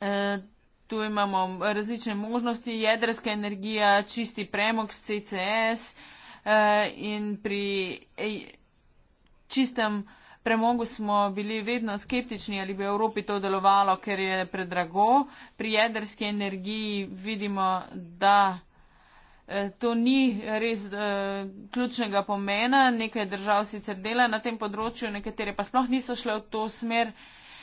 Eh, tu imamo različne možnosti, jedrska energija, čisti premog, CCS eh, in pri čistem premogu smo bili vedno skeptični, ali bi v Evropi to delovalo, ker je predrago. Pri jedrski energiji vidimo, da eh, to ni res eh, ključnega pomena. Nekaj držav sicer dela na tem področju, nekatere pa sploh niso šle v to smer.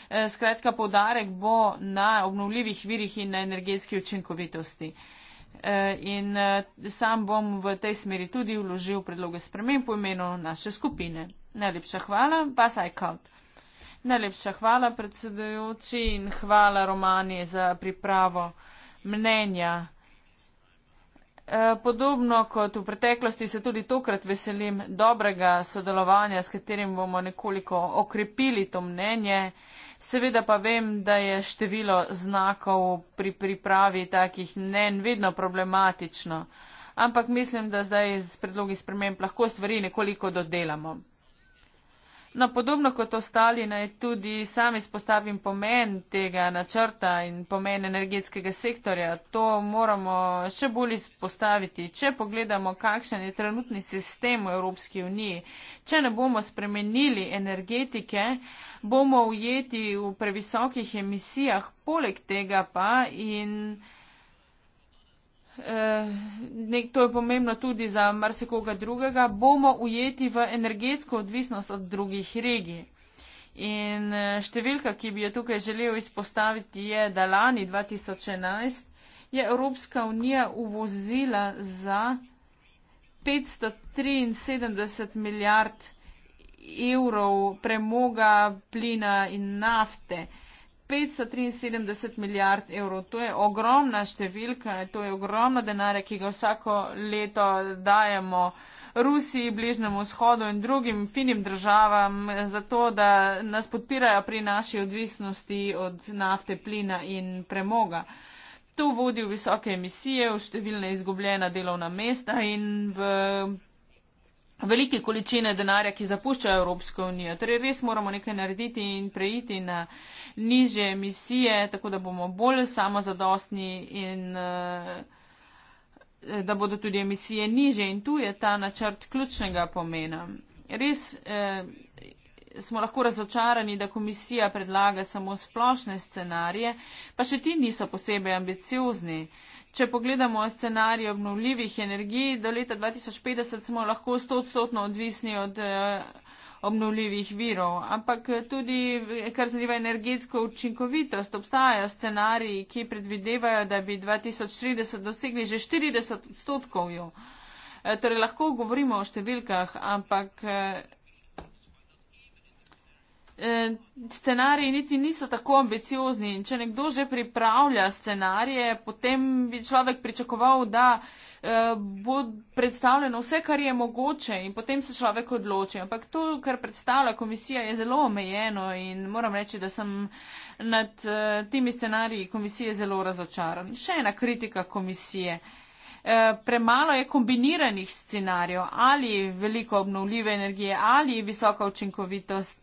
Eh, skratka, podarek bo na obnovljivih virih in na energetski učinkovitosti. In sam bom v tej smeri tudi vložil predloge spremen po imenu naše skupine. Najlepša hvala, pas aj kot. Najlepša hvala, predsedujoči, in hvala Romani za pripravo mnenja. E, podobno kot v preteklosti se tudi tokrat veselim dobrega sodelovanja, s katerim bomo nekoliko okrepili to mnenje. Seveda pa vem, da je število znakov pri pripravi takih mnen vedno problematično, ampak mislim, da zdaj z predlogi sprememb lahko stvari nekoliko dodelamo. No, podobno kot ostali, naj tudi sam izpostavim pomen tega načrta in pomen energetskega sektorja. To moramo še bolj izpostaviti. Če pogledamo, kakšen je trenutni sistem v Evropski uniji, če ne bomo spremenili energetike, bomo ujeti v previsokih emisijah, poleg tega pa in. Eh, nek, to je pomembno tudi za marsikoga drugega, bomo ujeti v energetsko odvisnost od drugih regij. In eh, številka, ki bi jo tukaj želel izpostaviti, je, da lani 2011 je Evropska unija uvozila za 573 milijard evrov premoga, plina in nafte. 573 milijard evrov. To je ogromna številka, to je ogromno denarja, ki ga vsako leto dajemo Rusiji, Bližnemu vzhodu in drugim finim državam, zato da nas podpirajo pri naši odvisnosti od nafte, plina in premoga. To vodi v visoke emisije, v številne izgubljena delovna mesta in v velike količine denarja, ki zapuščajo Evropsko unijo. Torej res moramo nekaj narediti in preiti na niže emisije, tako da bomo bolj samozadostni in eh, da bodo tudi emisije niže. In tu je ta načrt ključnega pomena. Res. Eh, smo lahko razočarani, da komisija predlaga samo splošne scenarije, pa še ti niso posebej ambiciozni. Če pogledamo scenarije obnovljivih energij, do leta 2050 smo lahko stotstotno odvisni od eh, obnovljivih virov, ampak tudi, kar zadeva energetsko učinkovitost, obstajajo scenariji, ki predvidevajo, da bi 2030 dosegli že 40 odstotkov jo. Eh, torej, lahko govorimo o številkah, ampak eh, E, scenariji niti niso tako ambiciozni in če nekdo že pripravlja scenarije, potem bi človek pričakoval, da e, bo predstavljeno vse, kar je mogoče in potem se človek odloči. Ampak to, kar predstavlja komisija, je zelo omejeno in moram reči, da sem nad e, temi scenariji komisije zelo razočaran. Še ena kritika komisije. Premalo je kombiniranih scenarijev ali veliko obnovljive energije ali visoka učinkovitost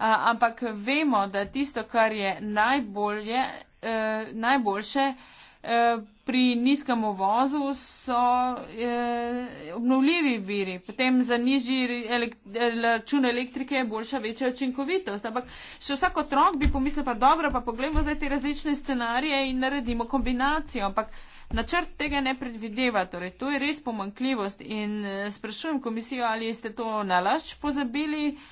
ampak vemo, da tisto, kar je najbolje, uh, najboljše uh, pri nizkem uvozu, so uh, obnovljivi viri. Potem za nižji račun elekt elektrike je boljša, večja učinkovitost. Ampak še vsak otrok bi pomislil, pa dobro, pa poglejmo zdaj te različne scenarije in naredimo kombinacijo. Ampak Načrt tega ne predvideva, torej to je res pomankljivost in sprašujem komisijo, ali ste to nalašč pozabili, uh,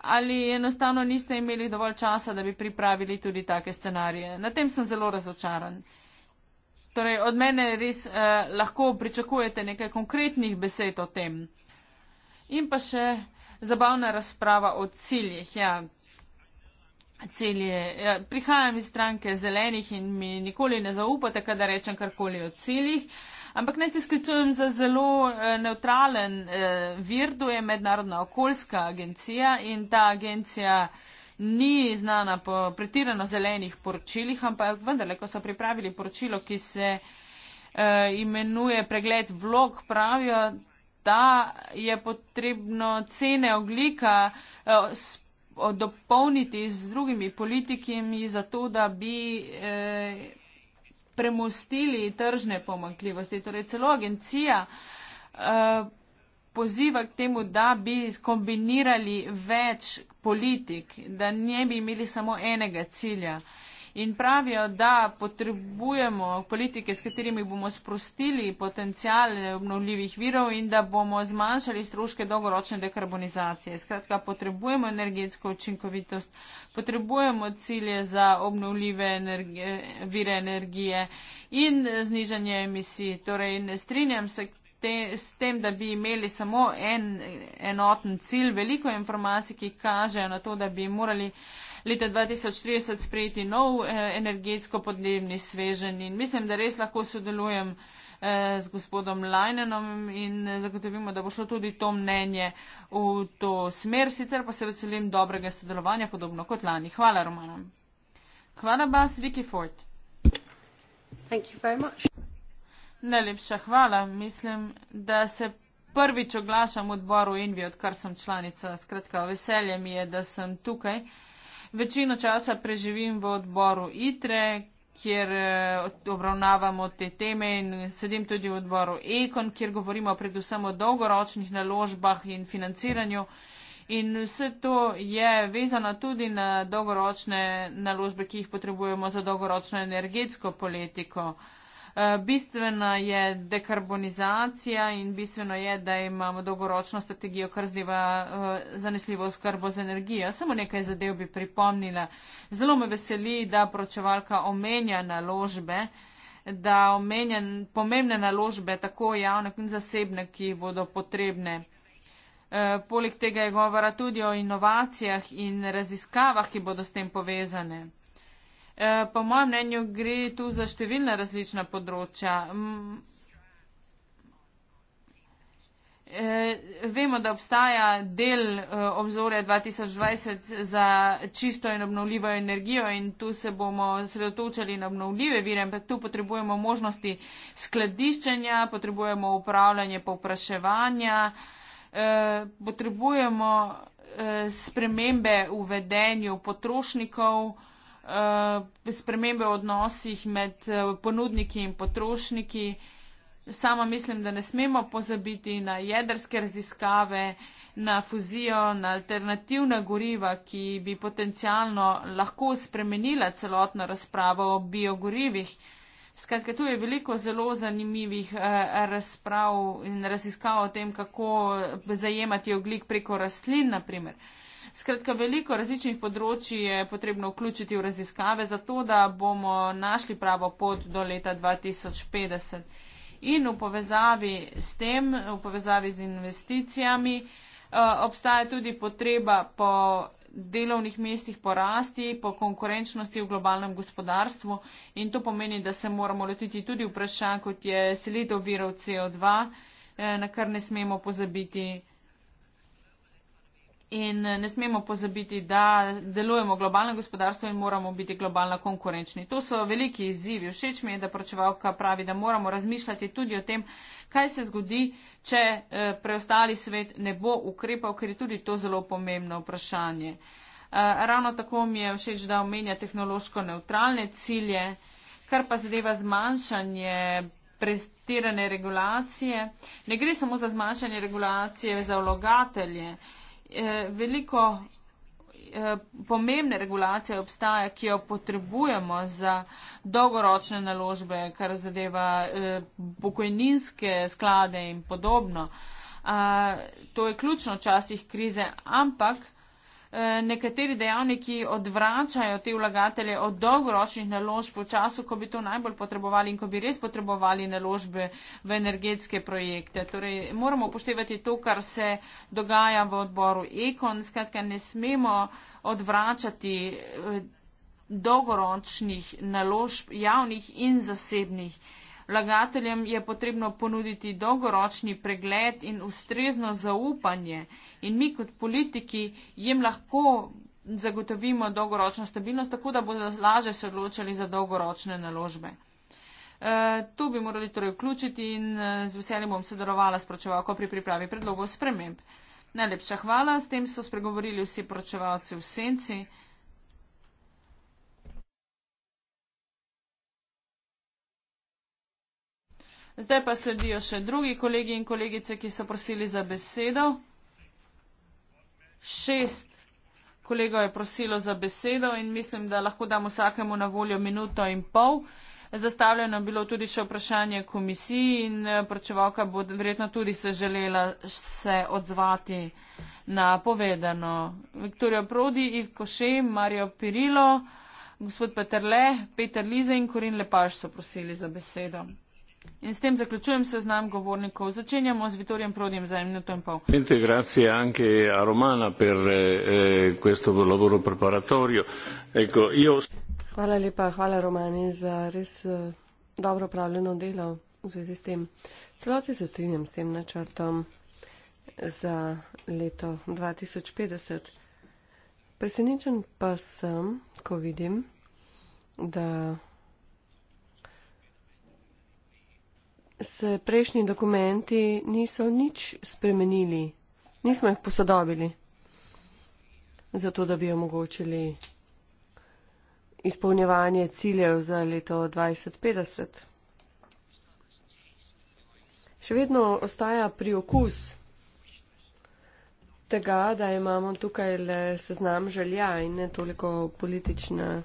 ali enostavno niste imeli dovolj časa, da bi pripravili tudi take scenarije. Na tem sem zelo razočaran. Torej, od mene res eh, lahko pričakujete nekaj konkretnih besed o tem. In pa še zabavna razprava o ciljih. Ja. Cilje. Ja, prihajam iz stranke zelenih in mi nikoli ne zaupate, kada rečem karkoli o ciljih. Eh, ampak naj se sklicujem za zelo eh, neutralen eh, vir, to je Mednarodna okoljska agencija in ta agencija ni znana po pretirano zelenih poročilih, ampak vendarle, ko so pripravili poročilo, ki se eh, imenuje pregled vlog, pravijo, da je potrebno cene oglika dopolniti z drugimi politikami, zato da bi. Eh, premostili tržne pomankljivosti. Torej celo agencija eh, poziva k temu, da bi skombinirali več politik, da ne bi imeli samo enega cilja in pravijo, da potrebujemo politike, s katerimi bomo sprostili potencijal obnovljivih virov in da bomo zmanjšali stroške dolgoročne dekarbonizacije. Skratka, potrebujemo energetsko učinkovitost, potrebujemo cilje za obnovljive energi vire energije in znižanje emisij. Torej, ne strinjam se. Te, s tem, da bi imeli samo en enoten cilj, veliko informacij, ki kažejo na to, da bi morali uh, leta 2030 sprejeti nov eh, energetsko podnebni svežen in mislim, da res lahko sodelujem eh, z gospodom Lajnenom in zagotovimo, da bo šlo tudi to mnenje v to smer. Sicer pa se veselim dobrega sodelovanja, podobno kot lani. Hvala, Romana. Hvala, Bas, Vicky Ford. Najlepša hvala. Mislim, da se prvič oglašam v odboru Envi, odkar sem članica. Skratka, veselje mi je, da sem tukaj. Večino časa preživim v odboru ITRE, kjer eh, obravnavamo te teme in sedim tudi v odboru EKON, kjer govorimo predvsem o dolgoročnih naložbah in financiranju. In vse to je vezano tudi na dolgoročne naložbe, ki jih potrebujemo za dolgoročno energetsko politiko. Uh, Eh, bistvena je dekarbonizacija in bistveno je, da imamo dolgoročno strategijo, kar zdeva eh, zanesljivo skrbo z energijo. Samo nekaj zadev bi pripomnila. Zelo me veseli, da pročevalka omenja naložbe da omenjen pomembne naložbe, tako javne kot zasebne, ki bodo potrebne. E, poleg tega je govora tudi o inovacijah in raziskavah, ki bodo s tem povezane. Eh, po mojem mnenju gre tu za številna različna področja. Eh, vemo, da obstaja del eh, obzorja 2020 za čisto in obnovljivo energijo in tu se bomo sredotočali na obnovljive vire, ampak tu potrebujemo možnosti skladiščenja, potrebujemo upravljanje povpraševanja, potrebujemo spremembe v vedenju potrošnikov. Eh, spremembe v odnosih med eh, ponudniki in potrošniki. Sama mislim, da ne smemo pozabiti na jedrske raziskave, na fuzijo, na alternativna goriva, ki bi potencialno lahko spremenila celotno razpravo o biogorivih. Skratka, tu je veliko zelo zanimivih eh, razprav in raziskav o tem, kako zajemati oglik preko rastlin, naprimer. Skratka, veliko različnih področji je potrebno vključiti v raziskave, zato da bomo našli pravo pot do leta 2050. In v povezavi s tem, v povezavi z investicijami, eh, obstaja tudi potreba po delovnih mestih porasti, po konkurenčnosti v globalnem gospodarstvu in to pomeni, da se moramo lotiti tudi vprašanj, kot je selitev virov CO2, eh, na kar ne smemo pozabiti In eh, ne smemo pozabiti, da delujemo globalno gospodarstvo in moramo biti globalno konkurenčni. To so veliki izzivi. Všeč mi je, da pročevalka pravi, da moramo razmišljati tudi o tem, kaj se zgodi, če eh, preostali svet ne bo ukrepal, ker je tudi to zelo pomembno vprašanje. Eh, ravno tako mi je všeč, da omenja tehnološko neutralne cilje, kar pa zadeva zmanjšanje prestirane regulacije. Ne gre samo za zmanjšanje regulacije za vlogatelje, Eh, veliko eh, pomembne regulacije obstaja, ki jo potrebujemo za dolgoročne naložbe, kar zadeva eh, pokojninske sklade in podobno. To je ključno v časih krize, ampak Eh, nekateri dejavniki odvračajo te vlagatelje od dolgoročnih naložb v času, ko bi to najbolj potrebovali in ko bi res potrebovali naložbe v energetske projekte. Torej, moramo upoštevati to, kar se dogaja v odboru Ekon. Skratka, ne smemo odvračati eh, dolgoročnih naložb javnih in zasebnih. Vlagateljem je potrebno ponuditi dolgoročni pregled in ustrezno zaupanje. In mi kot politiki jim lahko zagotovimo dolgoročno stabilnost, tako da bodo laže se odločili za dolgoročne naložbe. E, to bi morali torej vključiti in e, z veseljem bom sodelovala s pročevalko pri pripravi predlogov sprememb. Najlepša hvala, s tem so spregovorili vsi pročevalci v senci. Zdaj pa sledijo še drugi kolegi in kolegice, ki so prosili za besedo. Šest kolegov je prosilo za besedo in mislim, da lahko dam vsakemu na voljo minuto in pol. Zastavljeno je bilo tudi še vprašanje komisiji in eh, pročevalka bo verjetno tudi se želela se odzvati na povedano. Viktorijo Prodi, Iv Koše, Marijo Pirilo, gospod Peter Le, Peter Lize in Korin Lepaš so prosili za besedo. In s tem zaključujem seznam govornikov. Začenjamo z Vittorijem Prodijem za minuto in pol. Grazie anche a Romana per eh, questo lavoro preparatorio. Ecco, io... Hvala lepa, hvala Romani za res eh, dobro upravljeno delo v zvezi s tem. Celoti se strinjam s tem načrtom za leto 2050. Presenečen pa sem, ko vidim, da se prejšnji dokumenti niso nič spremenili, nismo jih posodobili, zato da bi omogočili izpolnjevanje ciljev za leto 2050. Še vedno ostaja pri okus tega, da imamo tukaj le seznam želja in ne toliko politična,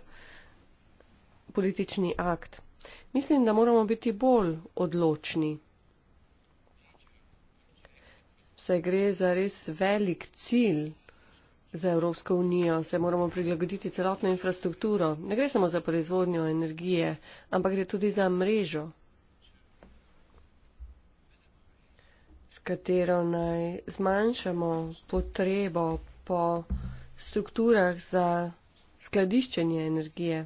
politični akt. Mislim, da moramo biti bolj odločni. Se gre za res velik cilj za Evropsko unijo, se moramo prilagoditi celotno infrastrukturo. Ne gre samo za proizvodnjo energije, ampak gre tudi za mrežo, s katero naj zmanjšamo potrebo po strukturah za skladiščenje energije.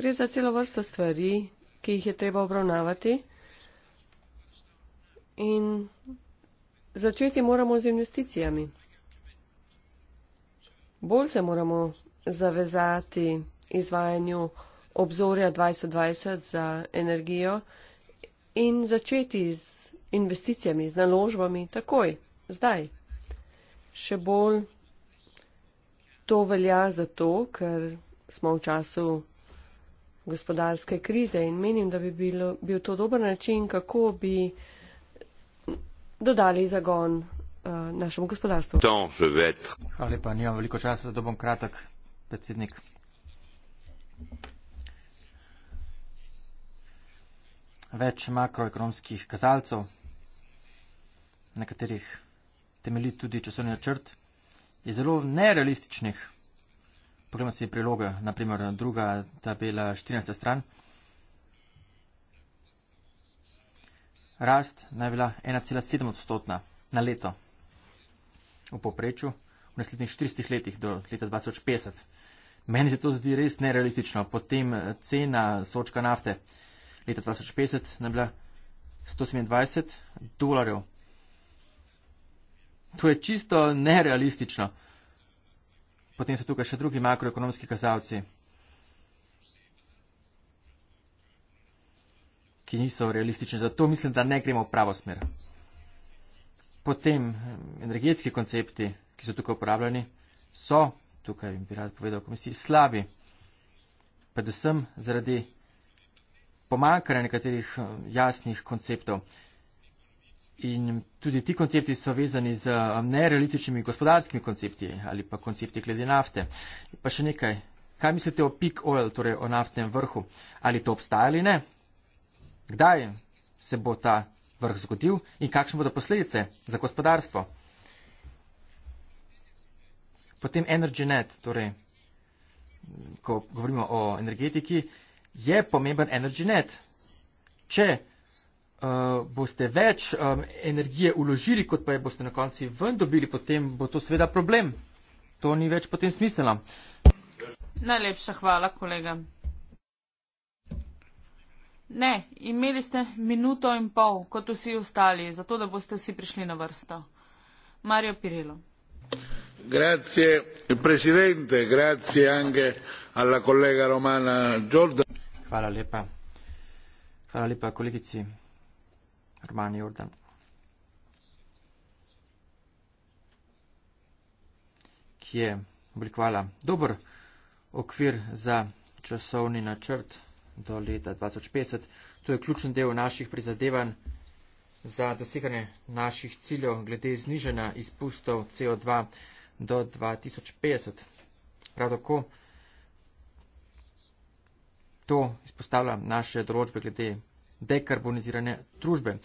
Gre za celo vrsto stvari, ki jih je treba obravnavati. In začeti moramo z investicijami. Bolj se moramo zavezati izvajanju obzorja 2020 za energijo in začeti z investicijami, z naložbami takoj, zdaj. Še bolj to velja zato, ker smo v času gospodarske krize in menim, da bi bilo, bil to dober način, kako bi dodali zagon uh, našemu gospodarstvu. Hvala lepa, nimam veliko časa, zato bom kratek, predsednik. Več makroekonomskih kazalcev, na katerih temelji tudi časovni načrt, je zelo nerealističnih Poglejmo si priloge, naprimer druga tabela, 14. stran. Rast naj bila 1,7 odstotna na leto v poprečju v naslednjih 40 letih do leta 2050. Meni se to zdi res nerealistično. Potem eh, cena sočka nafte leta 2050 naj bila 127 dolarjev. To je čisto nerealistično. Potem so tukaj še drugi makroekonomski kazalci, ki niso realistični. Zato mislim, da ne gremo v pravo smer. Potem eh, energetski koncepti, ki so tukaj uporabljeni, so, tukaj bi rad povedal komisiji, slabi. Predvsem zaradi pomankanja nekaterih eh, jasnih konceptov. In tudi ti koncepti so vezani z um, nerealističnimi gospodarskimi koncepti ali pa koncepti glede nafte. Pa še nekaj, kaj mislite o peak oil, torej o naftnem vrhu? Ali to obstaja ali ne? Kdaj se bo ta vrh zgodil in kakšne bodo posledice za gospodarstvo? Potem EnergyNet, torej, ko govorimo o energetiki, je pomemben EnergyNet. Če uh, boste več um, energije uložili, kot pa je boste na koncu ven dobili, potem bo to seveda problem. To ni več potem smiselno. Najlepša hvala, kolega. Ne, imeli ste minuto in pol, kot vsi ostali, zato da boste vsi prišli na vrsto. Mario Pirillo. Grazie, presidente, grazie anche alla collega romana Giorda. Hvala lepa. Hvala lepa, kolegici. Roman Jordan. Ki je oblikovala dober okvir za časovni načrt do leta 2050. To je ključen del naših prizadevanj za doseganje naših ciljev glede znižanja izpustov CO2 do 2050. Prav tako to izpostavlja naše določbe glede dekarbonizirane družbe.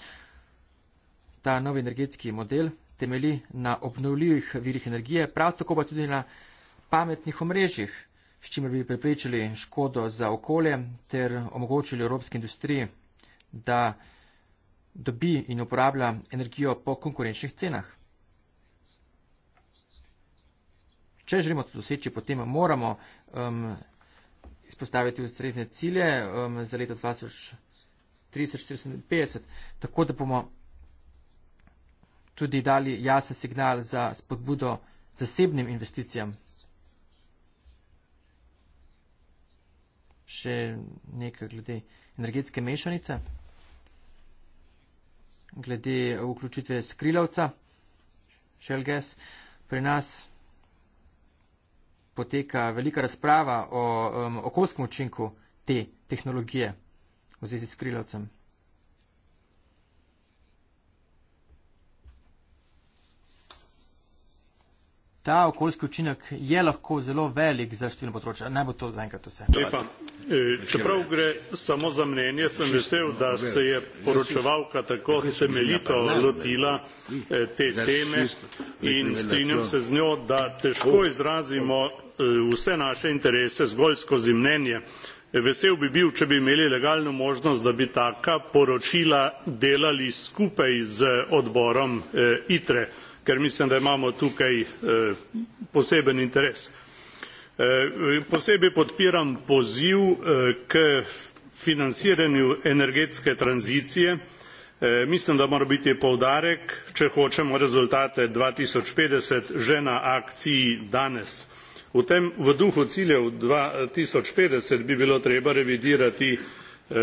Ta novi energetski model temeli na obnovljivih virih energije, prav tako pa tudi na pametnih omrežjih, s čimer bi preprečili škodo za okolje ter omogočili evropski industriji, da dobi in uporablja energijo po konkurenčnih cenah. Če želimo to doseči, potem moramo um, izpostaviti ustrezne cilje um, za leto 2020. 30, 40, 50, tako da bomo tudi dali jasen signal za spodbudo zasebnim investicijam. Še nekaj glede energetske mešanice, glede vključitve skrilavca, Shell Gas. Pri nas poteka velika razprava o um, okoljskem učinku te tehnologije v zvezi s krilovcem. Ta okoljski učinek je lahko zelo velik za številne področje. Naj bo to zaenkrat vse. Lepa. Eh, čeprav gre samo za mnenje, sem vesel, da se je poročevalka tako temeljito lotila eh, eh, te teme in strinjam se z njo, da težko oh. izrazimo vse naše interese zgolj skozi mnenje vesel bi bil če bi imeli legalno možnost da bi taka poročila delali skupaj z odborom eh, itre ker mislim da imamo tukaj eh, poseben interes. Eh, posebej podpiram poziv k financiranju energetske tranzicije mislim da mora biti poudarek če hočemo rezultate dva tisoč petdeset že na akciji danes v duhu ciljev dva tisoč petdeset bi bilo treba revidirati eh,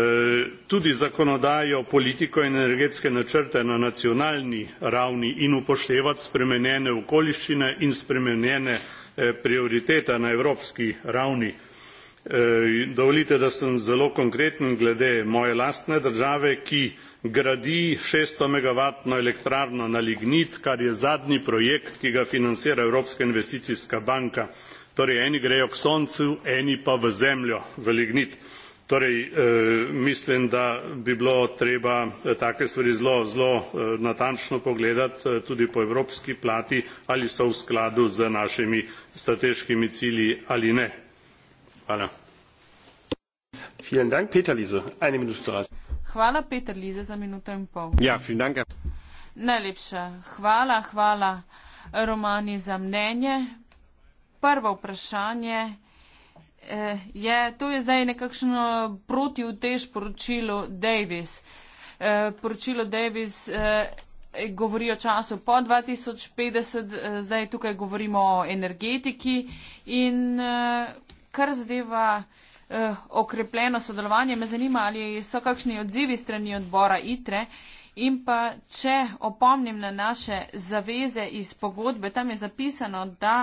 tudi zakonodajo politiko in energetske načrte na nacionalni ravni in upoštevati spremenjene okoliščine in spremenjene eh, prioritete na evropski ravni. Eh, dovolite da sem zelo konkreten glede moje lastne države ki gradi šeststo megavatno elektrarno na lignit kar je zadnji projekt ki ga financira evropska investicijska banka torej eni grejo k soncu eni pa v zemljo v lignit torej eh, mislim da bi bilo treba eh, take stvari zelo zelo eh, natančno pogledati tudi po evropski plati ali so v skladu z našimi strateškimi cilji ali ne hvala Hvala, Peter Lize, za minuto in pol. Ja, Najlepša hvala, hvala Romani za mnenje prvo vprašanje. Eh, je, to je zdaj nekakšno protivtež eh, poročilo Davis. Poročilo eh, Davis govori o času po 2050, zdaj tukaj govorimo o energetiki in kar zadeva okrepljeno sodelovanje, me zanima, ali so kakšni odzivi strani odbora ITRE. In pa, če opomnim na naše zaveze iz pogodbe, tam je zapisano, da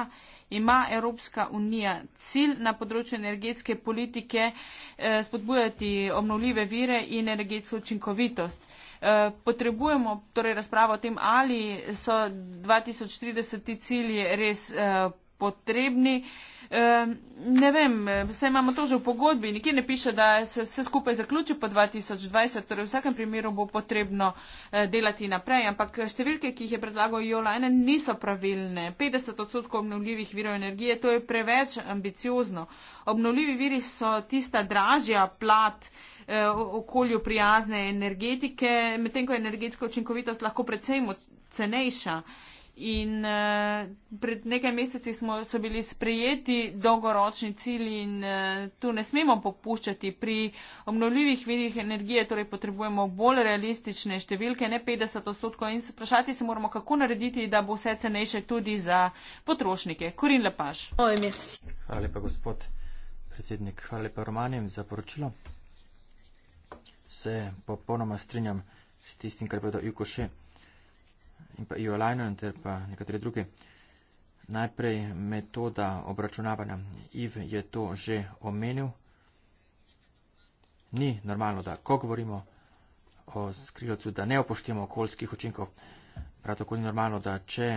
ima Evropska unija cilj na področju energetske politike eh, spodbujati obnovljive vire in energetsko učinkovitost. Eh, potrebujemo torej razpravo o tem, ali so 2030 cilji res. Eh, potrebni. Ne vem, vse imamo to že v pogodbi, nikjer ne piše, da se vse skupaj zaključi po 2020, torej v vsakem primeru bo potrebno eh, delati naprej, ampak številke, ki jih je predlagal Jolajne, niso pravilne. 50 odstotkov obnovljivih virov energije, to je preveč ambiciozno. Obnovljivi viri so tista dražja plat eh, okolju prijazne energetike, medtem ko je energetska učinkovitost lahko predvsem cenejša. In uh, pred nekaj meseci smo, so bili sprejeti dolgoročni cilji in uh, tu ne smemo popuščati. Pri obnovljivih vidih energije torej potrebujemo bolj realistične številke, ne 50 odstotkov in sprašati se moramo, kako narediti, da bo vse cenejše tudi za potrošnike. Korin Lepaš. Hvala lepa, gospod predsednik. Hvala lepa Romanjem za poročilo. Se popolnoma strinjam s tistim, kar je povedal Juko še in pa EOLiner ter pa nekatere druge. Najprej metoda obračunavanja. IV je to že omenil. Ni normalno, da ko govorimo o skrilcu, da ne upoštimo okoljskih učinkov. Prav tako ni normalno, da če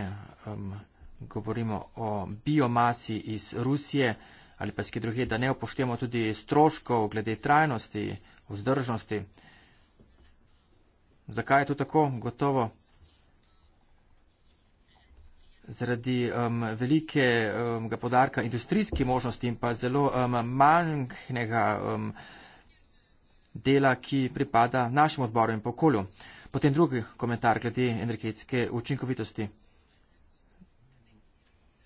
um, govorimo o biomasi iz Rusije ali pa skje druge, da ne upoštimo tudi stroškov glede trajnosti, vzdržnosti. Zakaj je to tako? Gotovo zaradi um, velikega um, podarka industrijski možnosti in pa zelo um, manjknega um, dela, ki pripada našim odborom in pokolju. Potem drugi komentar glede energetske učinkovitosti.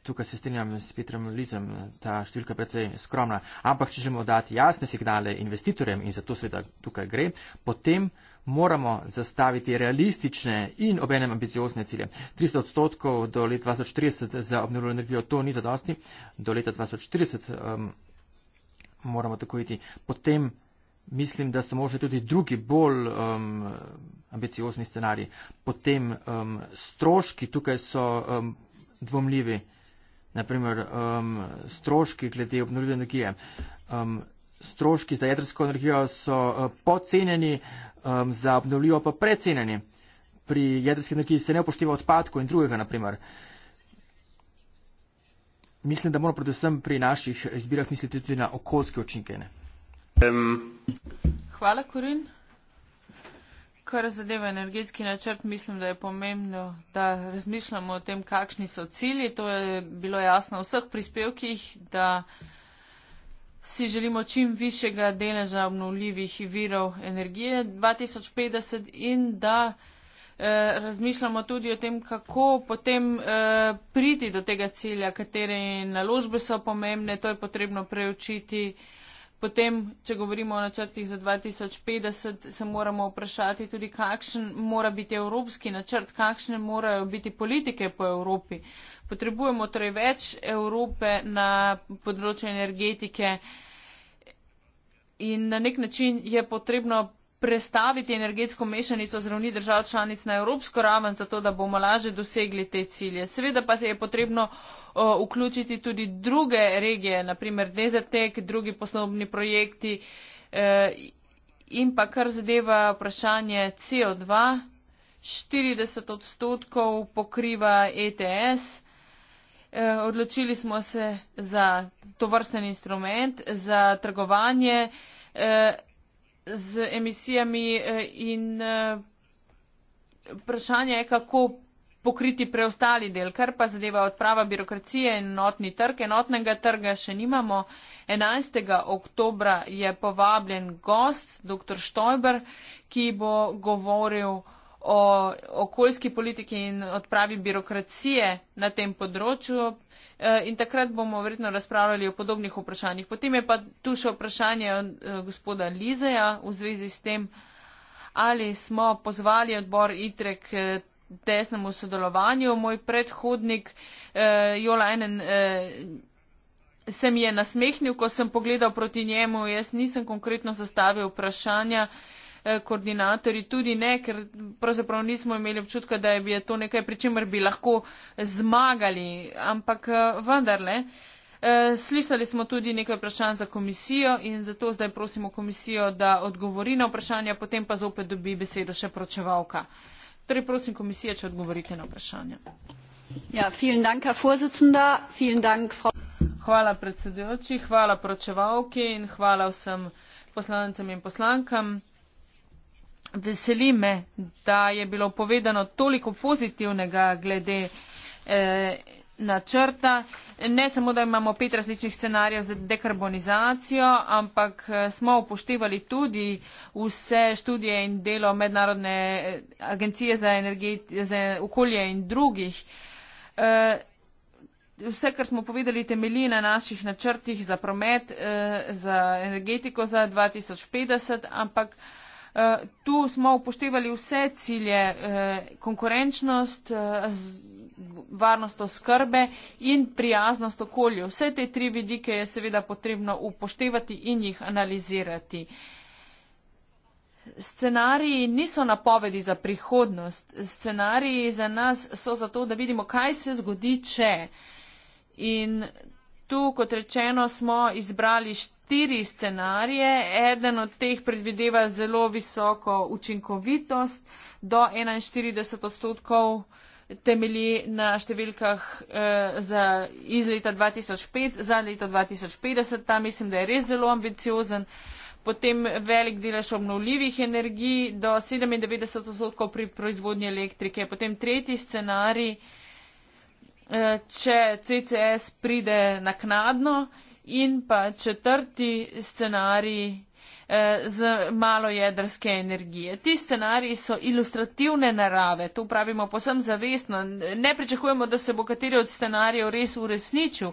Tukaj se strinjam s Petrom Lizem, ta številka predvsej skromna. Ampak, če želimo dati jasne signale investitorjem in zato seveda tukaj gre, potem moramo zastaviti realistične in obenem ambiciozne cilje. 300 odstotkov do leta 2030 za obnovljeno energijo, to ni zadosti. Do leta 2040 um, moramo tako iti. Potem mislim, da so možni tudi drugi bolj um, ambiciozni scenariji. Potem um, stroški tukaj so um, dvomljivi. Naprimer, um, stroški glede obnovljene energije. Um, stroški za jedrsko energijo so eh, podcenjeni, za obnovljivo pa precenjeni. Pri jedrski energiji se ne upošteva odpadkov in drugega, naprimer. Mislim, da moramo predvsem pri naših izbirah misliti tudi na okoljske učinke. Um. Hvala, Korin. Kar zadeva energetski načrt, mislim, da je pomembno, da razmišljamo o tem, kakšni so cilji. To je bilo jasno v vseh prispevkih, da si želimo čim višjega deleža obnovljivih virov energije 2050 in da eh, razmišljamo tudi o tem, kako potem eh, priti do tega cilja, katere naložbe so pomembne, to je potrebno preučiti. Potem, če govorimo o načrtih za 2050, se moramo vprašati tudi, kakšen mora biti evropski načrt, kakšne morajo biti politike po Evropi. Potrebujemo torej več Evrope na področju energetike in na nek način je potrebno prestaviti energetsko mešanico z ravni držav članic na evropsko raven, zato da bomo laže dosegli te cilje. Seveda pa se je potrebno uh, vključiti tudi druge regije, naprimer DZTEK, drugi poslovni projekti uh, in pa kar zadeva vprašanje CO2, 40 odstotkov pokriva ETS. E, odločili smo se za to vrsten instrument, za trgovanje e, z emisijami eh, in eh, vprašanje je, kako pokriti preostali del, kar pa zadeva odprava birokracije in enotni trg. Enotnega trga še nimamo. 11. oktobra je povabljen gost, dr. Štojber, ki bo govoril o o okoljski politiki in odpravi birokracije na tem področju eh, in takrat bomo verjetno razpravljali o podobnih vprašanjih. Potem je pa tu še vprašanje eh, gospoda Lizeja v zvezi s tem, ali smo pozvali odbor ITRE k eh, tesnemu sodelovanju. Moj predhodnik Jola Enen se mi je nasmehnil, ko sem pogledal proti njemu. Jaz nisem konkretno zastavil vprašanja. Eh, koordinatorji tudi ne, ker pravzaprav nismo imeli občutka, da je to nekaj, pri čemer bi lahko zmagali. Ampak eh, vendarle, eh, slišali smo tudi nekaj vprašanj za komisijo in zato zdaj prosimo komisijo, da odgovori na vprašanja, potem pa zopet dobi besedo še pročevalka. Torej prosim komisijo, če odgovorite na vprašanja. Ja, vielen Dank, Herr Vorsitzender, vielen Dank, Frau. Hvala predsedujoči, hvala pročevalki in hvala vsem poslancem in poslankam veseli me, da je bilo povedano toliko pozitivnega glede eh, načrta. Ne samo, da imamo pet različnih scenarijev za dekarbonizacijo, ampak eh, smo upoštevali tudi vse študije in delo Mednarodne eh, agencije za, za okolje in drugih. Eh, vse, kar smo povedali, temelji na naših načrtih za promet, za energetiko za 2050, ampak. Eh, tu smo upoštevali vse cilje, eh, konkurenčnost, eh, varnost oskrbe in prijaznost okolju. Vse te tri vidike je seveda potrebno upoštevati in jih analizirati. Scenariji niso napovedi za prihodnost. Scenariji za nas so zato, da vidimo, kaj se zgodi, če. In Tu, kot rečeno, smo izbrali štiri scenarije. Eden od teh predvideva zelo visoko učinkovitost, do 41 odstotkov temelji na številkah eh, za, iz leta 2005 za leto 2050. Ta mislim, da je res zelo ambiciozen. Potem velik delež obnovljivih energij do 97 odstotkov pri proizvodnji elektrike. Potem tretji scenarij. Eh, Eh, če CCS pride naknadno in pa četrti scenarij eh, z malo jedrske energije. Ti scenariji so ilustrativne narave, to pravimo posem zavestno. Ne pričakujemo, da se bo kateri od scenarijev res uresničil.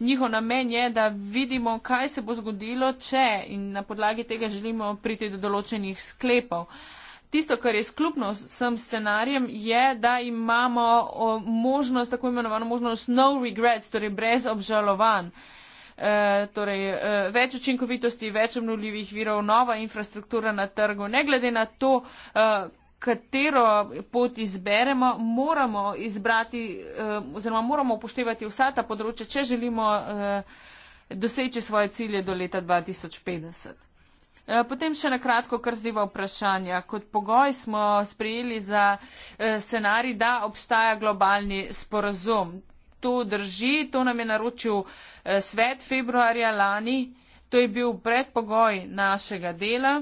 Njihov namen je, da vidimo, kaj se bo zgodilo, če in na podlagi tega želimo priti do določenih sklepov. Uh, Tisto, kar je sklopno s tem scenarijem, je, da imamo možnost, tako imenovano možnost no regrets, torej brez obžalovanj. E, torej, e, več učinkovitosti, več obnovljivih virov, nova infrastruktura na trgu. Ne glede na to, e, katero pot izberemo, moramo izbrati e, oziroma moramo upoštevati vsa ta področja, če želimo e, doseči svoje cilje do leta 2050. Eh, potem še na kratko, kar zdiva vprašanja. Kot pogoj smo sprejeli za eh, scenarij, da obstaja globalni sporazum. To drži, to nam je naročil eh, svet februarja lani, to je bil predpogoj našega dela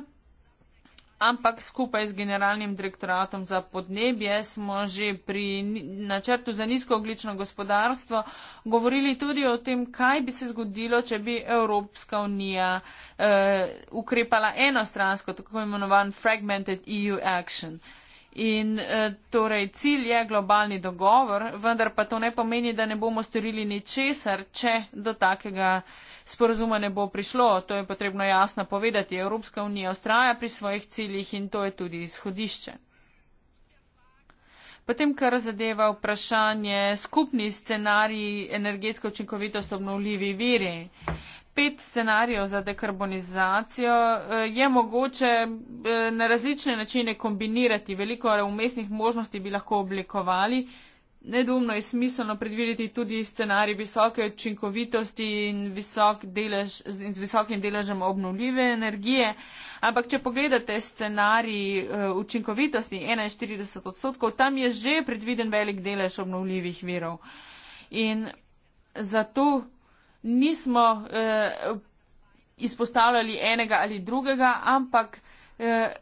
ampak skupaj z Generalnim direktoratom za podnebje smo že pri načrtu za nizkooglično gospodarstvo govorili tudi o tem, kaj bi se zgodilo, če bi Evropska unija eh, ukrepala enostransko, tako imenovan fragmented EU action. Eh, In eh, torej cilj je globalni dogovor, vendar pa to ne pomeni, da ne bomo storili ničesar, če do takega sporozuma ne bo prišlo. To je potrebno jasno povedati. Evropska unija ostraja pri svojih ciljih in to je tudi izhodišče. Potem, kar zadeva vprašanje skupni scenarij energetsko učinkovitost obnovljivi viri. Uh, pet scenarijev za dekarbonizacijo. Eh, je mogoče eh, na različne načine kombinirati, veliko umestnih možnosti bi lahko oblikovali. Nedumno je smiselno predvideti tudi scenarij visoke učinkovitosti in visok delež, z visokim deležem obnovljive energije, ampak če pogledate scenarij eh, učinkovitosti 41 odstotkov, tam je že predviden velik delež obnovljivih virov. In zato nismo eh, izpostavljali enega ali drugega, ampak eh,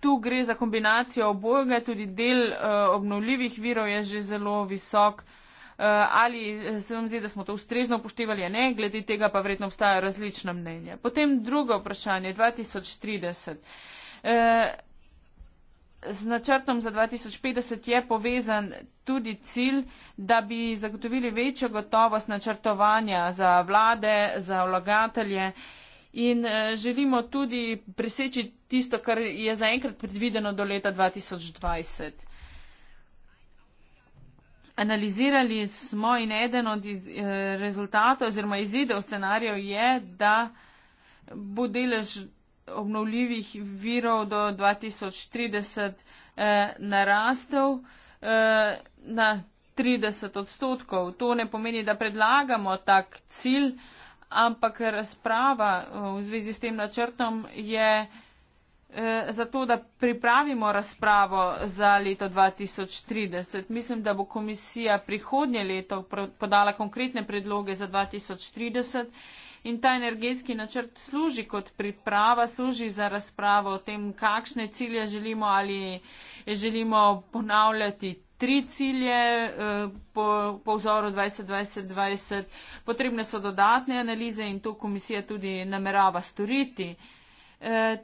tu gre za kombinacijo obojega, tudi del eh, obnovljivih virov je že zelo visok. Eh, ali eh, se vam zdi, da smo to ustrezno upoštevali, ne, glede tega pa vredno obstaja različna mnenja. Potem drugo vprašanje, 2030. Eh, z načrtom za 2050 je povezan tudi cilj, da bi zagotovili večjo gotovost načrtovanja za vlade, za vlagatelje. In eh, želimo tudi preseči tisto, kar je zaenkrat predvideno do leta 2020. Analizirali smo in eden od eh, rezultatov oziroma izidov scenarijev je, da bo delež obnovljivih virov do 2030 eh, narastel eh, na 30 odstotkov. To ne pomeni, da predlagamo tak cilj, ampak razprava eh, v zvezi s tem načrtom je eh, zato, da pripravimo razpravo za leto 2030. Mislim, da bo komisija prihodnje leto podala konkretne predloge za 2030 in ta energetski načrt služi kot priprava, služi za razpravo o tem, kakšne cilje želimo ali želimo ponavljati. Tri cilje eh, po, po vzoru 2020-2020. Potrebne so dodatne analize in to komisija tudi namerava storiti. Eh,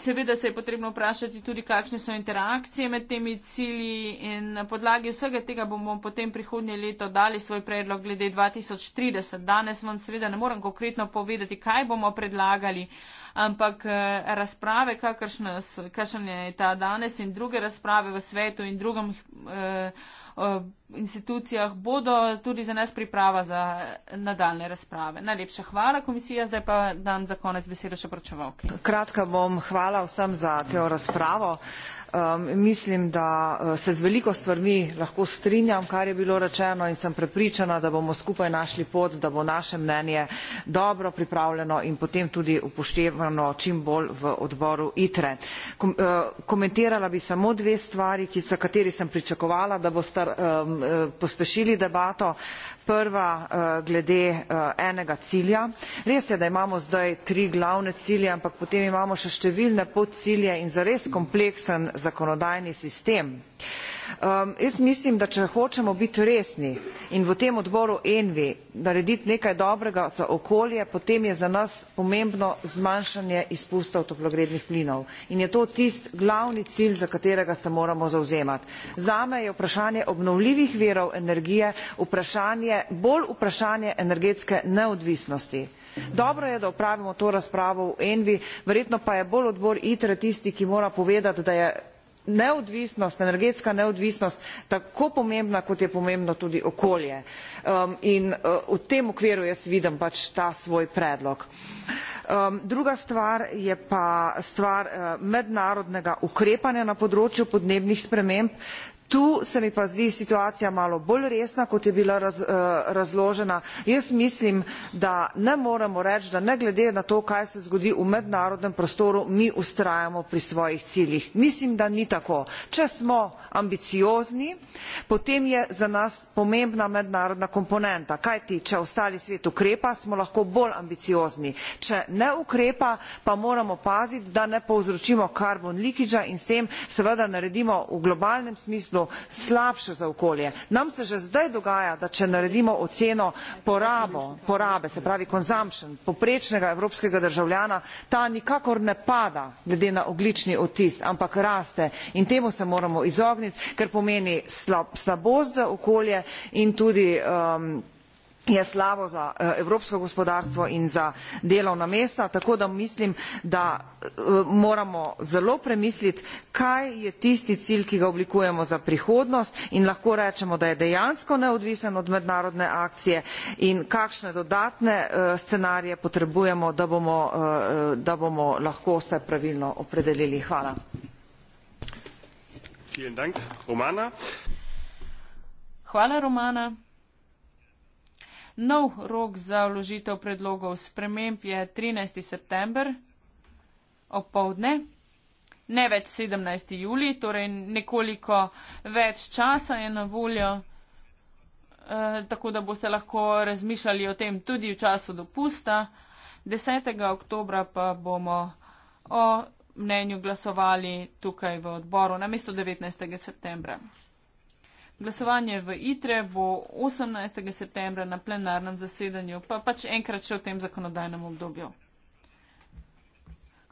Seveda se je potrebno vprašati tudi, kakšne so interakcije med temi cilji in na podlagi vsega tega bomo potem prihodnje leto dali svoj predlog glede 2030. Danes vam seveda ne morem konkretno povedati, kaj bomo predlagali, ampak eh, razprave, kakšen je ta danes in druge razprave v svetu in drugem eh, eh institucijah bodo tudi za nas priprava za eh, nadaljne razprave. Najlepša hvala komisija, zdaj pa dam za konec besedo še pročevalki. Kratka bom, hvala hvala vsem za to razpravo. Um, mislim, da eh, se z veliko stvarmi lahko strinjam, kar je bilo rečeno in sem prepričana, da bomo skupaj našli pot, da bo naše mnenje dobro pripravljeno in potem tudi upoštevano čim bolj v odboru ITRE. Kom, uh, komentirala bi samo dve stvari, ki so kateri sem pričakovala, da boste um, uh, pospešili debato prva eh, glede eh, enega cilja res je da imamo zdaj tri glavne cilje ampak potem imamo še številne podcilje in zares kompleksen zakonodajni sistem. Um, jaz mislim, da če hočemo biti resni in v tem odboru Envi narediti nekaj dobrega za okolje, potem je za nas pomembno zmanjšanje izpustov toplogrednih plinov. In je to tist glavni cilj, za katerega se moramo zauzemati. Zame je vprašanje obnovljivih verov energije vprašanje, bolj vprašanje energetske neodvisnosti. Dobro je, da opravimo to razpravo v Envi, verjetno pa je bolj odbor ITRE tisti, ki mora povedati, da je neodvisnost energetska neodvisnost tako pomembna kot je pomembno tudi okolje um, in uh, v tem okviru jaz vidim pač ta svoj predlog um, druga stvar je pa stvar uh, mednarodnega ukrepanja na področju podnebnih sprememb Tu se mi pa zdi situacija malo bolj resna, kot je bila raz, eh, razložena. Jaz mislim, da ne moremo reči, da ne glede na to, kaj se zgodi v mednarodnem prostoru, mi ustrajamo pri svojih ciljih. Mislim, da ni tako. Če smo ambiciozni, potem je za nas pomembna mednarodna komponenta. Kaj ti, če ostali svet ukrepa, smo lahko bolj ambiciozni. Če ne ukrepa, pa moramo paziti, da ne povzročimo carbon leakage in s tem seveda naredimo v globalnem smislu bistvu slabše za okolje. Nam se že zdaj dogaja, da če naredimo oceno porabo, porabe, se pravi consumption, poprečnega evropskega državljana, ta nikakor ne pada glede na oglični otis, ampak raste in temu se moramo izogniti, ker pomeni slab, slabost za okolje in tudi um, je slabo za eh, evropsko gospodarstvo in za delovna mesta tako da mislim da eh, moramo zelo premisliti kaj je tisti cilj ki ga oblikujemo za prihodnost in lahko rečemo da je dejansko neodvisen od mednarodne akcije in kakšne dodatne eh, scenarije potrebujemo da bomo da bomo lahko vse pravilno opredelili hvala hvala romana Nov rok za vložitev predlogov sprememb je 13. september opovdne, ne več 17. juli, torej nekoliko več časa je na voljo, eh, tako da boste lahko razmišljali o tem tudi v času dopusta. 10. oktobra pa bomo o mnenju glasovali tukaj v odboru namesto 19. septembra. Glasovanje v ITRE bo 18. septembra na plenarnem zasedanju, pa pač enkrat še v tem zakonodajnem obdobju.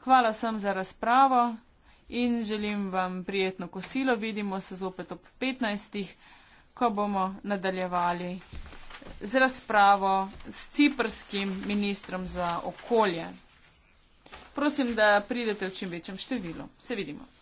Hvala vsem za razpravo in želim vam prijetno kosilo. Vidimo se zopet ob 15. ko bomo nadaljevali z razpravo s ciprskim ministrom za okolje. Prosim, da pridete v čim večjem številu. Se vidimo.